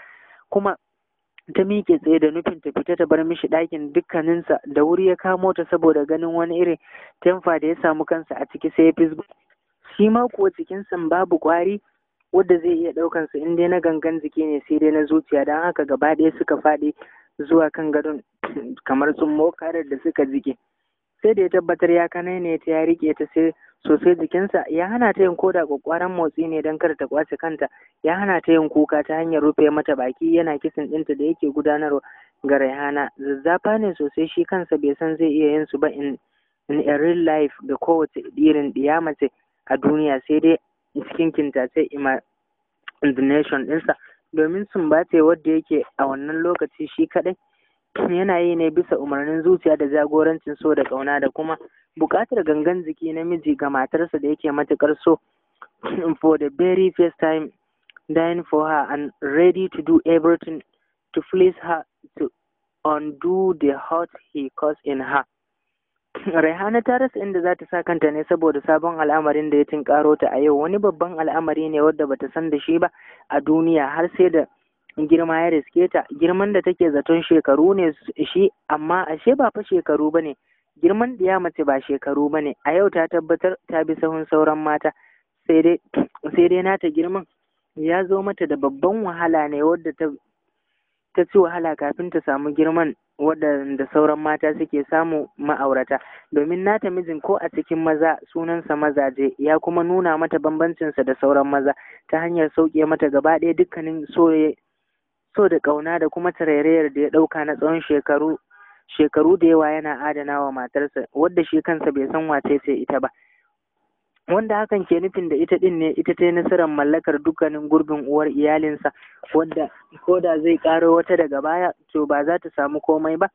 kuma ta miƙe tsaye da nufin ta fita ta bar mishi ɗakin dukkaninsa da wuri ya kamo ta saboda ganin wani irin temfa da ya samu kansa a ciki sai ya shi ma kuwa cikinsa babu ƙwari wadda zai iya ɗaukansa in dai na gangan jiki ne sai dai na zuciya don haka gaba ɗaya suka faɗi zuwa kan gadon kamar tsummo karar da suka jike sai da ya tabbatar ya kanai ne ta ya riƙe ta sai sosai jikinsa ya hana ta yin koda kwakwaran motsi ne don kar ta kwace kanta ya hana ta yin kuka ta hanyar rufe mata baki yana kisan ɗinta da yake gudanarwa ga Raihana zazzafa ne sosai shi kansa bai san zai iya yin su ba in in a real life da kowace irin ɗiya mace a duniya sai dai cikin kintace nation. ɗinsa domin sumbace wadda yake a wannan lokaci shi kaɗai yana yi ne bisa umarnin zuciya da jagorancin so da ƙauna da kuma buƙatar gangan jiki namiji ga matarsa da yake matuƙar so for the very first time dying for her and ready to do everything to please her to undo the hurt he caused in her Raihana ta rasa inda za ta sa kanta ne saboda sabon al'amarin da ya tinkaro ta a yau wani babban al'amari ne wadda bata san da shi ba a duniya har sai da girma ya riske ta girman da take zaton shekaru ne shi amma ashe ba fa shekaru ne girman da ya mace ba shekaru bane a yau ta tabbatar ta bi sahun sauran mata sai dai sai dai nata girman ya zo mata da babban wahala ne wadda ta ta ci wahala kafin ta samu girman waɗanda sauran mata suke samu ma'aurata domin nata mijin ko a cikin maza sunansa mazaje ya kuma nuna mata bambancinsa da sauran maza ta hanyar sauke mata gaba ɗaya dukkanin soye so da ƙauna da kuma tarairayar da ya ɗauka na tsawon shekaru shekaru da yawa yana adana wa matarsa wadda shi kansa bai san wace ce ita ba wanda hakan ke nufin da ita ɗin ne ita ta yi nasarar mallakar dukkanin gurbin uwar iyalinsa wadda ko da zai ƙaro wata daga baya to ba za ta samu komai ba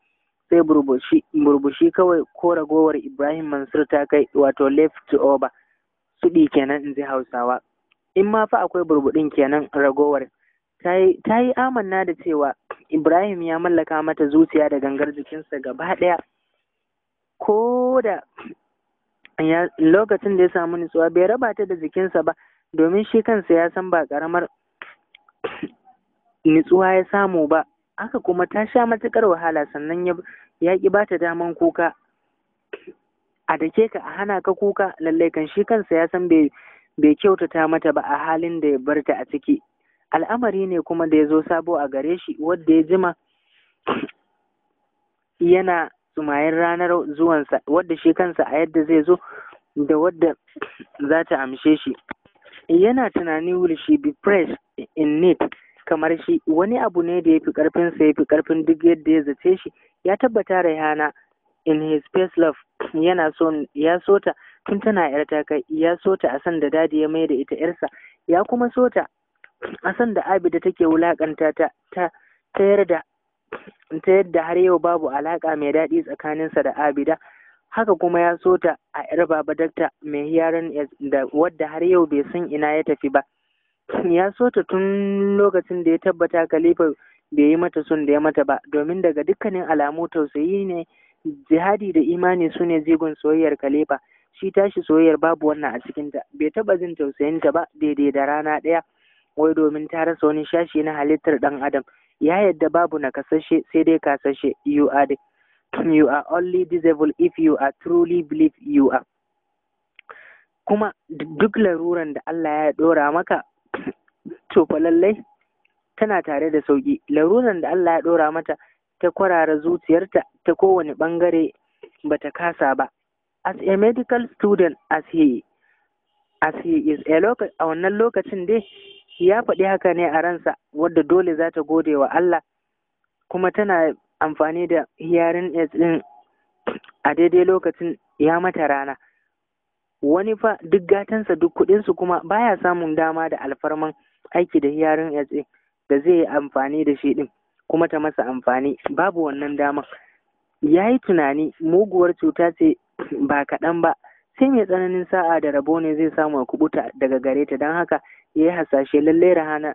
sai burbushi kawai ko ragowar ibrahim mansur ta kai wato left over suɗi kenan in ji hausawa in ma fa akwai burbuɗin kenan ragowar ta yi amanna da cewa Ibrahim ya mallaka mata zuciya da gangar jikinsa gaba ɗaya ko da lokacin da ya samu nutsuwa bai raba ta da jikinsa ba domin shi kansa ya san ba ƙaramar nutsuwa ya samu ba aka kuma ta sha matuƙar wahala sannan ya ƙi ba ta daman kuka a dake ka a hana ka kuka lallai kan shi kansa ya san bai kyautata mata ba a halin da ya barta a ciki al'amari ne kuma da ya zo sabo a gare shi wadda ya jima yana tsumayen ranar zuwansa wadda shi kansa a yadda zai zo da wadda za ta amshe shi yana tunani will she be fresh in need kamar shi wani abu ne da ya fi ƙarfinsa ya fi ƙarfin duk yadda ya zace shi ya tabbata hana in his face love yana so ya sota tun tana yar ta kai ya sota a san da dadi ya mai da ita yarsa ya kuma sota. a san da abida take wulakanta ta ta ta yarda ta yadda har yau babu alaka mai daɗi tsakaninsa da abida haka kuma ya so ta a yar baba dakta mai yaran da wadda har yau bai san ina ya tafi ba ya so ta tun lokacin da ya tabbata khalifa bai yi mata son da ya mata ba domin daga dukkanin alamu tausayi ne jihadi da imani su ne zigon soyayyar khalifa shi tashi soyayyar babu wannan a cikinta bai taba jin tausayinta ba daidai da rana ɗaya wai domin ta rasa wani shashi na halittar ɗan adam ya yadda babu nakasashe sai dai kasashe you are you are only disabled if you are truly believe you are kuma duk laruran da Allah ya ɗora maka to fa lallai tana tare da sauki laruran da Allah ya ɗora mata ta kwarara zuciyarta ta kowane ɓangare ta kasa ba as a medical student as he as he is a local a wannan lokacin dai ya faɗi haka ne a ransa wadda dole za ta gode wa Allah kuma tana amfani da hiyarin aids ɗin a daidai lokacin ya mata rana wani fa duk gatansa duk kuɗinsu kuma baya samun dama da alfarman aiki da hiyarin aids ɗin da zai yi amfani da shi ɗin kuma ta masa amfani babu wannan dama. ya yi tunani muguwar cuta ce ba kaɗan ba sai mai tsananin sa'a da rabo ne zai samu a kubuta daga gare ta don haka ya yi hasashe lallai rahana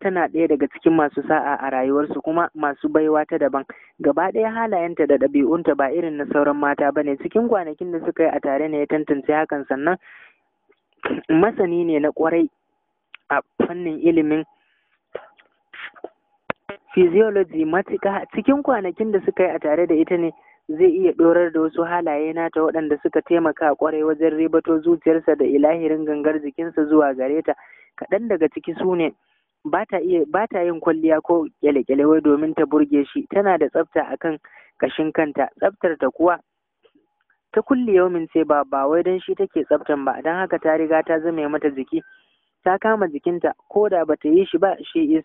tana ɗaya daga cikin masu sa'a a rayuwarsu kuma masu baiwa ta daban gaba ɗaya halayenta da ɗabi'unta ba irin na sauran mata ba ne cikin kwanakin da suka yi a tare ne ya tantance hakan sannan masani ne na kwarai a fannin ilimin physiology matuƙa cikin kwanakin da suka yi a tare da ita ne zai iya ɗorar da wasu halaye nata waɗanda suka taimaka ƙwarai wajen ribato zuciyarsa da ilahirin gangar jikinsa zuwa gare ta kaɗan daga ciki su ne ba ta yin kwalliya ko kyale-kyale wai domin ta burge shi tana da tsafta akan kashin kanta tsaftar ta kuwa ta kulle yau min ce ba ba wai don shi take tsaftan ba don haka ta riga ta zame mata jiki ta kama jikinta ko da ba ta yi shi ba shi is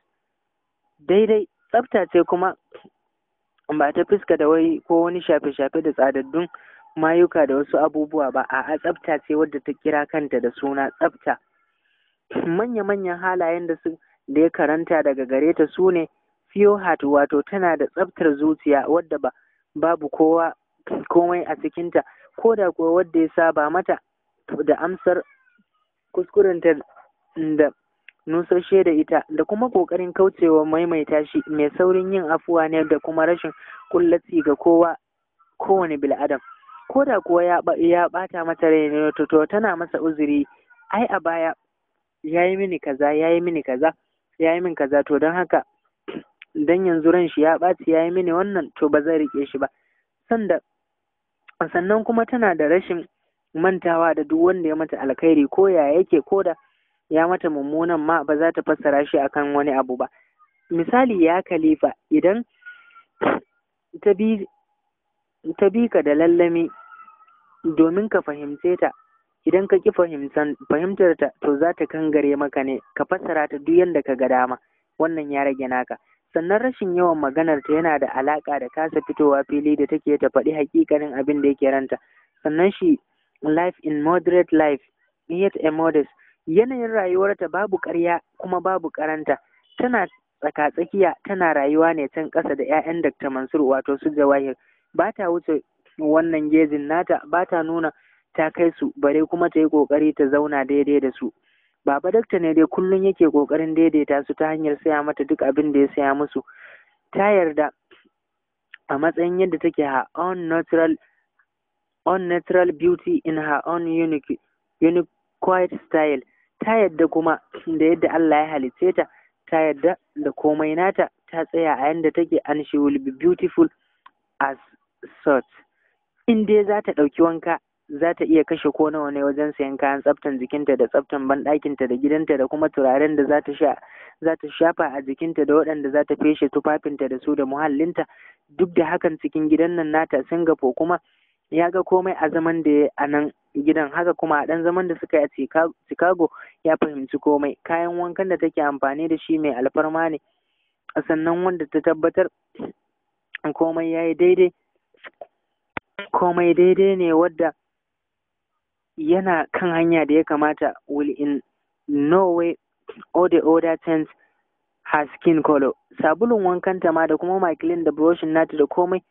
daidai tsafta ce kuma ba ta fuska da wai ko wani shafe-shafe da tsadaddun mayuka da wasu abubuwa ba a'a tsafta ce wadda ta kira kanta da suna tsafta manya-manyan halayen da su da ya karanta daga gare ta su ne heart wato tana da tsaftar zuciya wadda ba babu kowa komai a cikinta ko da kuwa wadda ya saba mata da amsar kuskurenta da nusashe da ita da kuma ƙoƙarin kaucewa maimaita shi mai saurin yin afuwa ne da kuma rashin kullaci ga kowa kowane bil'adam ko da kuwa ya ɓata mata rai ne to tana masa uzuri ai a baya ya yi mini kaza ya yi mini kaza ya yi min kaza to don haka dan yanzu ran shi ya ɓaci ya yi mini wannan to ba zan riƙe shi ba sanda sannan kuma tana da rashin mantawa da duk wanda ya mata alkhairi ko ya yake ko da ya mata mummunan ma ba za ta fassara shi akan wani abu ba misali ya kalifa idan ta bi ka da lallami domin ka fahimce ta idan ka ki fahimtar ta to za ta kangare maka ne ka fassara ta duk yanda ka ga dama wannan ya rage naka sannan rashin yawan maganar ta yana da alaka da kasa fitowa fili da take ta faɗi hakikanin abin da yake ranta sannan shi life in moderate life yet a modest yanayin rayuwarta babu ƙarya kuma babu ƙaranta tana tsakatsakiya tana rayuwa ne can ƙasa da 'ya'yan Dr. Mansur wato su Jawahir ba ta wuce wannan gejin nata ba ta nuna ta kai su bare kuma ta yi ƙoƙari ta zauna daidai da su Baba Dakta ne dai kullum yake ƙoƙarin daidaita su ta hanyar saya mata duk abin da ya saya musu ta yarda a matsayin yadda take her own natural, own natural beauty in her own unique, unique quiet style ta yadda kuma da yadda Allah ya halitte ta ta yadda da komai nata ta tsaya a yanda take and she will be beautiful as such in dai za ta ɗauki wanka za ta iya kashe ko nawa ne wajen sayan kayan tsaftan jikinta da tsaftan banɗakinta da gidanta da kuma turaren da za ta sha za ta shafa a jikinta da waɗanda za ta feshe tufafinta da su da muhallinta duk da hakan cikin gidan nan nata Singapore kuma ya ga komai a zaman da ya a nan gidan haka kuma a ɗan zaman da suka yi a Chicago ya fahimci komai kayan wankan da take amfani da shi mai alfarma ne sannan wanda ta tabbatar komai ya yi daidai komai daidai ne wadda yana kan hanya da ya kamata will in no way all the other things her skin color sabulun wankanta ma da kuma makilin da brushin nata da komai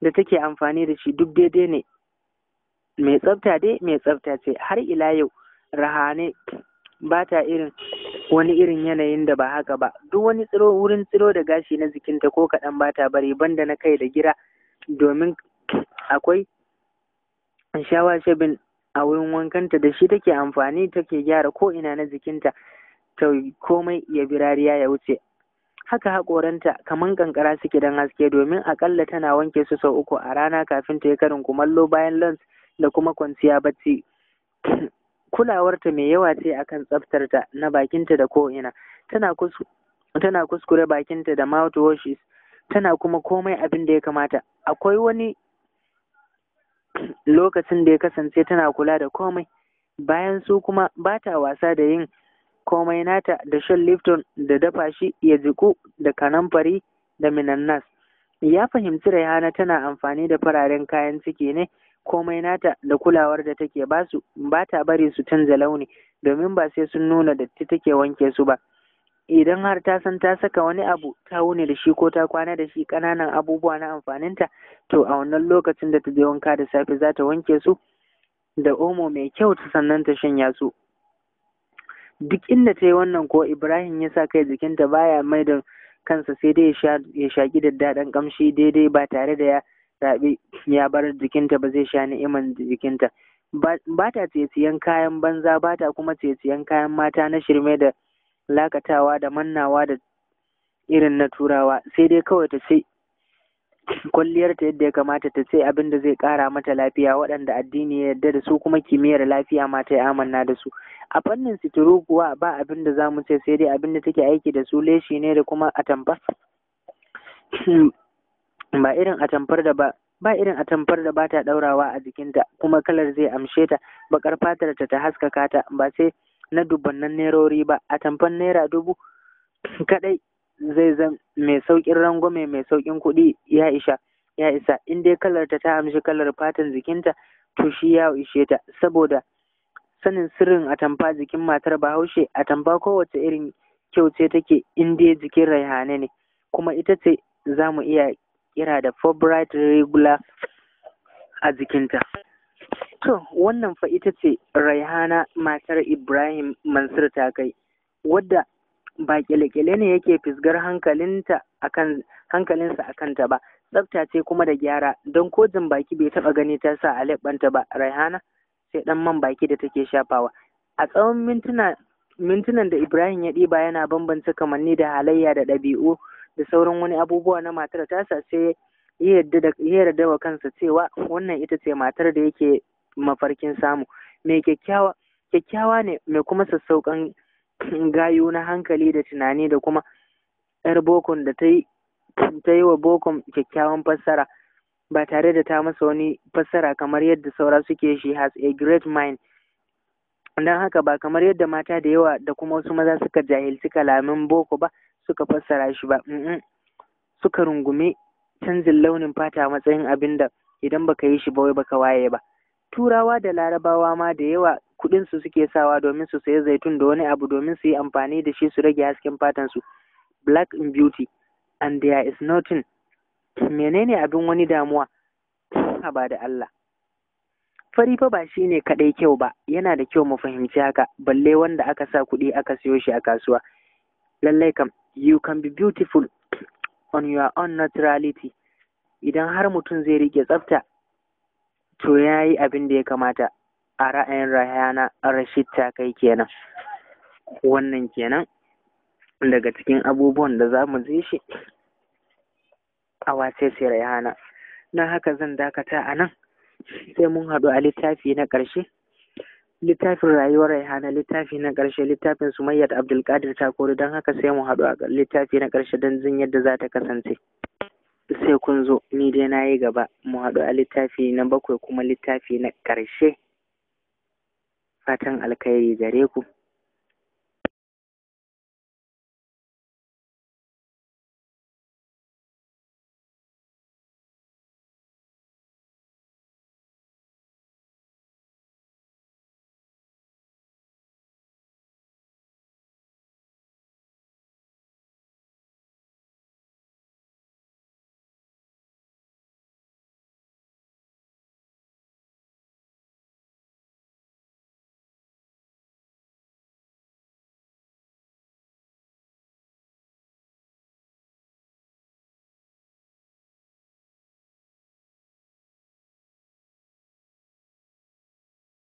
da take amfani da shi duk daidai ne mai tsafta dai mai tsafta ce har ila yau rahane ba ta irin wani irin yanayin da ba haka ba duk wani tsiro wurin tsiro da gashi na jikinta ko kaɗan ba ta bari banda na kai da gira domin akwai shawa shabin a wurin wankanta da shi take amfani take gyara ko ina na jikinta ta komai ya birariya ya wuce haka haƙoranta kaman kankara suke dan haske domin aƙalla tana wanke su sau uku a rana kafin ta yi karin kumallo bayan lunch da kuma kwanciya bacci kulawarta mai yawa ce akan tsaftarta na bakinta da ko'ina tana tana kuskure bakinta da mouthwashes tana kuma komai abin da ya kamata akwai wani lokacin da ya kasance tana kula da komai bayan su kuma ba ta wasa da yin komai nata da shan lifton da dafa shi ya jiku da kanamfari da minannas ya fahimci raihana tana amfani da fararen kayan ciki ne komai nata da kulawar da take basu ba ta bari su canza launi domin ba sai sun nuna datti take wanke su ba idan har ta san ta saka wani abu ta wuni da shi ko ta kwana da shi ƙananan abubuwa na amfaninta to a wannan lokacin da ta je wanka da safe za ta wanke su da omo mai kyau ta sannan ta shanya su duk inda ta yi wannan ko ibrahim ya sa kai jikinta baya mai da kansa sai dai ya shaƙi daddaɗan ƙamshi daidai ba tare da ya zaɓe ya bar jikinta ba zai sha ni'iman jikinta ba ta ciye kayan banza ba ta kuma ciye kayan mata na shirme da lakatawa da mannawa da irin na turawa sai dai kawai ta ce kwalliyarta yadda ya kamata ta ce abin da zai ƙara mata lafiya waɗanda addini ya yarda da su kuma kimiyyar lafiya ma ta yi amanna da su a fannin situru kuwa ba abin da za mu ce sai dai abin da take aiki da su leshi ne da kuma atamfa ba irin atamfar da ba ba irin tamfar da bata ɗaurawa a jikinta kuma kalar zai amshe ta baƙar fatar ta ta haskaka ta ba sai na dubbannan nerori ba atamfan naira dubu kaɗai zai zan mai sauƙin rangwame mai sauƙin kuɗi ya isha ya isa in dai kalar ta ta amshi kalar fatan jikinta to shi ya ishe ta saboda sanin sirrin atamfa jikin matar bahaushe atamfa kowace irin kyau ce take in dai jikin raihane ne kuma ita ce za mu iya Yana da Fulbright Regula a jikinta. To, wannan fa ita ce Raihana matar Ibrahim Mansur ta kai, wadda ba kyale ne yake fisgar hankalinsa a kanta ba, tsafta ce kuma da gyara don kojin baki bai taɓa gani ta sa a ba, Raihana sai ɗan man baki da take shafawa. A tsawon mintunan da Ibrahim ya ɗiba yana bambanci kamanni da halayya da ɗabi'u da sauran wani abubuwa na matar tasa sai ya yarda wa kansa cewa wannan ita ce matar da yake mafarkin samu mai kyakkyawa kyakkyawa ne mai kuma sassauƙan gayu na hankali da tunani da kuma yar bokon da ta yi ta yi wa bokon kyakkyawan fassara ba tare da ta masa wani fassara kamar yadda saura suke shi has a great mind don haka ba kamar yadda mata da yawa da kuma wasu maza suka jahilci kalamin boko ba suka fassara shi ba suka rungume canjin launin fata a matsayin abin da idan baka yi shi ba wai baka waye ba turawa da larabawa ma da yawa kuɗinsu suke sawa domin su sayi zaitun da wani abu domin su yi amfani da shi su rage hasken fatan su black in beauty and there is nothing menene abin wani damuwa ba da Allah fari fa ba shi ne kaɗai kyau ba yana da kyau mu fahimci haka balle wanda aka sa kuɗi aka siyo shi a kasuwa lallai kam you can be beautiful on your own naturality idan har mutum zai rike tsafta to ya yi abin da ya kamata a ra'ayin rahana rashid ta kai kenan wannan kenan daga cikin abubuwan da za mu je shi a wace sai rahana na haka zan dakata a nan sai mun haɗu a littafi na ƙarshe littafin rayuwar Raihana littafi na ƙarshe littafin Sumayyat Abdulkadir Takori don haka sai mu haɗu a littafi na ƙarshe don jin yadda za ta kasance. Sai kun zo ni dai na yi gaba mu haɗu a littafi na bakwai kuma littafi na ƙarshe. Fatan alkhairi gare ku.